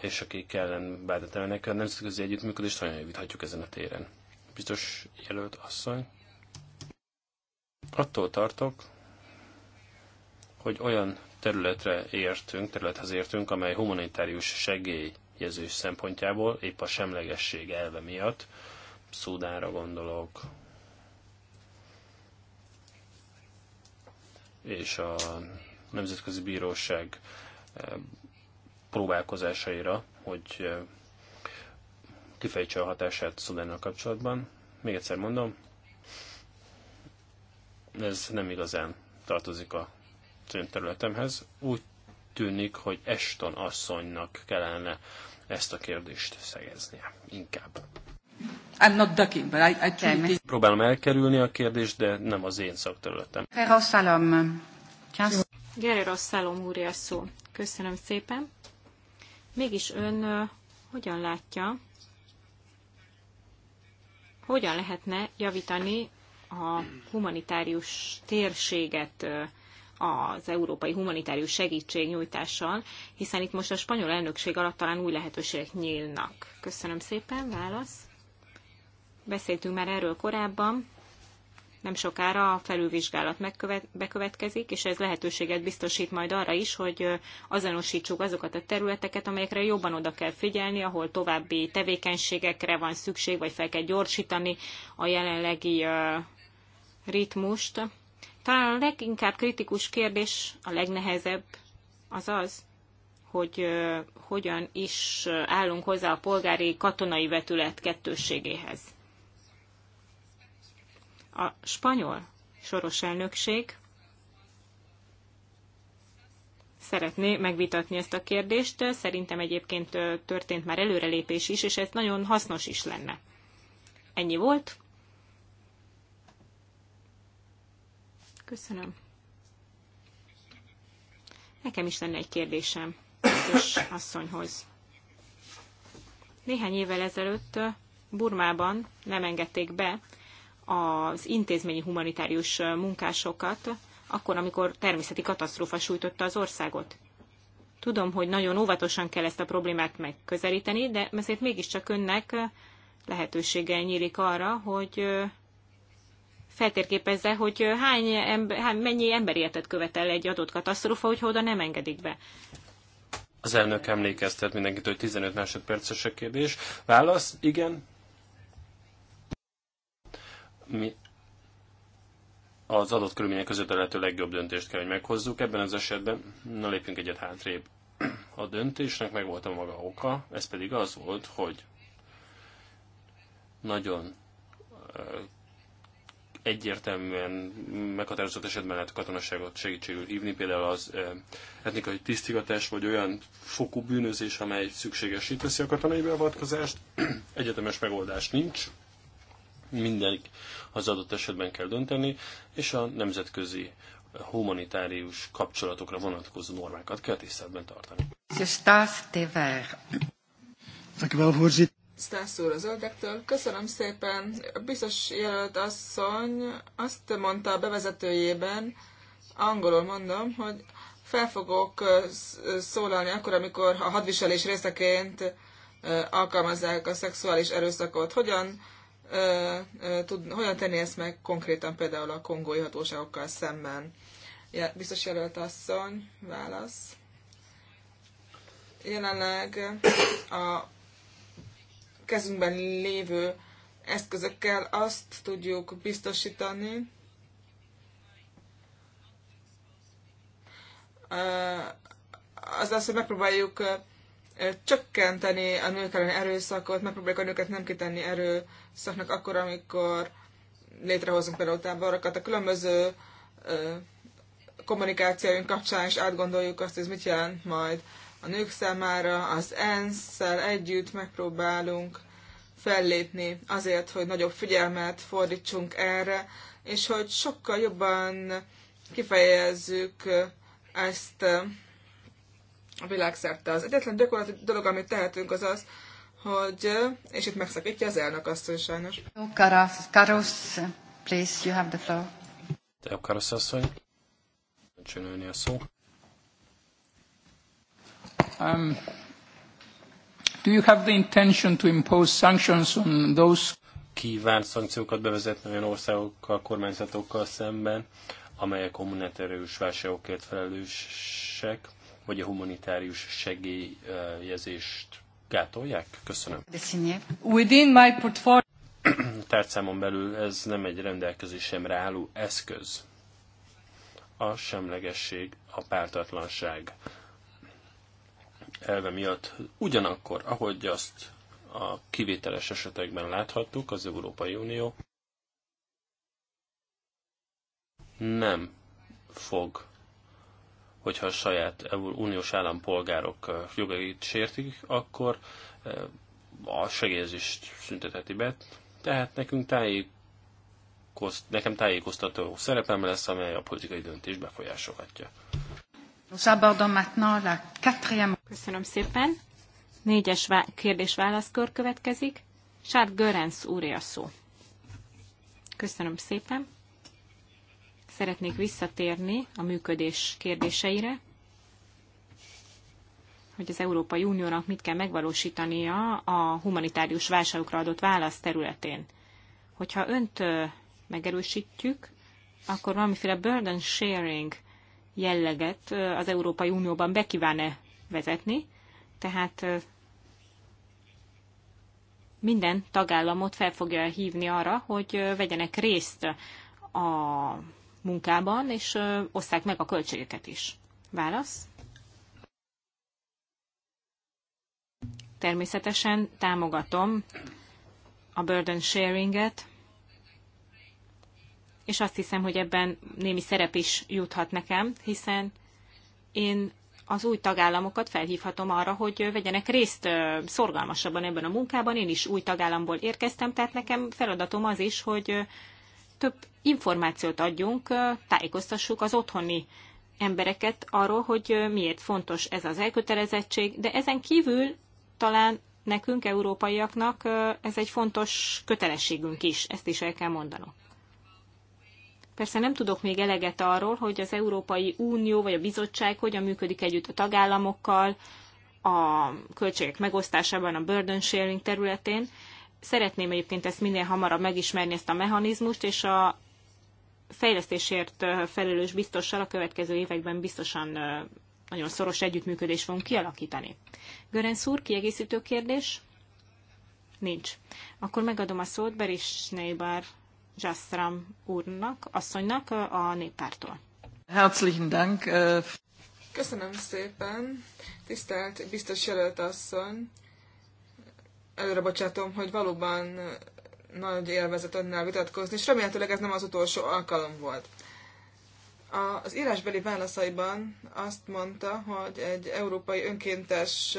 és akik ellen bádetelnek a nemzetközi együttműködést, hogyan javíthatjuk ezen a téren. Biztos jelölt asszony. Attól tartok, hogy olyan területre értünk, területhez értünk, amely humanitárius segély jegyzés szempontjából, épp a semlegesség elve miatt. Szudánra gondolok, és a Nemzetközi Bíróság eh, próbálkozásaira, hogy eh, kifejtse a hatását Szudánnal kapcsolatban. Még egyszer mondom, ez nem igazán tartozik a én területemhez. Úgy tűnik, hogy Eston asszonynak kellene ezt a kérdést szegeznie inkább. I'm not ducking, but I, I truly... Próbálom elkerülni a kérdést, de nem az én szakterületem. Geri Rosszalom úr a szó. Köszönöm szépen. Mégis ön uh, hogyan látja, hogyan lehetne javítani a humanitárius térséget uh, az európai humanitárius segítség nyújtással, hiszen itt most a spanyol elnökség alatt talán új lehetőségek nyílnak. Köszönöm szépen, válasz. Beszéltünk már erről korábban, nem sokára a felülvizsgálat megkövet, bekövetkezik, és ez lehetőséget biztosít majd arra is, hogy azonosítsuk azokat a területeket, amelyekre jobban oda kell figyelni, ahol további tevékenységekre van szükség, vagy fel kell gyorsítani a jelenlegi ritmust. Talán a leginkább kritikus kérdés, a legnehezebb az az, hogy hogyan is állunk hozzá a polgári katonai vetület kettősségéhez. A spanyol soros elnökség szeretné megvitatni ezt a kérdést. Szerintem egyébként történt már előrelépés is, és ez nagyon hasznos is lenne. Ennyi volt. Köszönöm. Nekem is lenne egy kérdésem biztos asszonyhoz. Néhány évvel ezelőtt Burmában nem engedték be az intézményi humanitárius munkásokat, akkor, amikor természeti katasztrófa sújtotta az országot. Tudom, hogy nagyon óvatosan kell ezt a problémát megközelíteni, de mégis mégiscsak önnek lehetősége nyílik arra, hogy feltérképezze, hogy hány ember, hány, mennyi emberéletet követel egy adott katasztrófa, hogyha oda nem engedik be. Az elnök emlékeztet mindenkit, hogy 15 másodperces a kérdés. Válasz, igen. Mi az adott körülmények között a lehető legjobb döntést kell, hogy meghozzuk. Ebben az esetben, na lépjünk egyet hátrébb. A döntésnek meg volt a maga oka, ez pedig az volt, hogy nagyon egyértelműen meghatározott esetben lehet a katonaságot segítségül hívni, például az eh, etnikai tisztigatás, vagy olyan fokú bűnözés, amely szükségesít veszi a katonai beavatkozást. Egyetemes megoldás nincs, Mindenik az adott esetben kell dönteni, és a nemzetközi humanitárius kapcsolatokra vonatkozó normákat kell tisztelben tartani. Köszönöm, de voorzitter. Stász úr a zöldektől. Köszönöm szépen. A biztos jelölt asszony azt mondta a bevezetőjében, angolul mondom, hogy fel fogok szólalni akkor, amikor a hadviselés részeként alkalmazzák a szexuális erőszakot. Hogyan, tud, hogyan tenni ezt meg konkrétan például a kongói hatóságokkal szemben? Biztos jelölt asszony, válasz. Jelenleg a kezünkben lévő eszközökkel azt tudjuk biztosítani, eh, az az, hogy megpróbáljuk eh, csökkenteni a nők elleni erőszakot, megpróbáljuk a nőket nem kitenni erőszaknak akkor, amikor létrehozunk például táborokat. A különböző eh, kommunikációink kapcsán is átgondoljuk azt, hogy ez mit jelent majd a nők számára, az ENSZ-szel együtt megpróbálunk fellépni azért, hogy nagyobb figyelmet fordítsunk erre, és hogy sokkal jobban kifejezzük ezt a világszerte. Az egyetlen gyakorlati dolog, amit tehetünk, az az, hogy, és itt megszakítja az elnök asszony sajnos. Karosz, please, you have the floor. Teokarosz asszony, csönölni a szó um, do you have the intention to impose sanctions on those kíván szankciókat bevezetni olyan országokkal, kormányzatokkal szemben, amelyek humanitárius válságokért felelősek, vagy a humanitárius segélyezést gátolják? Köszönöm. Within my portfolio... Tárcámon belül ez nem egy rendelkezésemre álló eszköz. A semlegesség, a pártatlanság elve miatt ugyanakkor, ahogy azt a kivételes esetekben láthattuk, az Európai Unió nem fog, hogyha a saját uniós állampolgárok jogait sértik, akkor a segélyezést szünteteti be. Tehát nekünk tájékozt, nekem tájékoztató szerepem lesz, amely a politikai döntés befolyásolhatja. Köszönöm szépen. Négyes kérdés-válaszkör következik. Sát Görenc úré a szó. Köszönöm szépen. Szeretnék visszatérni a működés kérdéseire, hogy az Európai Uniónak mit kell megvalósítania a humanitárius válságokra adott válasz területén. Hogyha önt megerősítjük, akkor valamiféle burden sharing jelleget az Európai Unióban bekíván-e vezetni, tehát minden tagállamot fel fogja hívni arra, hogy vegyenek részt a munkában, és osszák meg a költségeket is. Válasz? Természetesen támogatom a burden sharinget, és azt hiszem, hogy ebben némi szerep is juthat nekem, hiszen én az új tagállamokat felhívhatom arra, hogy vegyenek részt szorgalmasabban ebben a munkában. Én is új tagállamból érkeztem, tehát nekem feladatom az is, hogy több információt adjunk, tájékoztassuk az otthoni embereket arról, hogy miért fontos ez az elkötelezettség, de ezen kívül talán nekünk, európaiaknak ez egy fontos kötelességünk is, ezt is el kell mondanom. Persze nem tudok még eleget arról, hogy az Európai Unió vagy a bizottság hogyan működik együtt a tagállamokkal, a költségek megosztásában, a burden sharing területén. Szeretném egyébként ezt minél hamarabb megismerni, ezt a mechanizmust, és a fejlesztésért felelős biztossal a következő években biztosan nagyon szoros együttműködés fogunk kialakítani. Görenc úr, kiegészítő kérdés? Nincs. Akkor megadom a szót Berisnei Bár Jastram úrnak, asszonynak a néppártól. Herzlichen Dank. Äh, Köszönöm szépen. Tisztelt biztos jelölt asszony. Előre bocsátom, hogy valóban nagy élvezet önnel vitatkozni, és remélhetőleg ez nem az utolsó alkalom volt. Az írásbeli válaszaiban azt mondta, hogy egy európai önkéntes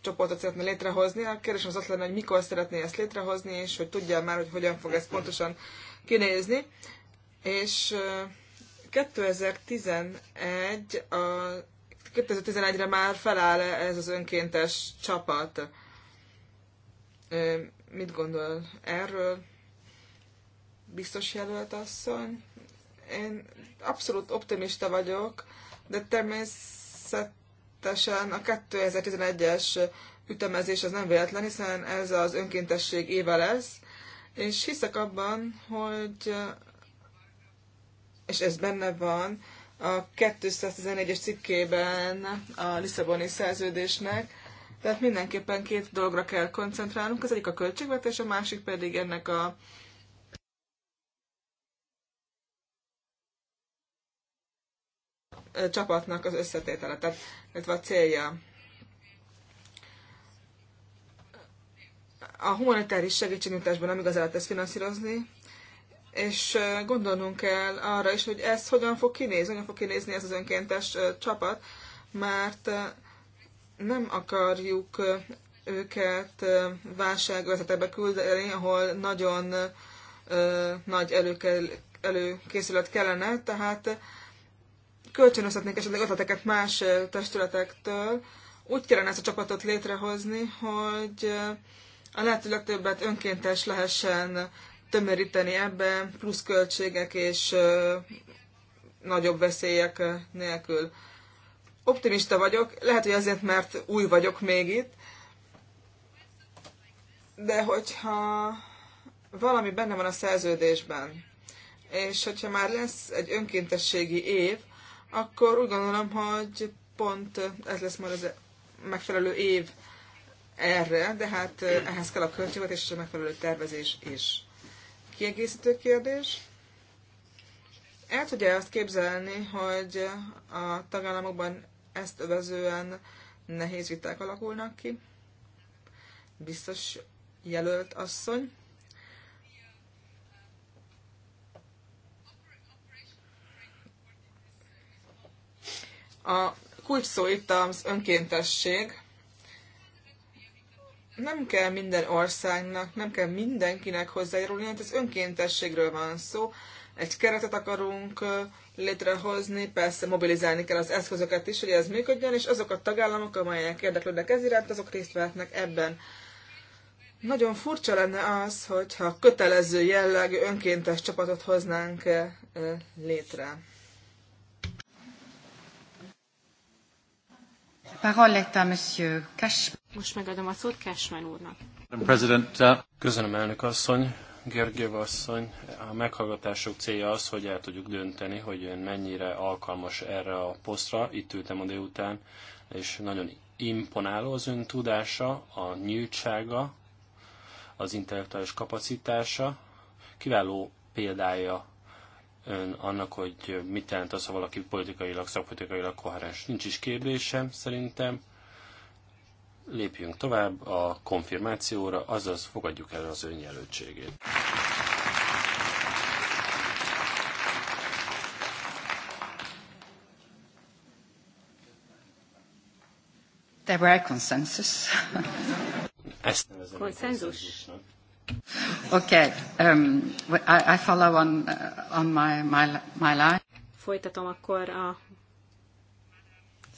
csoportot szeretne létrehozni. A kérdésem az ott lenne, hogy mikor szeretné ezt létrehozni, és hogy tudja már, hogy hogyan fog ez pontosan kinézni. És 2011 a 2011-re már feláll ez az önkéntes csapat. Mit gondol erről? Biztos jelölt asszony? Én abszolút optimista vagyok, de természetesen természetesen a 2011-es ütemezés az nem véletlen, hiszen ez az önkéntesség éve lesz, és hiszek abban, hogy és ez benne van a 211-es cikkében a Lisszaboni szerződésnek, tehát mindenképpen két dologra kell koncentrálnunk, az egyik a költségvetés, a másik pedig ennek a csapatnak az összetétele, tehát illetve a célja. A humanitáris segítségnyújtásban nem igazán lehet ezt finanszírozni, és gondolnunk kell arra is, hogy ez hogyan fog kinézni, hogyan fog kinézni ez az önkéntes csapat, mert nem akarjuk őket válságvezetekbe küldeni, ahol nagyon nagy előkészület kellene, tehát kölcsönözhetnénk esetleg ötleteket más testületektől. Úgy kellene ezt a csapatot létrehozni, hogy a lehető legtöbbet önkéntes lehessen tömöríteni ebbe, plusz költségek és nagyobb veszélyek nélkül. Optimista vagyok, lehet, hogy azért, mert új vagyok még itt, de hogyha valami benne van a szerződésben, és hogyha már lesz egy önkéntességi év, akkor úgy gondolom, hogy pont ez lesz majd az megfelelő év erre, de hát ehhez kell a költségvetés és a megfelelő tervezés is. Kiegészítő kérdés? El tudja azt képzelni, hogy a tagállamokban ezt övezően nehéz viták alakulnak ki? Biztos jelölt asszony. A kulcs szó itt az önkéntesség. Nem kell minden országnak, nem kell mindenkinek hozzájárulni, hát ez önkéntességről van szó. Egy keretet akarunk létrehozni, persze mobilizálni kell az eszközöket is, hogy ez működjön, és azok a tagállamok, amelyek érdeklődnek ez iránt, azok részt vehetnek ebben. Nagyon furcsa lenne az, hogyha kötelező jellegű önkéntes csapatot hoznánk létre. parole est à monsieur Cashman. Most megadom a szót Cashman úrnak. Uh, Köszönöm, elnök asszony. Gergiev asszony, a meghallgatások célja az, hogy el tudjuk dönteni, hogy ön mennyire alkalmas erre a posztra. Itt ültem a délután, és nagyon imponáló az ön tudása, a nyíltsága, az intellektuális kapacitása. Kiváló példája annak, hogy mit jelent az, ha valaki politikailag, szakpolitikailag koherens. Nincs is kérdése, szerintem. Lépjünk tovább a konfirmációra, azaz fogadjuk el az önjelöltségét. There were consensus. Ezt nevezem konszenzusnak. Okay, um, I, I follow on, uh, on my, my, my line. Folytatom akkor a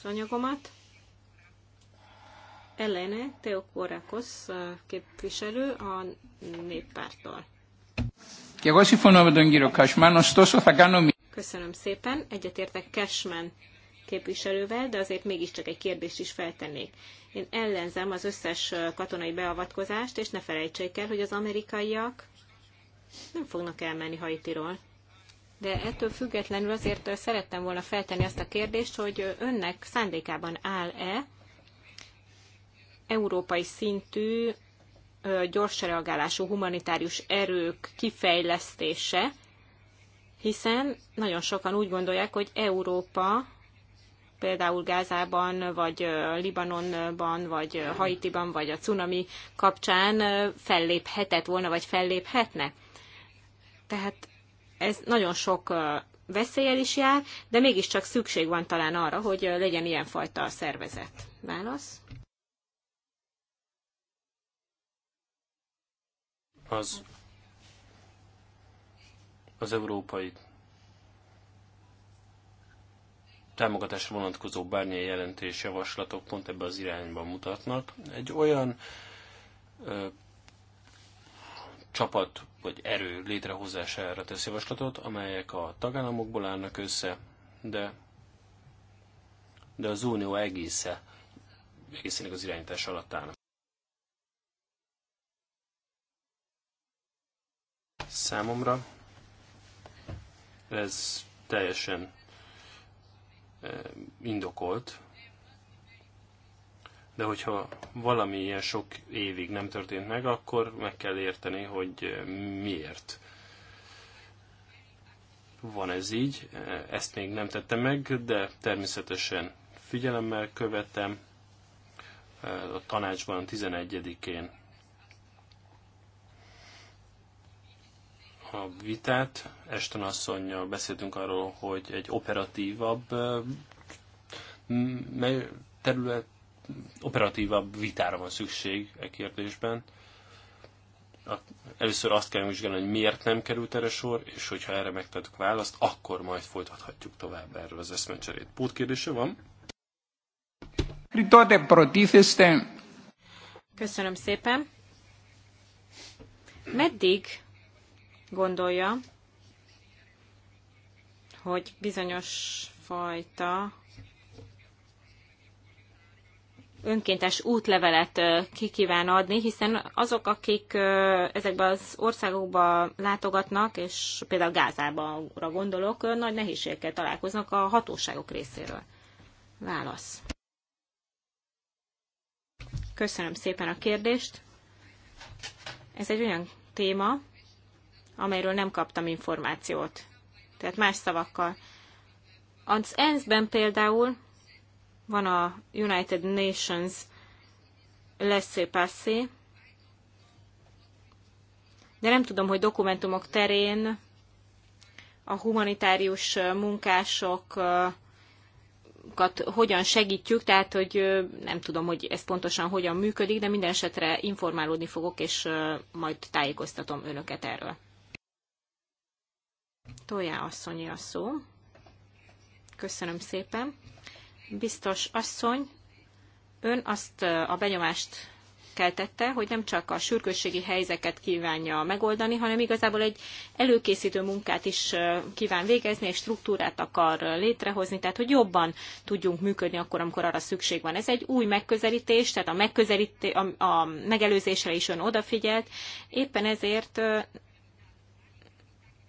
szanyagomat. Elene Teokorakos uh, képviselő a néppártól. Köszönöm szépen, egyetértek Cashman képviselővel, de azért mégiscsak egy kérdést is feltennék. Én ellenzem az összes katonai beavatkozást, és ne felejtsék el, hogy az amerikaiak nem fognak elmenni Haitiról. De ettől függetlenül azért szerettem volna feltenni azt a kérdést, hogy önnek szándékában áll-e európai szintű gyors reagálású humanitárius erők kifejlesztése, hiszen nagyon sokan úgy gondolják, hogy Európa például Gázában, vagy Libanonban, vagy Haitiban, vagy a cunami kapcsán felléphetett volna, vagy felléphetne. Tehát ez nagyon sok veszélyel is jár, de mégiscsak szükség van talán arra, hogy legyen ilyenfajta szervezet. Válasz? Az az európai támogatásra vonatkozó bármilyen jelentés javaslatok pont ebbe az irányba mutatnak. Egy olyan ö, csapat vagy erő létrehozására tesz javaslatot, amelyek a tagállamokból állnak össze, de, de az unió egésze, egészének az irányítás alatt állnak. Számomra ez teljesen Eh, indokolt, de hogyha valami ilyen sok évig nem történt meg, akkor meg kell érteni, hogy eh, miért van ez így, eh, ezt még nem tettem meg, de természetesen figyelemmel követem. A tanácsban 11-én a vitát. Eston asszonynal beszéltünk arról, hogy egy operatívabb terület, operatívabb vitára van szükség e kérdésben. Először azt kell vizsgálni, hogy miért nem került erre sor, és hogyha erre megtettük választ, akkor majd folytathatjuk tovább erről az eszmecserét. kérdése van? Köszönöm szépen. Meddig gondolja, hogy bizonyos fajta önkéntes útlevelet ki kíván adni, hiszen azok, akik ezekben az országokba látogatnak, és például Gázába gondolok, nagy nehézségekkel találkoznak a hatóságok részéről. Válasz. Köszönöm szépen a kérdést. Ez egy olyan téma, amelyről nem kaptam információt. Tehát más szavakkal. Az ENSZ-ben például van a United Nations laissez-passer, de nem tudom, hogy dokumentumok terén a humanitárius munkásokat hogyan segítjük, tehát hogy nem tudom, hogy ez pontosan hogyan működik, de minden esetre informálódni fogok, és majd tájékoztatom önöket erről. Tojá asszonyi a szó. Köszönöm szépen. Biztos asszony, ön azt a benyomást keltette, hogy nem csak a sürgősségi helyzeket kívánja megoldani, hanem igazából egy előkészítő munkát is kíván végezni, és struktúrát akar létrehozni, tehát hogy jobban tudjunk működni akkor, amikor arra szükség van. Ez egy új megközelítés, tehát a, megközelíté, a, a megelőzésre is ön odafigyelt, éppen ezért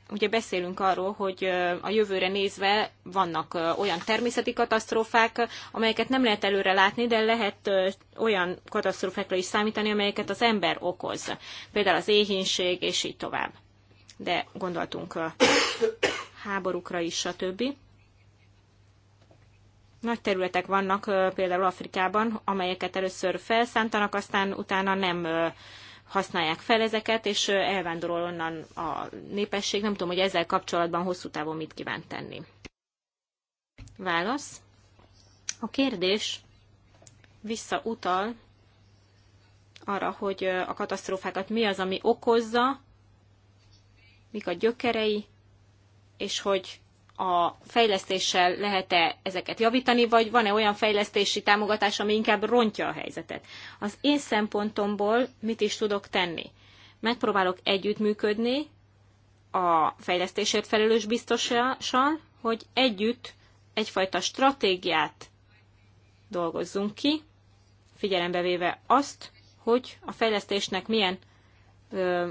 ugye beszélünk arról, hogy a jövőre nézve vannak olyan természeti katasztrófák, amelyeket nem lehet előre látni, de lehet olyan katasztrófákra is számítani, amelyeket az ember okoz. Például az éhínség, és így tovább. De gondoltunk a háborúkra is, stb. Nagy területek vannak például Afrikában, amelyeket először felszántanak, aztán utána nem használják fel ezeket, és elvándorol onnan a népesség. Nem tudom, hogy ezzel kapcsolatban hosszú távon mit kíván tenni. Válasz. A kérdés visszautal arra, hogy a katasztrófákat mi az, ami okozza, mik a gyökerei, és hogy a fejlesztéssel lehet-e ezeket javítani, vagy van-e olyan fejlesztési támogatás, ami inkább rontja a helyzetet. Az én szempontomból mit is tudok tenni? Megpróbálok együttműködni a fejlesztésért felelős biztossal, hogy együtt egyfajta stratégiát dolgozzunk ki, figyelembe véve azt, hogy a fejlesztésnek milyen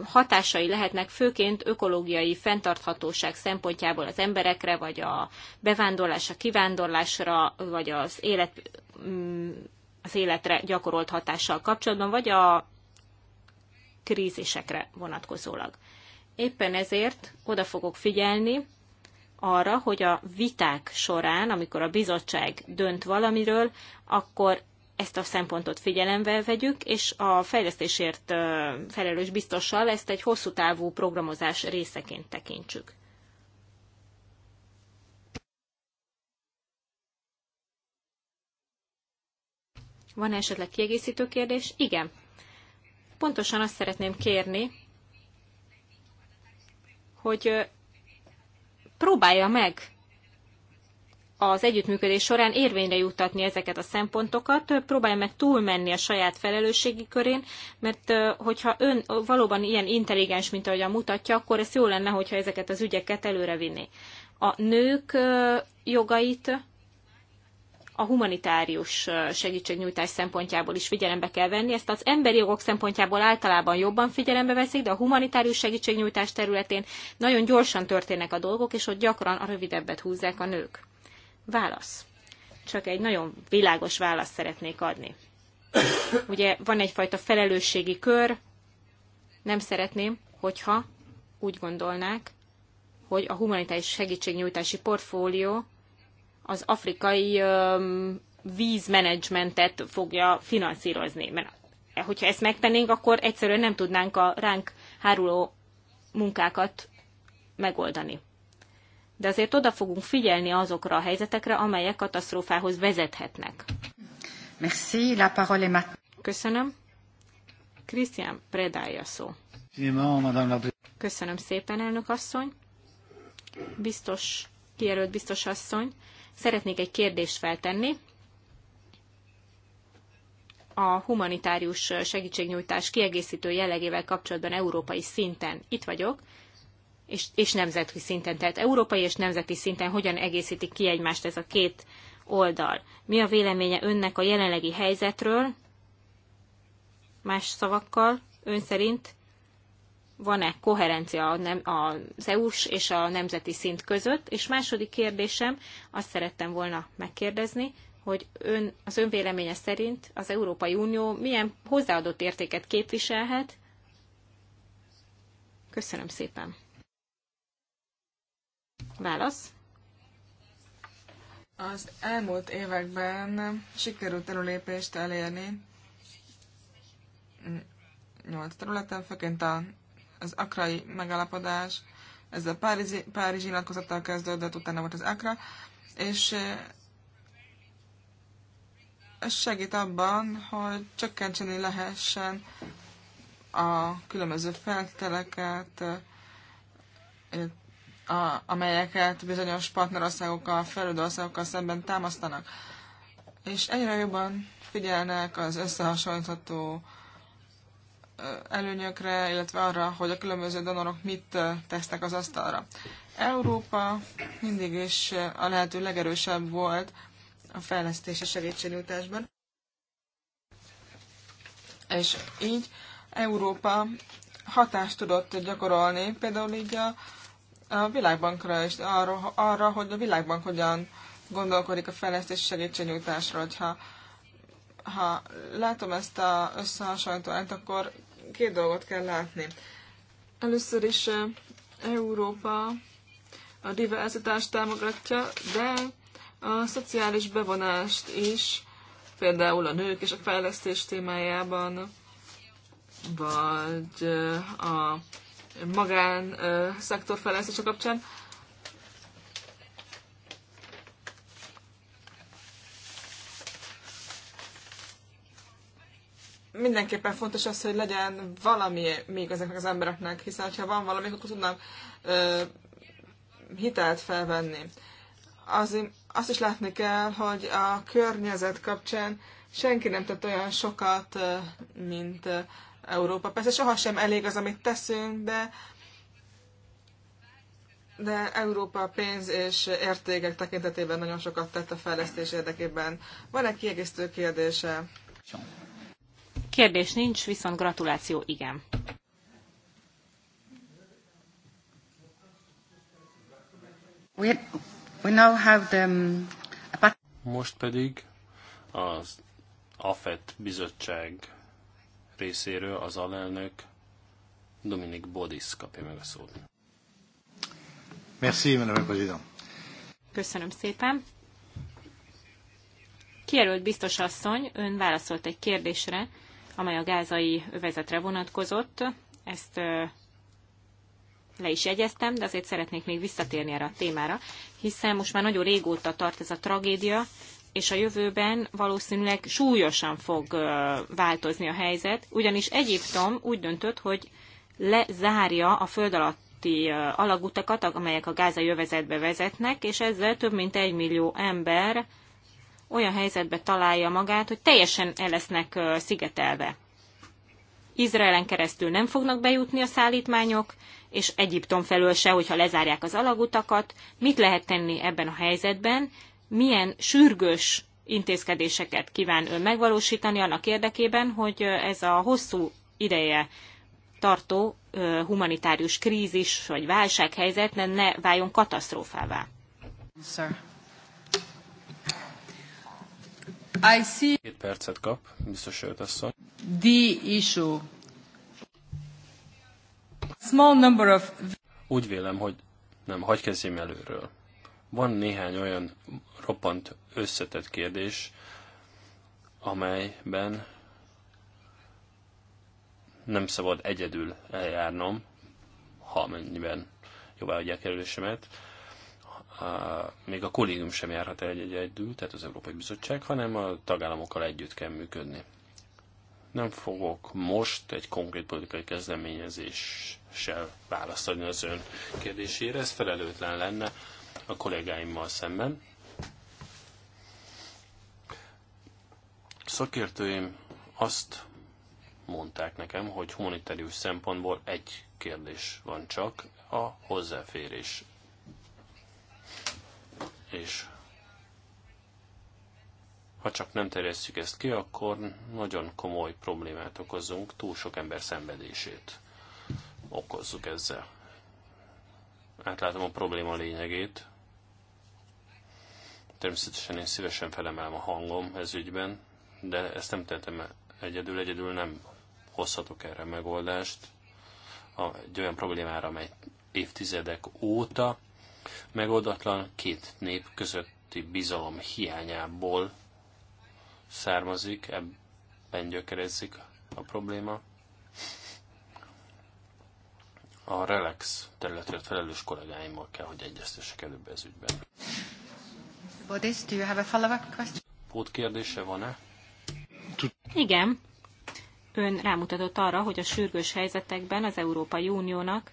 hatásai lehetnek főként ökológiai fenntarthatóság szempontjából az emberekre, vagy a bevándorlásra, kivándorlásra, vagy az, élet, mm, az életre gyakorolt hatással kapcsolatban, vagy a krízisekre vonatkozólag. Éppen ezért oda fogok figyelni arra, hogy a viták során, amikor a bizottság dönt valamiről, akkor ezt a szempontot figyelembe vegyük, és a fejlesztésért felelős biztossal ezt egy hosszú távú programozás részeként tekintsük. Van -e esetleg kiegészítő kérdés? Igen. Pontosan azt szeretném kérni, hogy próbálja meg az együttműködés során érvényre juttatni ezeket a szempontokat, próbálja meg túlmenni a saját felelősségi körén, mert hogyha ön valóban ilyen intelligens, mint ahogyan mutatja, akkor ez jó lenne, hogyha ezeket az ügyeket előrevinni. A nők jogait a humanitárius segítségnyújtás szempontjából is figyelembe kell venni. Ezt az emberi jogok szempontjából általában jobban figyelembe veszik, de a humanitárius segítségnyújtás területén nagyon gyorsan történnek a dolgok, és ott gyakran a rövidebbet húzzák a nők. Válasz. Csak egy nagyon világos választ szeretnék adni. Ugye van egyfajta felelősségi kör, nem szeretném, hogyha úgy gondolnák, hogy a humanitárius segítségnyújtási portfólió az afrikai öm, vízmenedzsmentet fogja finanszírozni. Mert hogyha ezt megtennénk, akkor egyszerűen nem tudnánk a ránk háruló munkákat megoldani de azért oda fogunk figyelni azokra a helyzetekre, amelyek katasztrófához vezethetnek. Merci, la parole est Köszönöm. Krisztián Predája szó. Köszönöm szépen, elnök asszony. Biztos, kijelölt biztos asszony. Szeretnék egy kérdést feltenni. A humanitárius segítségnyújtás kiegészítő jellegével kapcsolatban európai szinten. Itt vagyok és, és nemzeti szinten, tehát európai és nemzeti szinten hogyan egészítik ki egymást ez a két oldal. Mi a véleménye önnek a jelenlegi helyzetről? Más szavakkal, ön szerint van-e koherencia az EU-s és a nemzeti szint között? És második kérdésem, azt szerettem volna megkérdezni, hogy ön, az ön véleménye szerint az Európai Unió milyen hozzáadott értéket képviselhet? Köszönöm szépen! Válasz? Az elmúlt években sikerült előlépést elérni nyolc területen, főként a, az akrai megállapodás, ez a Párizsi, Párizsi nyilatkozattal kezdődött, utána volt az akra, és eh, ez segít abban, hogy csökkenteni lehessen a különböző feltételeket, eh, a, amelyeket bizonyos partnerországokkal, fejlődő országokkal szemben támasztanak. És egyre jobban figyelnek az összehasonlítható előnyökre, illetve arra, hogy a különböző donorok mit tesznek az asztalra. Európa mindig is a lehető legerősebb volt a fejlesztési segítségnyújtásban. És így Európa hatást tudott gyakorolni, például így a a Világbankra is, arra, arra, hogy a Világbank hogyan gondolkodik a fejlesztés segítségnyújtásra. Hogyha, ha látom ezt a összehasonlítóát, akkor két dolgot kell látni. Először is Európa a diverzitást támogatja, de a szociális bevonást is, például a nők és a fejlesztés témájában, vagy a magán szektor fejlesztése kapcsán. Mindenképpen fontos az, hogy legyen valami még ezeknek az embereknek, hiszen ha van valami, akkor tudnak ö, hitelt felvenni. Az, azt is látni kell, hogy a környezet kapcsán senki nem tett olyan sokat, mint Európa. Persze sohasem elég az, amit teszünk, de, de Európa pénz és értékek tekintetében nagyon sokat tett a fejlesztés érdekében. Van egy kiegészítő kérdése? Kérdés nincs, viszont gratuláció igen. We, we now have the... Um, Most pedig az AFET bizottság részéről az alelnök Dominik Bodis kapja meg a szót. Merci, Madame President. Köszönöm szépen. Kijelölt biztos asszony, ön válaszolt egy kérdésre, amely a gázai övezetre vonatkozott. Ezt le is jegyeztem, de azért szeretnék még visszatérni erre a témára, hiszen most már nagyon régóta tart ez a tragédia, és a jövőben valószínűleg súlyosan fog változni a helyzet, ugyanis Egyiptom úgy döntött, hogy lezárja a föld alatt alagutakat, amelyek a gázai övezetbe vezetnek, és ezzel több mint egy millió ember olyan helyzetbe találja magát, hogy teljesen el lesznek szigetelve. Izraelen keresztül nem fognak bejutni a szállítmányok, és Egyiptom felől se, hogyha lezárják az alagutakat. Mit lehet tenni ebben a helyzetben? milyen sürgős intézkedéseket kíván ön megvalósítani annak érdekében, hogy ez a hosszú ideje tartó humanitárius krízis vagy válsághelyzet ne váljon katasztrófává. Sir. I see. Két percet kap, biztos őt asszony. The issue. Small number of... Úgy vélem, hogy nem, hagyj kezdjem előről. Van néhány olyan roppant összetett kérdés, amelyben nem szabad egyedül eljárnom, ha mennyiben jobbá adják kerülésemet, még a kollégium sem járhat el egyedül, tehát az Európai Bizottság, hanem a tagállamokkal együtt kell működni. Nem fogok most egy konkrét politikai kezdeményezéssel választani az ön kérdésére, ez felelőtlen lenne a kollégáimmal szemben. Szakértőim azt mondták nekem, hogy humanitárius szempontból egy kérdés van csak, a hozzáférés. És ha csak nem terjesszük ezt ki, akkor nagyon komoly problémát okozunk, túl sok ember szenvedését okozzuk ezzel. Átlátom a probléma lényegét. Természetesen én szívesen felemelem a hangom ez ügyben, de ezt nem tettem egyedül, egyedül nem hozhatok erre megoldást. A, egy olyan problémára, amely évtizedek óta megoldatlan két nép közötti bizalom hiányából származik, ebben gyökerezzik a probléma. A Relax területért felelős kollégáimmal kell, hogy egyeztessek előbb ez ügyben. Bodis, do you have a follow-up question? Pót kérdése van-e? Igen. Ön rámutatott arra, hogy a sürgős helyzetekben az Európai Uniónak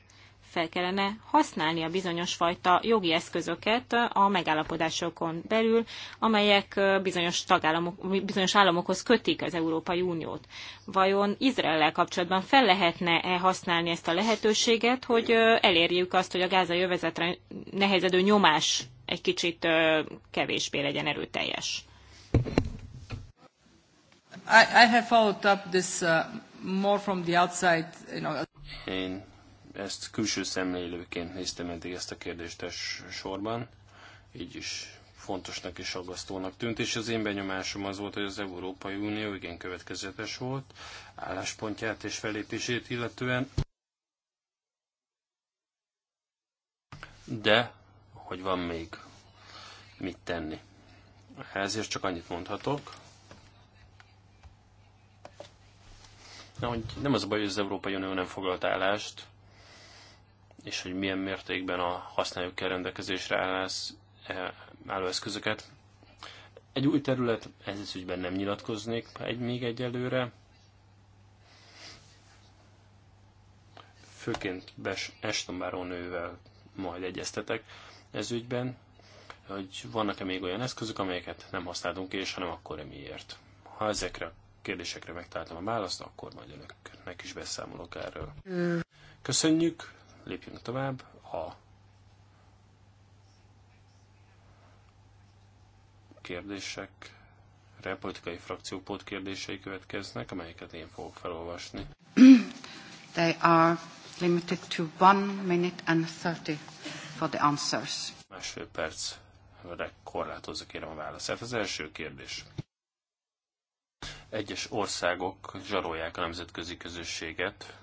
fel kellene használni a bizonyos fajta jogi eszközöket a megállapodásokon belül, amelyek bizonyos, tagállamok, bizonyos államokhoz kötik az Európai Uniót. Vajon Izraellel kapcsolatban fel lehetne-e használni ezt a lehetőséget, hogy elérjük azt, hogy a gázai övezetre nehezedő nyomás egy kicsit kevésbé legyen erőteljes? I, I have followed up this uh, more from the outside, you know. Én ezt külső szemlélőként néztem eddig ezt a kérdést sorban, így is fontosnak és aggasztónak tűnt, és az én benyomásom az volt, hogy az Európai Unió igen következetes volt álláspontját és felépését illetően, de hogy van még mit tenni. Ezért csak annyit mondhatok, Na, hogy nem az a baj, hogy az Európai Unió nem foglalt állást, és hogy milyen mértékben a használjuk kell rendelkezésre eh, álló eszközöket. Egy új terület, ez is ügyben nem nyilatkoznék egy, még egyelőre. Főként Bes Eston nővel majd egyeztetek ez ügyben, hogy vannak-e még olyan eszközök, amelyeket nem használtunk és hanem akkor -e miért. Ha ezekre a kérdésekre megtaláltam a választ, akkor majd önöknek is beszámolok erről. Köszönjük! lépjünk tovább. A kérdésekre, politikai frakciók kérdései következnek, amelyeket én fogok felolvasni. They are limited to one minute and 30 for the answers. Másfél percre korlátozza kérem a válaszát. Az első kérdés. Egyes országok zsarolják a nemzetközi közösséget,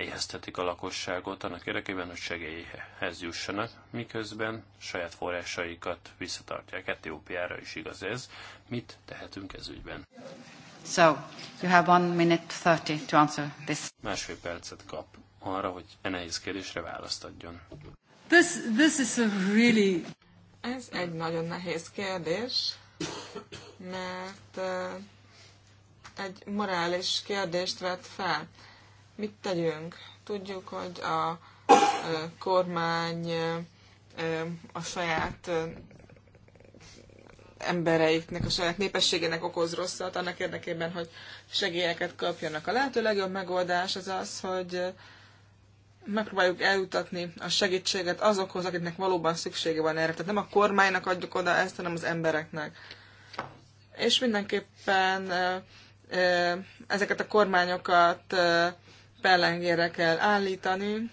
éheztetik a lakosságot annak érdekében, hogy segélyhez jussanak, miközben saját forrásaikat visszatartják. Etiópiára is igaz ez. Mit tehetünk ez ügyben? So, you have one minute 30 to answer this. Másfél percet kap arra, hogy e nehéz kérdésre választ adjon. This, this is a really... Ez egy nagyon nehéz kérdés, mert uh, egy morális kérdést vett fel Mit tegyünk? Tudjuk, hogy a kormány a saját embereiknek, a saját népességének okoz rosszat, annak érdekében, hogy segélyeket kapjanak. A lehető legjobb megoldás az az, hogy megpróbáljuk eljutatni a segítséget azokhoz, akiknek valóban szüksége van erre. Tehát nem a kormánynak adjuk oda ezt, hanem az embereknek. És mindenképpen ezeket a kormányokat pellengére kell állítani.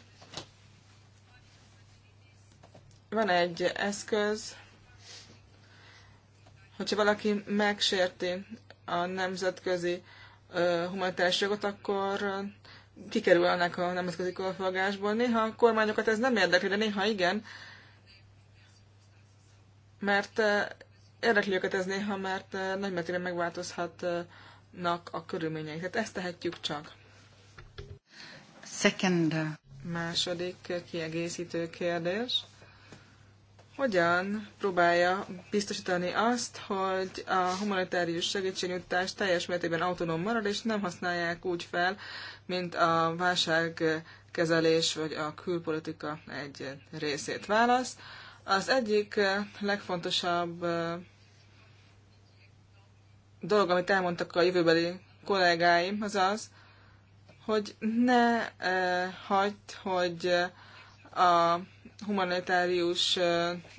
Van egy eszköz, hogyha valaki megsérti a nemzetközi humanitárs jogot, akkor kikerül annak a nemzetközi korfogásból. Néha a kormányokat ez nem érdekli, de néha igen, mert érdekli őket ez néha, mert nagymértékben megváltozhatnak a körülményeik. Tehát ezt tehetjük csak. Second. Második kiegészítő kérdés. Hogyan próbálja biztosítani azt, hogy a humanitárius segítségnyújtás teljes mértékben autonóm marad, és nem használják úgy fel, mint a válságkezelés vagy a külpolitika egy részét válasz. Az egyik legfontosabb eh, dolog, amit elmondtak a jövőbeli kollégáim, az az, hogy ne eh, hagyd, hogy a humanitárius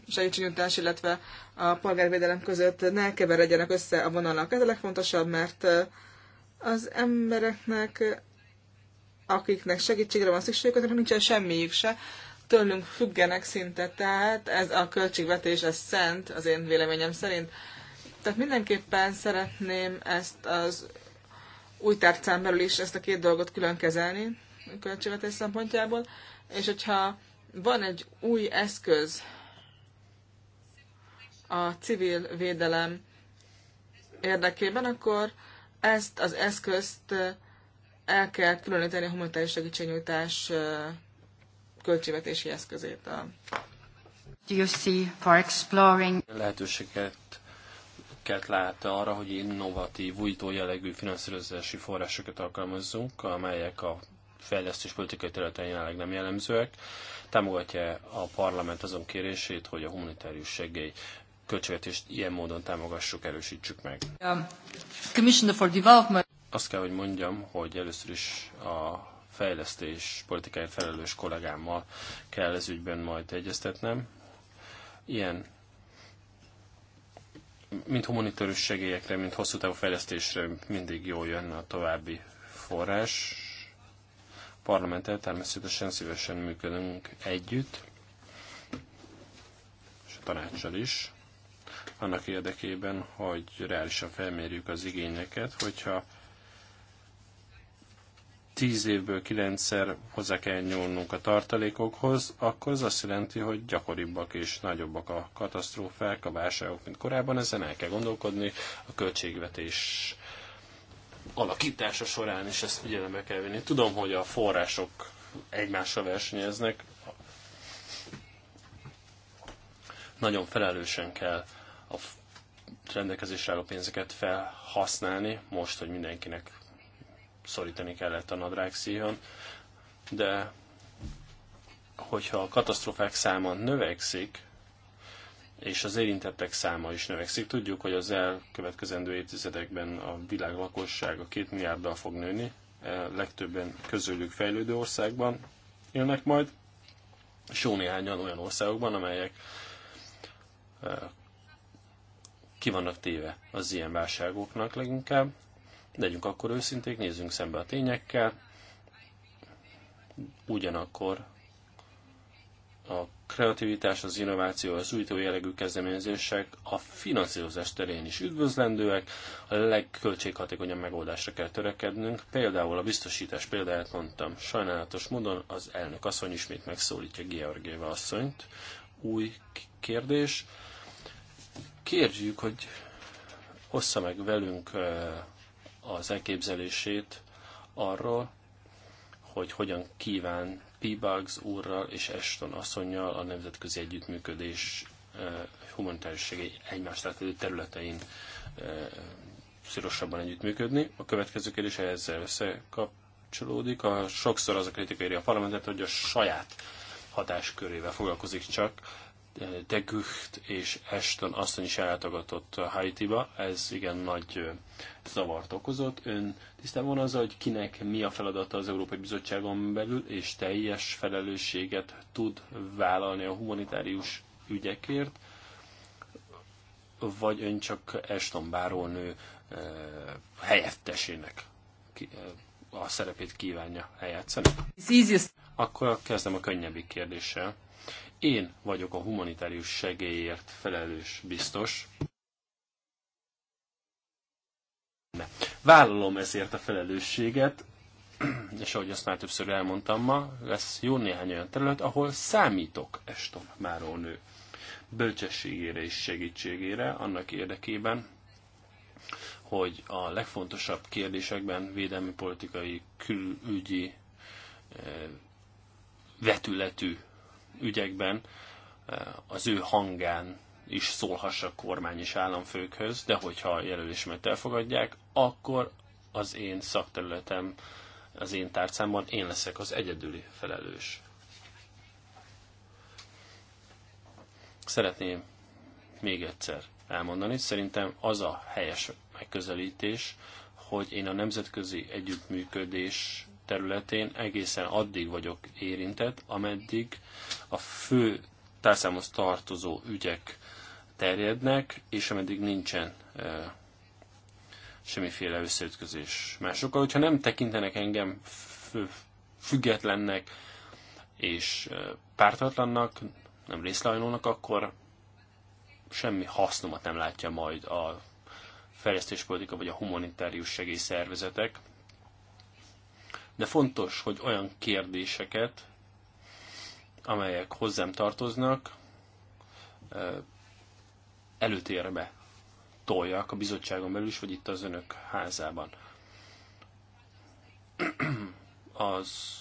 segítségnyújtás, illetve a polgárvédelem között ne keveredjenek össze a vonalak. Ez a legfontosabb, mert az embereknek, akiknek segítségre van szükségük, azoknak nincsen semmiük se, tőlünk függenek szinte, tehát ez a költségvetés, ez szent, az én véleményem szerint. Tehát mindenképpen szeretném ezt az új tárcán belül is ezt a két dolgot külön kezelni költségvetés szempontjából, és hogyha van egy új eszköz a civil védelem érdekében, akkor ezt az eszközt el kell különíteni a humanitárius segítségnyújtás költségvetési eszközét. A... Do you see for exploring... Lehetőséget lehetőséget lát arra, hogy innovatív, újító jellegű finanszírozási forrásokat alkalmazzunk, amelyek a fejlesztés politikai területen jelenleg nem jellemzőek. Támogatja a parlament azon kérését, hogy a humanitárius segély költségvetést ilyen módon támogassuk, erősítsük meg. Um, Azt kell, hogy mondjam, hogy először is a fejlesztés politikai felelős kollégámmal kell ez ügyben majd egyeztetnem. Ilyen mint humanitárius segélyekre, mint hosszú távú fejlesztésre mindig jól jön a további forrás. A parlamenttel természetesen szívesen működünk együtt, és a tanácssal is, annak érdekében, hogy reálisan felmérjük az igényeket, hogyha tíz évből kilencszer hozzá kell nyúlnunk a tartalékokhoz, akkor az azt jelenti, hogy gyakoribbak és nagyobbak a katasztrófák, a válságok, mint korábban. Ezen el kell gondolkodni a költségvetés alakítása során is ezt figyelembe kell venni. Tudom, hogy a források egymással versenyeznek. Nagyon felelősen kell a rendelkezésre álló pénzeket felhasználni, most, hogy mindenkinek szorítani kellett a nadrág szíjon, de hogyha a katasztrofák száma növekszik, és az érintettek száma is növekszik. Tudjuk, hogy az elkövetkezendő évtizedekben a világ lakossága két milliárddal fog nőni, e, legtöbben közülük fejlődő országban élnek majd, és jó néhányan olyan országokban, amelyek e, ki vannak téve az ilyen válságoknak leginkább. Legyünk akkor őszinték, nézzünk szembe a tényekkel. Ugyanakkor a kreativitás, az innováció, az újtó jellegű kezdeményezések a finanszírozás terén is üdvözlendőek, a legköltséghatékonyabb megoldásra kell törekednünk. Például a biztosítás példáját mondtam, sajnálatos módon az elnök asszony ismét megszólítja Georgieva asszonyt. Új kérdés. Kérjük, hogy hossza meg velünk eh, az elképzelését arról, hogy hogyan kíván P-Bugs úrral és Ashton asszonynal a nemzetközi együttműködés humanitárius segély egymást átlevő területein szorosabban együttműködni. A következő kérdés ezzel összekapcsolódik. A, sokszor az a kritika éri a parlamentet, hogy a saját hatáskörével foglalkozik csak, de Gucht és Eston asszony is ellátogatott a Haitiba, ez igen nagy zavart okozott. Ön tisztában van az, hogy kinek mi a feladata az Európai Bizottságon belül, és teljes felelősséget tud vállalni a humanitárius ügyekért, vagy ön csak Eston bárónő helyettesének a szerepét kívánja eljátszani? Akkor kezdem a könnyebbik kérdéssel én vagyok a humanitárius segélyért felelős biztos. Vállalom ezért a felelősséget, és ahogy azt már többször elmondtam ma, lesz jó néhány olyan terület, ahol számítok Eston nő bölcsességére és segítségére annak érdekében, hogy a legfontosabb kérdésekben védelmi politikai, külügyi eh, vetületű ügyekben eh, az ő hangán is szólhassa a kormány és államfőkhöz, de hogyha a jelölésemet elfogadják, akkor az én szakterületem, az én tárcámban én leszek az egyedüli felelős. Szeretném még egyszer elmondani, szerintem az a helyes megközelítés, hogy én a nemzetközi együttműködés területén egészen addig vagyok érintett, ameddig a fő társzámhoz tartozó ügyek terjednek, és ameddig nincsen e, semmiféle összeütközés másokkal. Hogyha nem tekintenek engem függetlennek és pártatlannak, nem részlajnónak, akkor semmi hasznomat nem látja majd a fejlesztéspolitika vagy a humanitárius segélyszervezetek de fontos, hogy olyan kérdéseket, amelyek hozzám tartoznak, előtérbe toljak a bizottságon belül is, vagy itt az önök házában. Az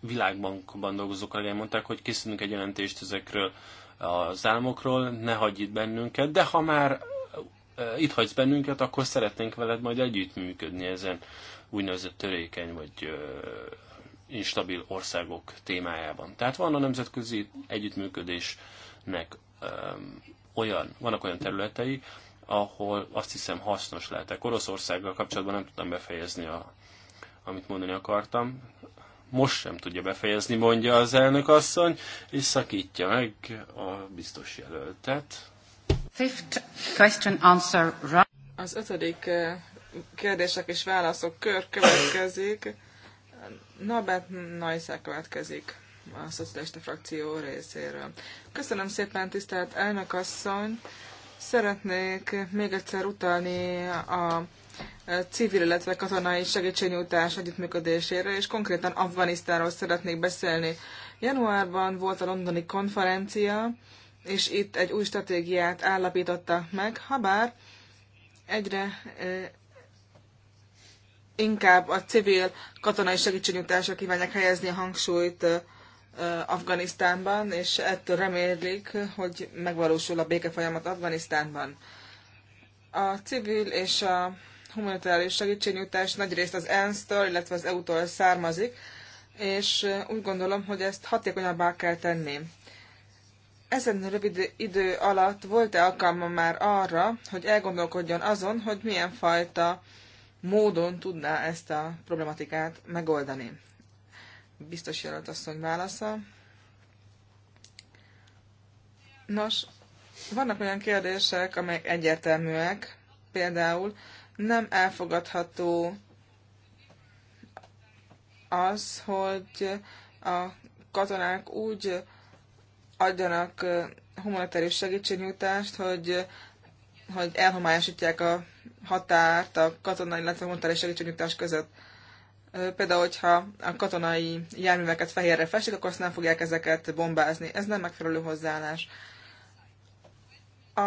világbankban dolgozók kollégám mondták, hogy készítünk egy jelentést ezekről az álmokról, ne hagyj itt bennünket, de ha már itt hagysz bennünket, akkor szeretnénk veled majd együttműködni ezen úgynevezett törékeny vagy instabil országok témájában. Tehát van a nemzetközi együttműködésnek olyan, vannak olyan területei, ahol azt hiszem hasznos lehetek. Oroszországgal kapcsolatban nem tudtam befejezni, a, amit mondani akartam. Most sem tudja befejezni, mondja az elnök asszony, és szakítja meg a biztos jelöltet. Fifth question answer. Az ötödik kérdések és válaszok kör következik. Norbert Neusser következik a szocialista frakció részéről. Köszönöm szépen, tisztelt elnök asszony! Szeretnék még egyszer utalni a civil, illetve katonai segítségnyújtás együttműködésére, és konkrétan Afganisztánról szeretnék beszélni. Januárban volt a londoni konferencia, és itt egy új stratégiát állapítottak meg, habár egyre eh, inkább a civil katonai segítségnyújtásra kívánják helyezni a hangsúlyt Afganisztánban, és ettől remélik, hogy megvalósul a békefolyamat Afganisztánban. A civil és a humanitárius segítségnyújtás nagyrészt az ENSZ-től, illetve az EU-tól származik, és úgy gondolom, hogy ezt hatékonyabbá kell tenni. Ezen rövid idő alatt volt-e alkalma már arra, hogy elgondolkodjon azon, hogy milyen fajta módon tudná ezt a problematikát megoldani. Biztos jelölt asszony válasza. Nos, vannak olyan kérdések, amelyek egyértelműek, például nem elfogadható az, hogy a katonák úgy adjanak humanitárius segítségnyújtást, hogy, hogy elhomályosítják a határt a katonai, illetve monetáris segítségnyújtás között. Például, hogyha a katonai járműveket fehérre festik, akkor azt nem fogják ezeket bombázni. Ez nem megfelelő hozzáállás. A,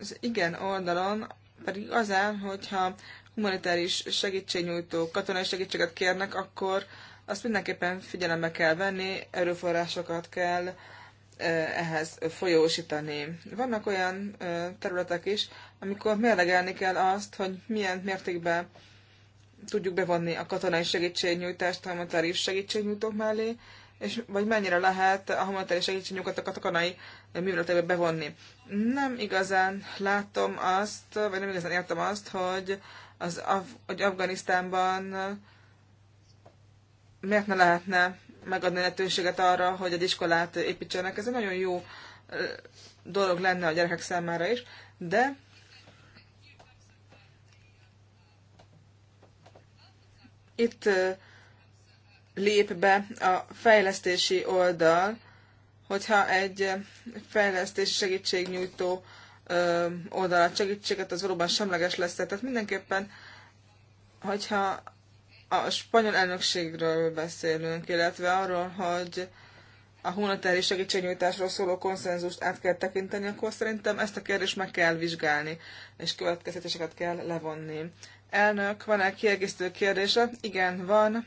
az igen oldalon pedig az áll, hogyha humanitáris segítségnyújtók katonai segítséget kérnek, akkor azt mindenképpen figyelembe kell venni, erőforrásokat kell ehhez folyósítani. Vannak olyan területek is, amikor mérlegelni kell azt, hogy milyen mértékben tudjuk bevonni a katonai segítségnyújtást a humanitárius segítségnyújtók mellé, és vagy mennyire lehet a humanitárius segítségnyújtókat a katonai műveletekbe bevonni. Nem igazán látom azt, vagy nem igazán értem azt, hogy, az Af- hogy Afganisztánban miért ne lehetne megadni lehetőséget arra, hogy egy iskolát építsenek. Ez egy nagyon jó dolog lenne a gyerekek számára is, de itt lép be a fejlesztési oldal, hogyha egy fejlesztési segítségnyújtó oldalat segítséget, az valóban semleges lesz. Tehát mindenképpen, hogyha a spanyol elnökségről beszélünk, illetve arról, hogy a humanitári segítségnyújtásról szóló konszenzust át kell tekinteni, akkor szerintem ezt a kérdést meg kell vizsgálni, és következtetéseket kell levonni. Elnök, van-e kiegészítő kérdése? Igen, van.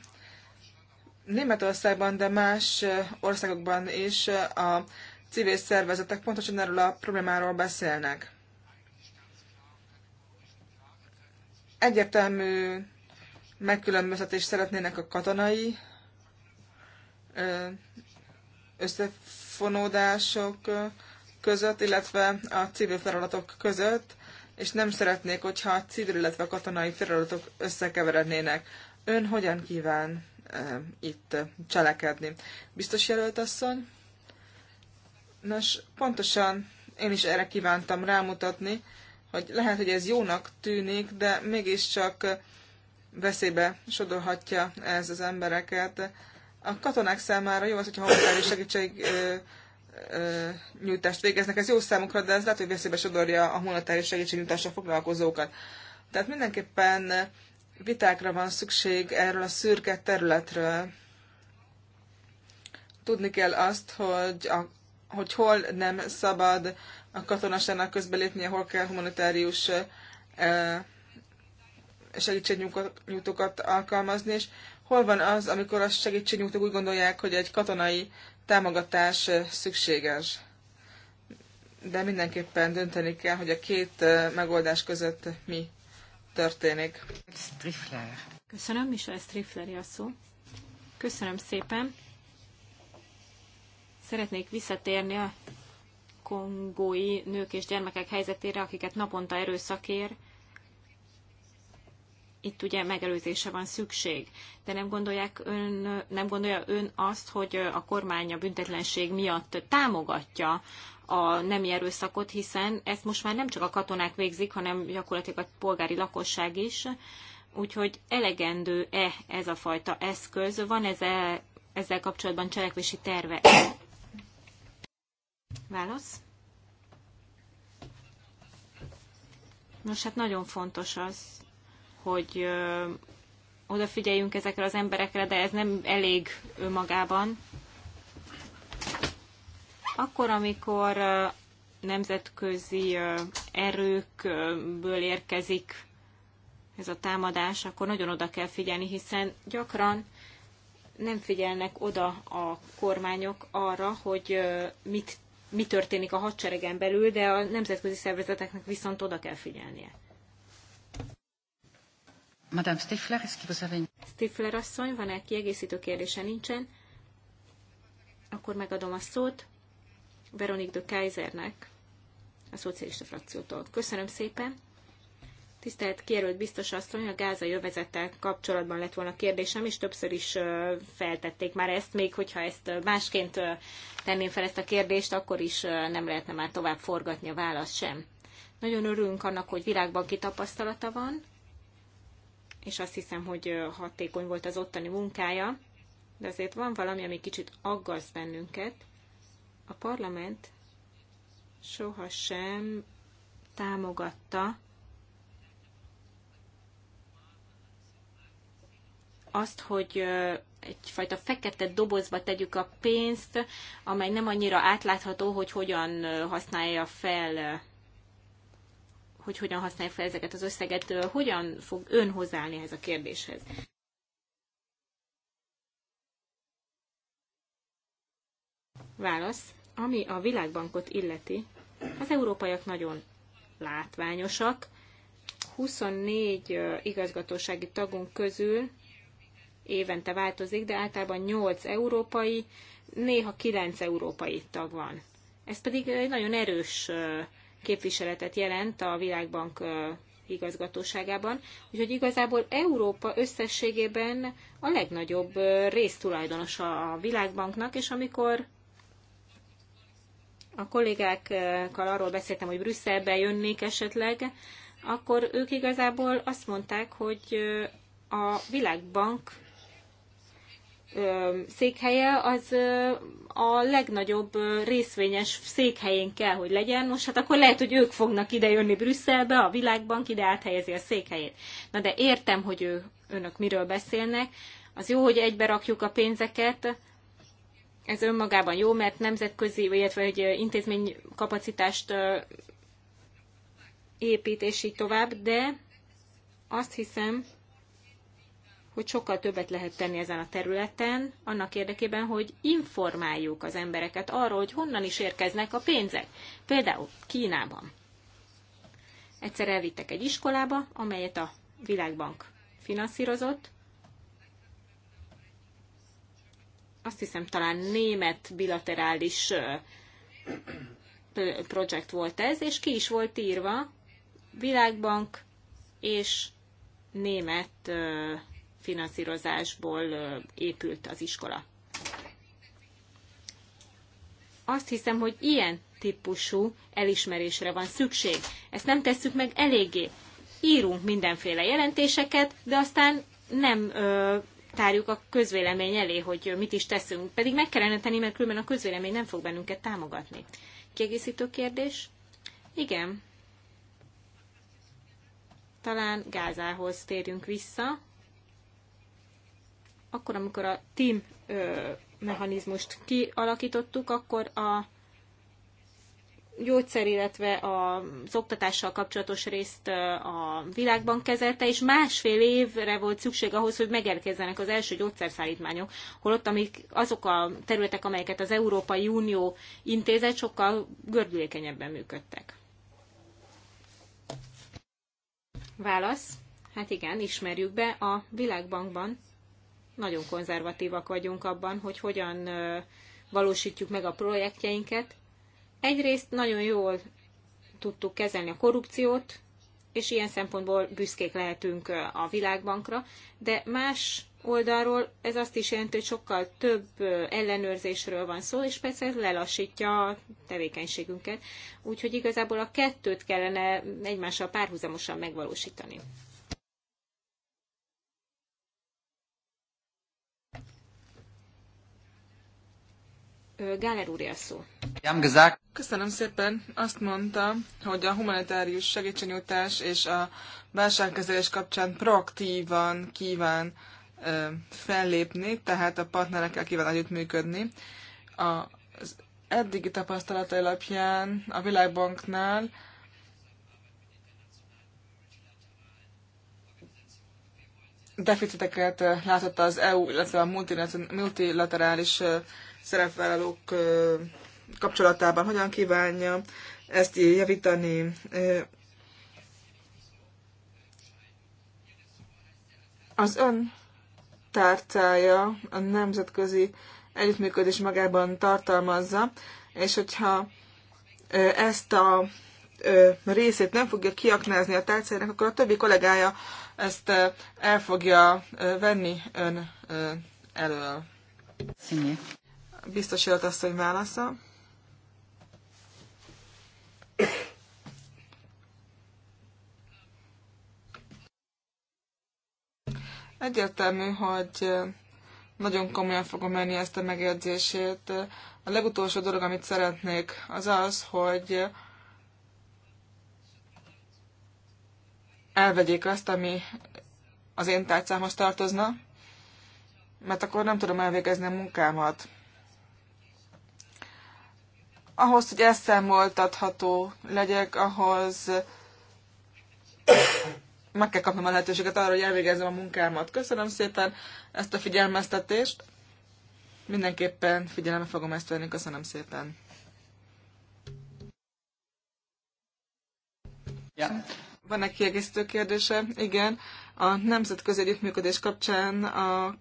Németországban, de más országokban is a civil szervezetek pontosan erről a problémáról beszélnek. Egyértelmű megkülönböztetést szeretnének a katonai összefonódások között, illetve a civil feladatok között, és nem szeretnék, hogyha a civil, illetve a katonai feladatok összekeverednének. Ön hogyan kíván e, itt cselekedni? Biztos jelölt asszony? Nos, pontosan én is erre kívántam rámutatni, hogy lehet, hogy ez jónak tűnik, de mégiscsak veszélybe sodorhatja ez az embereket. A katonák számára jó az, hogyha humanitárius segítség ö, ö, nyújtást végeznek, ez jó számukra, de ez lehet, hogy veszélybe sodorja a humanitárius segítségnyújtásra foglalkozókat. Tehát mindenképpen vitákra van szükség erről a szürke területről. Tudni kell azt, hogy, a, hogy hol nem szabad a katonaságnak közbelépnie, hol kell humanitárius ö, segítségnyújtókat alkalmazni, és hol van az, amikor a segítségnyújtók úgy gondolják, hogy egy katonai támogatás szükséges. De mindenképpen dönteni kell, hogy a két megoldás között mi történik. Strifler. Köszönöm, Michel Strifler a szó. Köszönöm szépen. Szeretnék visszatérni a kongói nők és gyermekek helyzetére, akiket naponta erőszak ér, itt ugye megelőzése van szükség, de nem, gondolják ön, nem gondolja ön azt, hogy a kormány a büntetlenség miatt támogatja a nem erőszakot, hiszen ezt most már nem csak a katonák végzik, hanem gyakorlatilag a polgári lakosság is. Úgyhogy elegendő-e ez a fajta eszköz? Van ezzel, ezzel kapcsolatban cselekvési terve? Válasz? Nos, hát nagyon fontos az, hogy odafigyeljünk ezekre az emberekre, de ez nem elég önmagában. Akkor, amikor nemzetközi erőkből érkezik ez a támadás, akkor nagyon oda kell figyelni, hiszen gyakran nem figyelnek oda a kormányok arra, hogy mit, mi történik a hadseregen belül, de a nemzetközi szervezeteknek viszont oda kell figyelnie. Madame Stifler, est-ce que vous avez... Stifler asszony, van-e kiegészítő kérdése? Nincsen. Akkor megadom a szót Veronique de Kaisernek, a szocialista frakciótól. Köszönöm szépen. Tisztelt kijelölt biztos asszony, a gázai övezettel kapcsolatban lett volna kérdésem, és többször is feltették már ezt, még hogyha ezt másként tenném fel ezt a kérdést, akkor is nem lehetne már tovább forgatni a választ sem. Nagyon örülünk annak, hogy világban kitapasztalata van, és azt hiszem, hogy hatékony volt az ottani munkája, de azért van valami, ami kicsit aggaszt bennünket. A parlament sohasem támogatta azt, hogy egyfajta fekete dobozba tegyük a pénzt, amely nem annyira átlátható, hogy hogyan használja fel hogy hogyan használja fel ezeket az összeget, hogyan fog ön hozzáállni ehhez a kérdéshez? Válasz. Ami a világbankot illeti, az európaiak nagyon látványosak. 24 igazgatósági tagunk közül évente változik, de általában 8 európai, néha 9 európai tag van. Ez pedig egy nagyon erős képviseletet jelent a Világbank igazgatóságában. Úgyhogy igazából Európa összességében a legnagyobb résztulajdonos a Világbanknak, és amikor a kollégákkal arról beszéltem, hogy Brüsszelbe jönnék esetleg, akkor ők igazából azt mondták, hogy a Világbank székhelye az a legnagyobb részvényes székhelyén kell, hogy legyen. Most hát akkor lehet, hogy ők fognak ide jönni Brüsszelbe, a világbank ide áthelyezi a székhelyét. Na de értem, hogy ő, önök miről beszélnek. Az jó, hogy egybe rakjuk a pénzeket, ez önmagában jó, mert nemzetközi, illetve egy intézménykapacitást épít, és így tovább, de azt hiszem, hogy sokkal többet lehet tenni ezen a területen, annak érdekében, hogy informáljuk az embereket arról, hogy honnan is érkeznek a pénzek. Például Kínában. Egyszer elvittek egy iskolába, amelyet a Világbank finanszírozott. Azt hiszem, talán német bilaterális projekt volt ez, és ki is volt írva Világbank és német finanszírozásból épült az iskola. Azt hiszem, hogy ilyen típusú elismerésre van szükség. Ezt nem tesszük meg eléggé. Írunk mindenféle jelentéseket, de aztán nem ö, tárjuk a közvélemény elé, hogy mit is teszünk. Pedig meg kellene tenni, mert különben a közvélemény nem fog bennünket támogatni. Kiegészítő kérdés? Igen. Talán Gázához térjünk vissza akkor, amikor a team mechanizmust kialakítottuk, akkor a gyógyszer, illetve az oktatással kapcsolatos részt a világban kezelte, és másfél évre volt szükség ahhoz, hogy megérkezzenek az első gyógyszerszállítmányok, holott amik, azok a területek, amelyeket az Európai Unió intézet sokkal gördülékenyebben működtek. Válasz? Hát igen, ismerjük be a Világbankban nagyon konzervatívak vagyunk abban, hogy hogyan valósítjuk meg a projektjeinket. Egyrészt nagyon jól tudtuk kezelni a korrupciót, és ilyen szempontból büszkék lehetünk a világbankra, de más oldalról ez azt is jelenti, hogy sokkal több ellenőrzésről van szó, és persze ez lelassítja a tevékenységünket. Úgyhogy igazából a kettőt kellene egymással párhuzamosan megvalósítani. Gáler úr szó. Köszönöm szépen. Azt mondta, hogy a humanitárius segítségnyújtás és a válságkezelés kapcsán proaktívan kíván ö, fellépni, tehát a partnerekkel kíván együttműködni. Az eddigi tapasztalata alapján a Világbanknál deficiteket látott az EU, illetve a multilaterális szerepvállalók kapcsolatában hogyan kívánja ezt javítani. Az ön tárcája a nemzetközi együttműködés magában tartalmazza, és hogyha ezt a részét nem fogja kiaknázni a tárcájának, akkor a többi kollégája ezt el fogja venni ön elől. Színű biztos azt, hogy válasza. Egyértelmű, hogy nagyon komolyan fogom menni ezt a megjegyzését. A legutolsó dolog, amit szeretnék, az az, hogy elvegyék azt, ami az én tárcámhoz tartozna, mert akkor nem tudom elvégezni a munkámat ahhoz, hogy elszámoltatható legyek, ahhoz meg kell kapnom a lehetőséget arra, hogy elvégezzem a munkámat. Köszönöm szépen ezt a figyelmeztetést. Mindenképpen figyelembe fogom ezt venni. Köszönöm szépen. Ja. Van egy kiegészítő kérdése? Igen. A nemzetközi együttműködés kapcsán a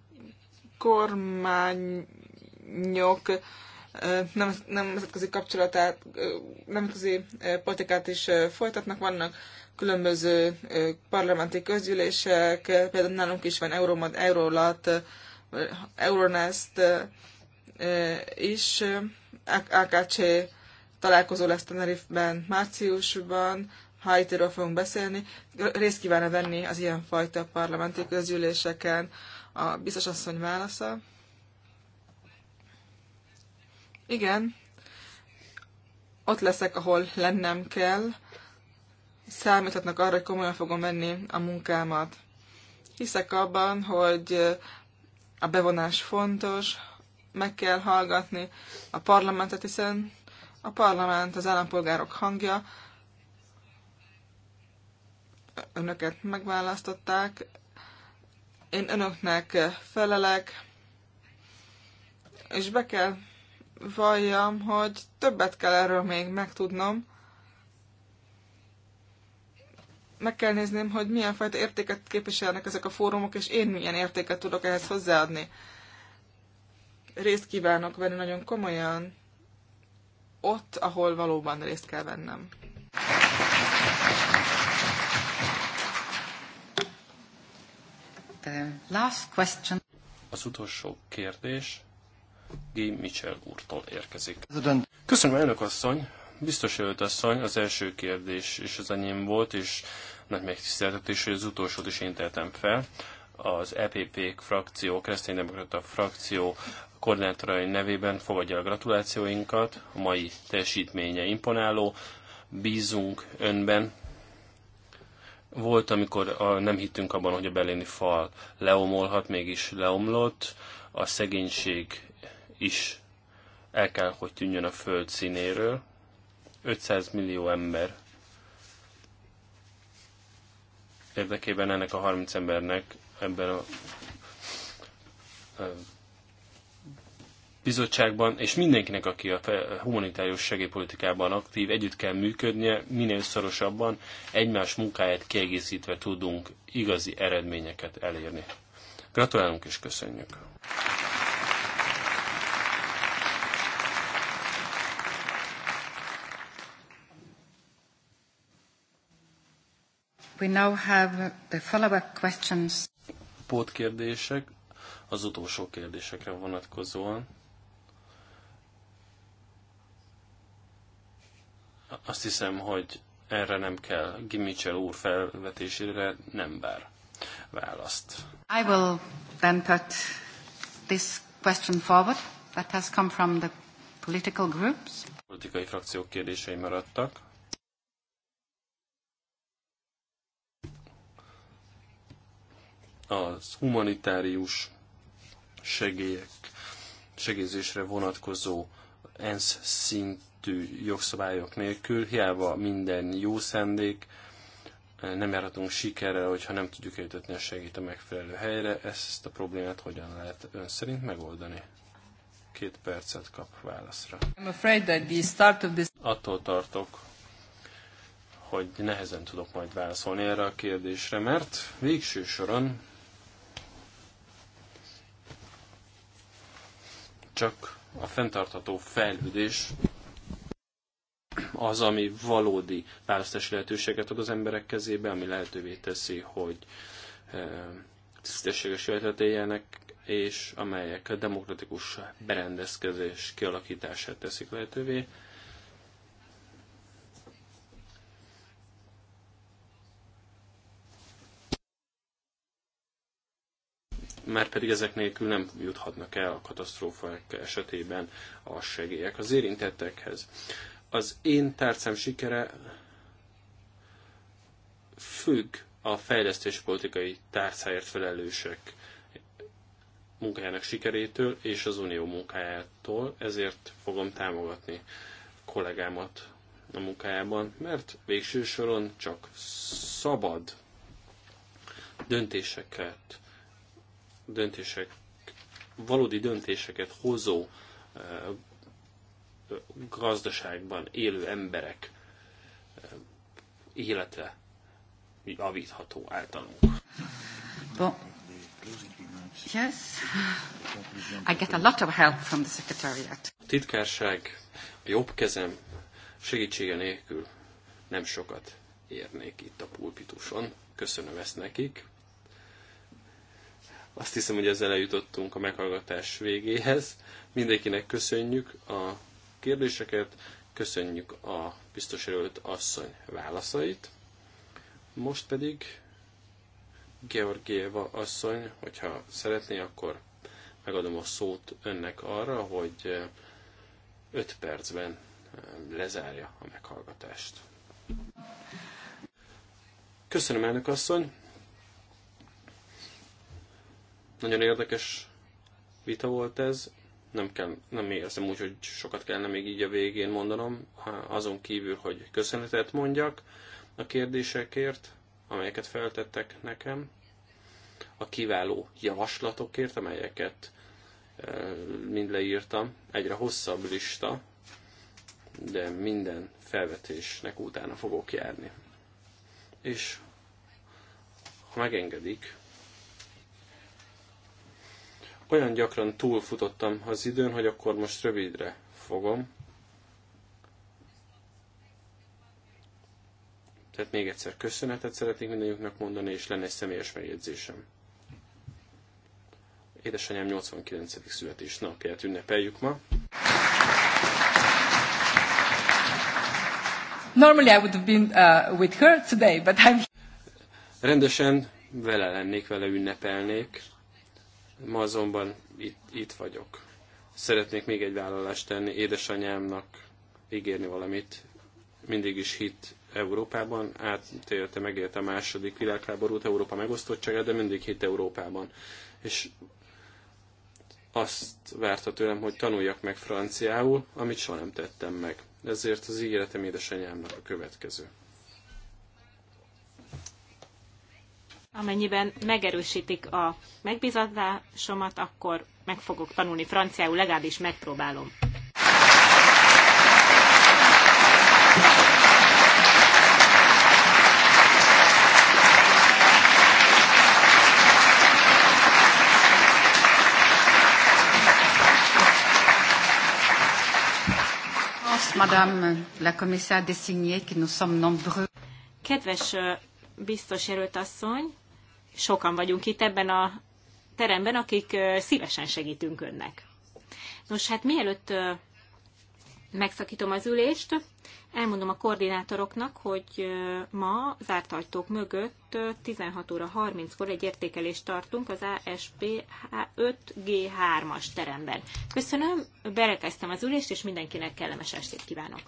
kormányok nem, nemzetközi kapcsolatát, nemzetközi politikát is folytatnak. Vannak különböző parlamenti közgyűlések, például nálunk is van Euromad, Eurolat, Euronest is, AKC találkozó lesz a ben márciusban, Haitiról fogunk beszélni. Részt kívánna venni az ilyenfajta parlamenti közgyűléseken a biztosasszony válasza. Igen, ott leszek, ahol lennem kell, számíthatnak arra, hogy komolyan fogom venni a munkámat. Hiszek abban, hogy eh, a bevonás fontos, meg kell hallgatni a parlamentet, hiszen a parlament az állampolgárok hangja, önöket megválasztották, én önöknek eh, felelek, és be kell valljam, hogy többet kell erről még megtudnom. Meg kell nézném, hogy milyen fajta értéket képviselnek ezek a fórumok, és én milyen értéket tudok ehhez hozzáadni. Részt kívánok venni nagyon komolyan, ott, ahol valóban részt kell vennem. Uh, last question. Az utolsó kérdés G. Mitchell úrtól érkezik. Köszönöm, elnök asszony! Biztos jelölt asszony, az első kérdés és az enyém volt, és nagy megtiszteltetés, hogy az utolsót is én tehetem fel. Az EPP frakció, kereszténydemokrata frakció koordinátorai nevében fogadja a gratulációinkat. A mai teljesítménye imponáló. Bízunk önben. Volt, amikor nem hittünk abban, hogy a beléni fal leomolhat, mégis leomlott. A szegénység is el kell, hogy tűnjön a föld színéről. 500 millió ember érdekében ennek a 30 embernek ebben a bizottságban, és mindenkinek, aki a humanitárius segélypolitikában aktív, együtt kell működnie, minél szorosabban egymás munkáját kiegészítve tudunk igazi eredményeket elérni. Gratulálunk és köszönjük! We now have the follow-up questions. Pótkérdések az utolsó kérdésekre vonatkozóan. Azt hiszem, hogy erre nem kell Gimicsel úr felvetésére nem bár választ. I will then put this question forward that has come from the political groups. Politikai frakciók kérdései maradtak. az humanitárius segélyek, segélyzésre vonatkozó ENSZ szintű jogszabályok nélkül, hiába minden jó szándék, nem járhatunk sikerre, hogyha nem tudjuk eljutatni a segít a megfelelő helyre. Ezt a problémát hogyan lehet ön szerint megoldani? Két percet kap válaszra. This... Attól tartok, hogy nehezen tudok majd válaszolni erre a kérdésre, mert végső soron csak a fenntartható fejlődés az, ami valódi választási lehetőséget ad az emberek kezébe, ami lehetővé teszi, hogy eh, tisztességes életet éljenek, és amelyek a demokratikus berendezkedés kialakítását teszik lehetővé. már pedig ezek nélkül nem juthatnak el a katasztrófák esetében a segélyek az érintettekhez. Az én tárcám sikere függ a politikai tárcáért felelősek munkájának sikerétől és az unió munkájától, ezért fogom támogatni kollégámat a munkájában, mert végső soron csak szabad döntéseket döntések, valódi döntéseket hozó eh, gazdaságban élő emberek eh, élete javítható általunk. Bon. Yes. I get a lot of help from the secretariat. A titkárság a jobb kezem segítsége nélkül nem sokat érnék itt a pulpituson. Köszönöm ezt nekik. Azt hiszem, hogy ezzel eljutottunk a meghallgatás végéhez. Mindenkinek köszönjük a kérdéseket, köszönjük a biztos erőlt asszony válaszait. Most pedig Georgieva asszony, hogyha szeretné, akkor megadom a szót önnek arra, hogy 5 percben lezárja a meghallgatást. Köszönöm, elnök asszony! Nagyon érdekes vita volt ez. Nem, kell, nem érzem úgy, hogy sokat kellene még így a végén mondanom, azon kívül, hogy köszönetet mondjak a kérdésekért, amelyeket feltettek nekem, a kiváló javaslatokért, amelyeket eh, mind leírtam. Egyre hosszabb lista, de minden felvetésnek utána fogok járni. És ha megengedik, olyan gyakran túlfutottam az időn, hogy akkor most rövidre fogom. Tehát még egyszer köszönetet szeretnék mindannyiuknak mondani, és lenne egy személyes megjegyzésem. Édesanyám 89. születésnapját ünnepeljük ma. Normally I would have been uh, with her today, but I'm... Rendesen vele lennék, vele ünnepelnék, Ma azonban itt, itt vagyok. Szeretnék még egy vállalást tenni. Édesanyámnak ígérni valamit. Mindig is hit Európában, átélte, megélte a második világháborút, Európa megosztottságát, de mindig hit Európában. És azt várta tőlem, hogy tanuljak meg franciául, amit soha nem tettem meg. Ezért az ígéretem édesanyámnak a következő. amennyiben megerősítik a megbizatásomat, akkor meg fogok tanulni franciául, legalábbis megpróbálom. Madame la commissaire désignée, que nous sommes nombreux. Kedves biztos jelölt asszony, sokan vagyunk itt ebben a teremben, akik szívesen segítünk önnek. Nos, hát mielőtt megszakítom az ülést, elmondom a koordinátoroknak, hogy ma zárt ajtók mögött 16 óra 30-kor egy értékelést tartunk az ASP 5G3-as teremben. Köszönöm, berekeztem az ülést, és mindenkinek kellemes estét kívánok!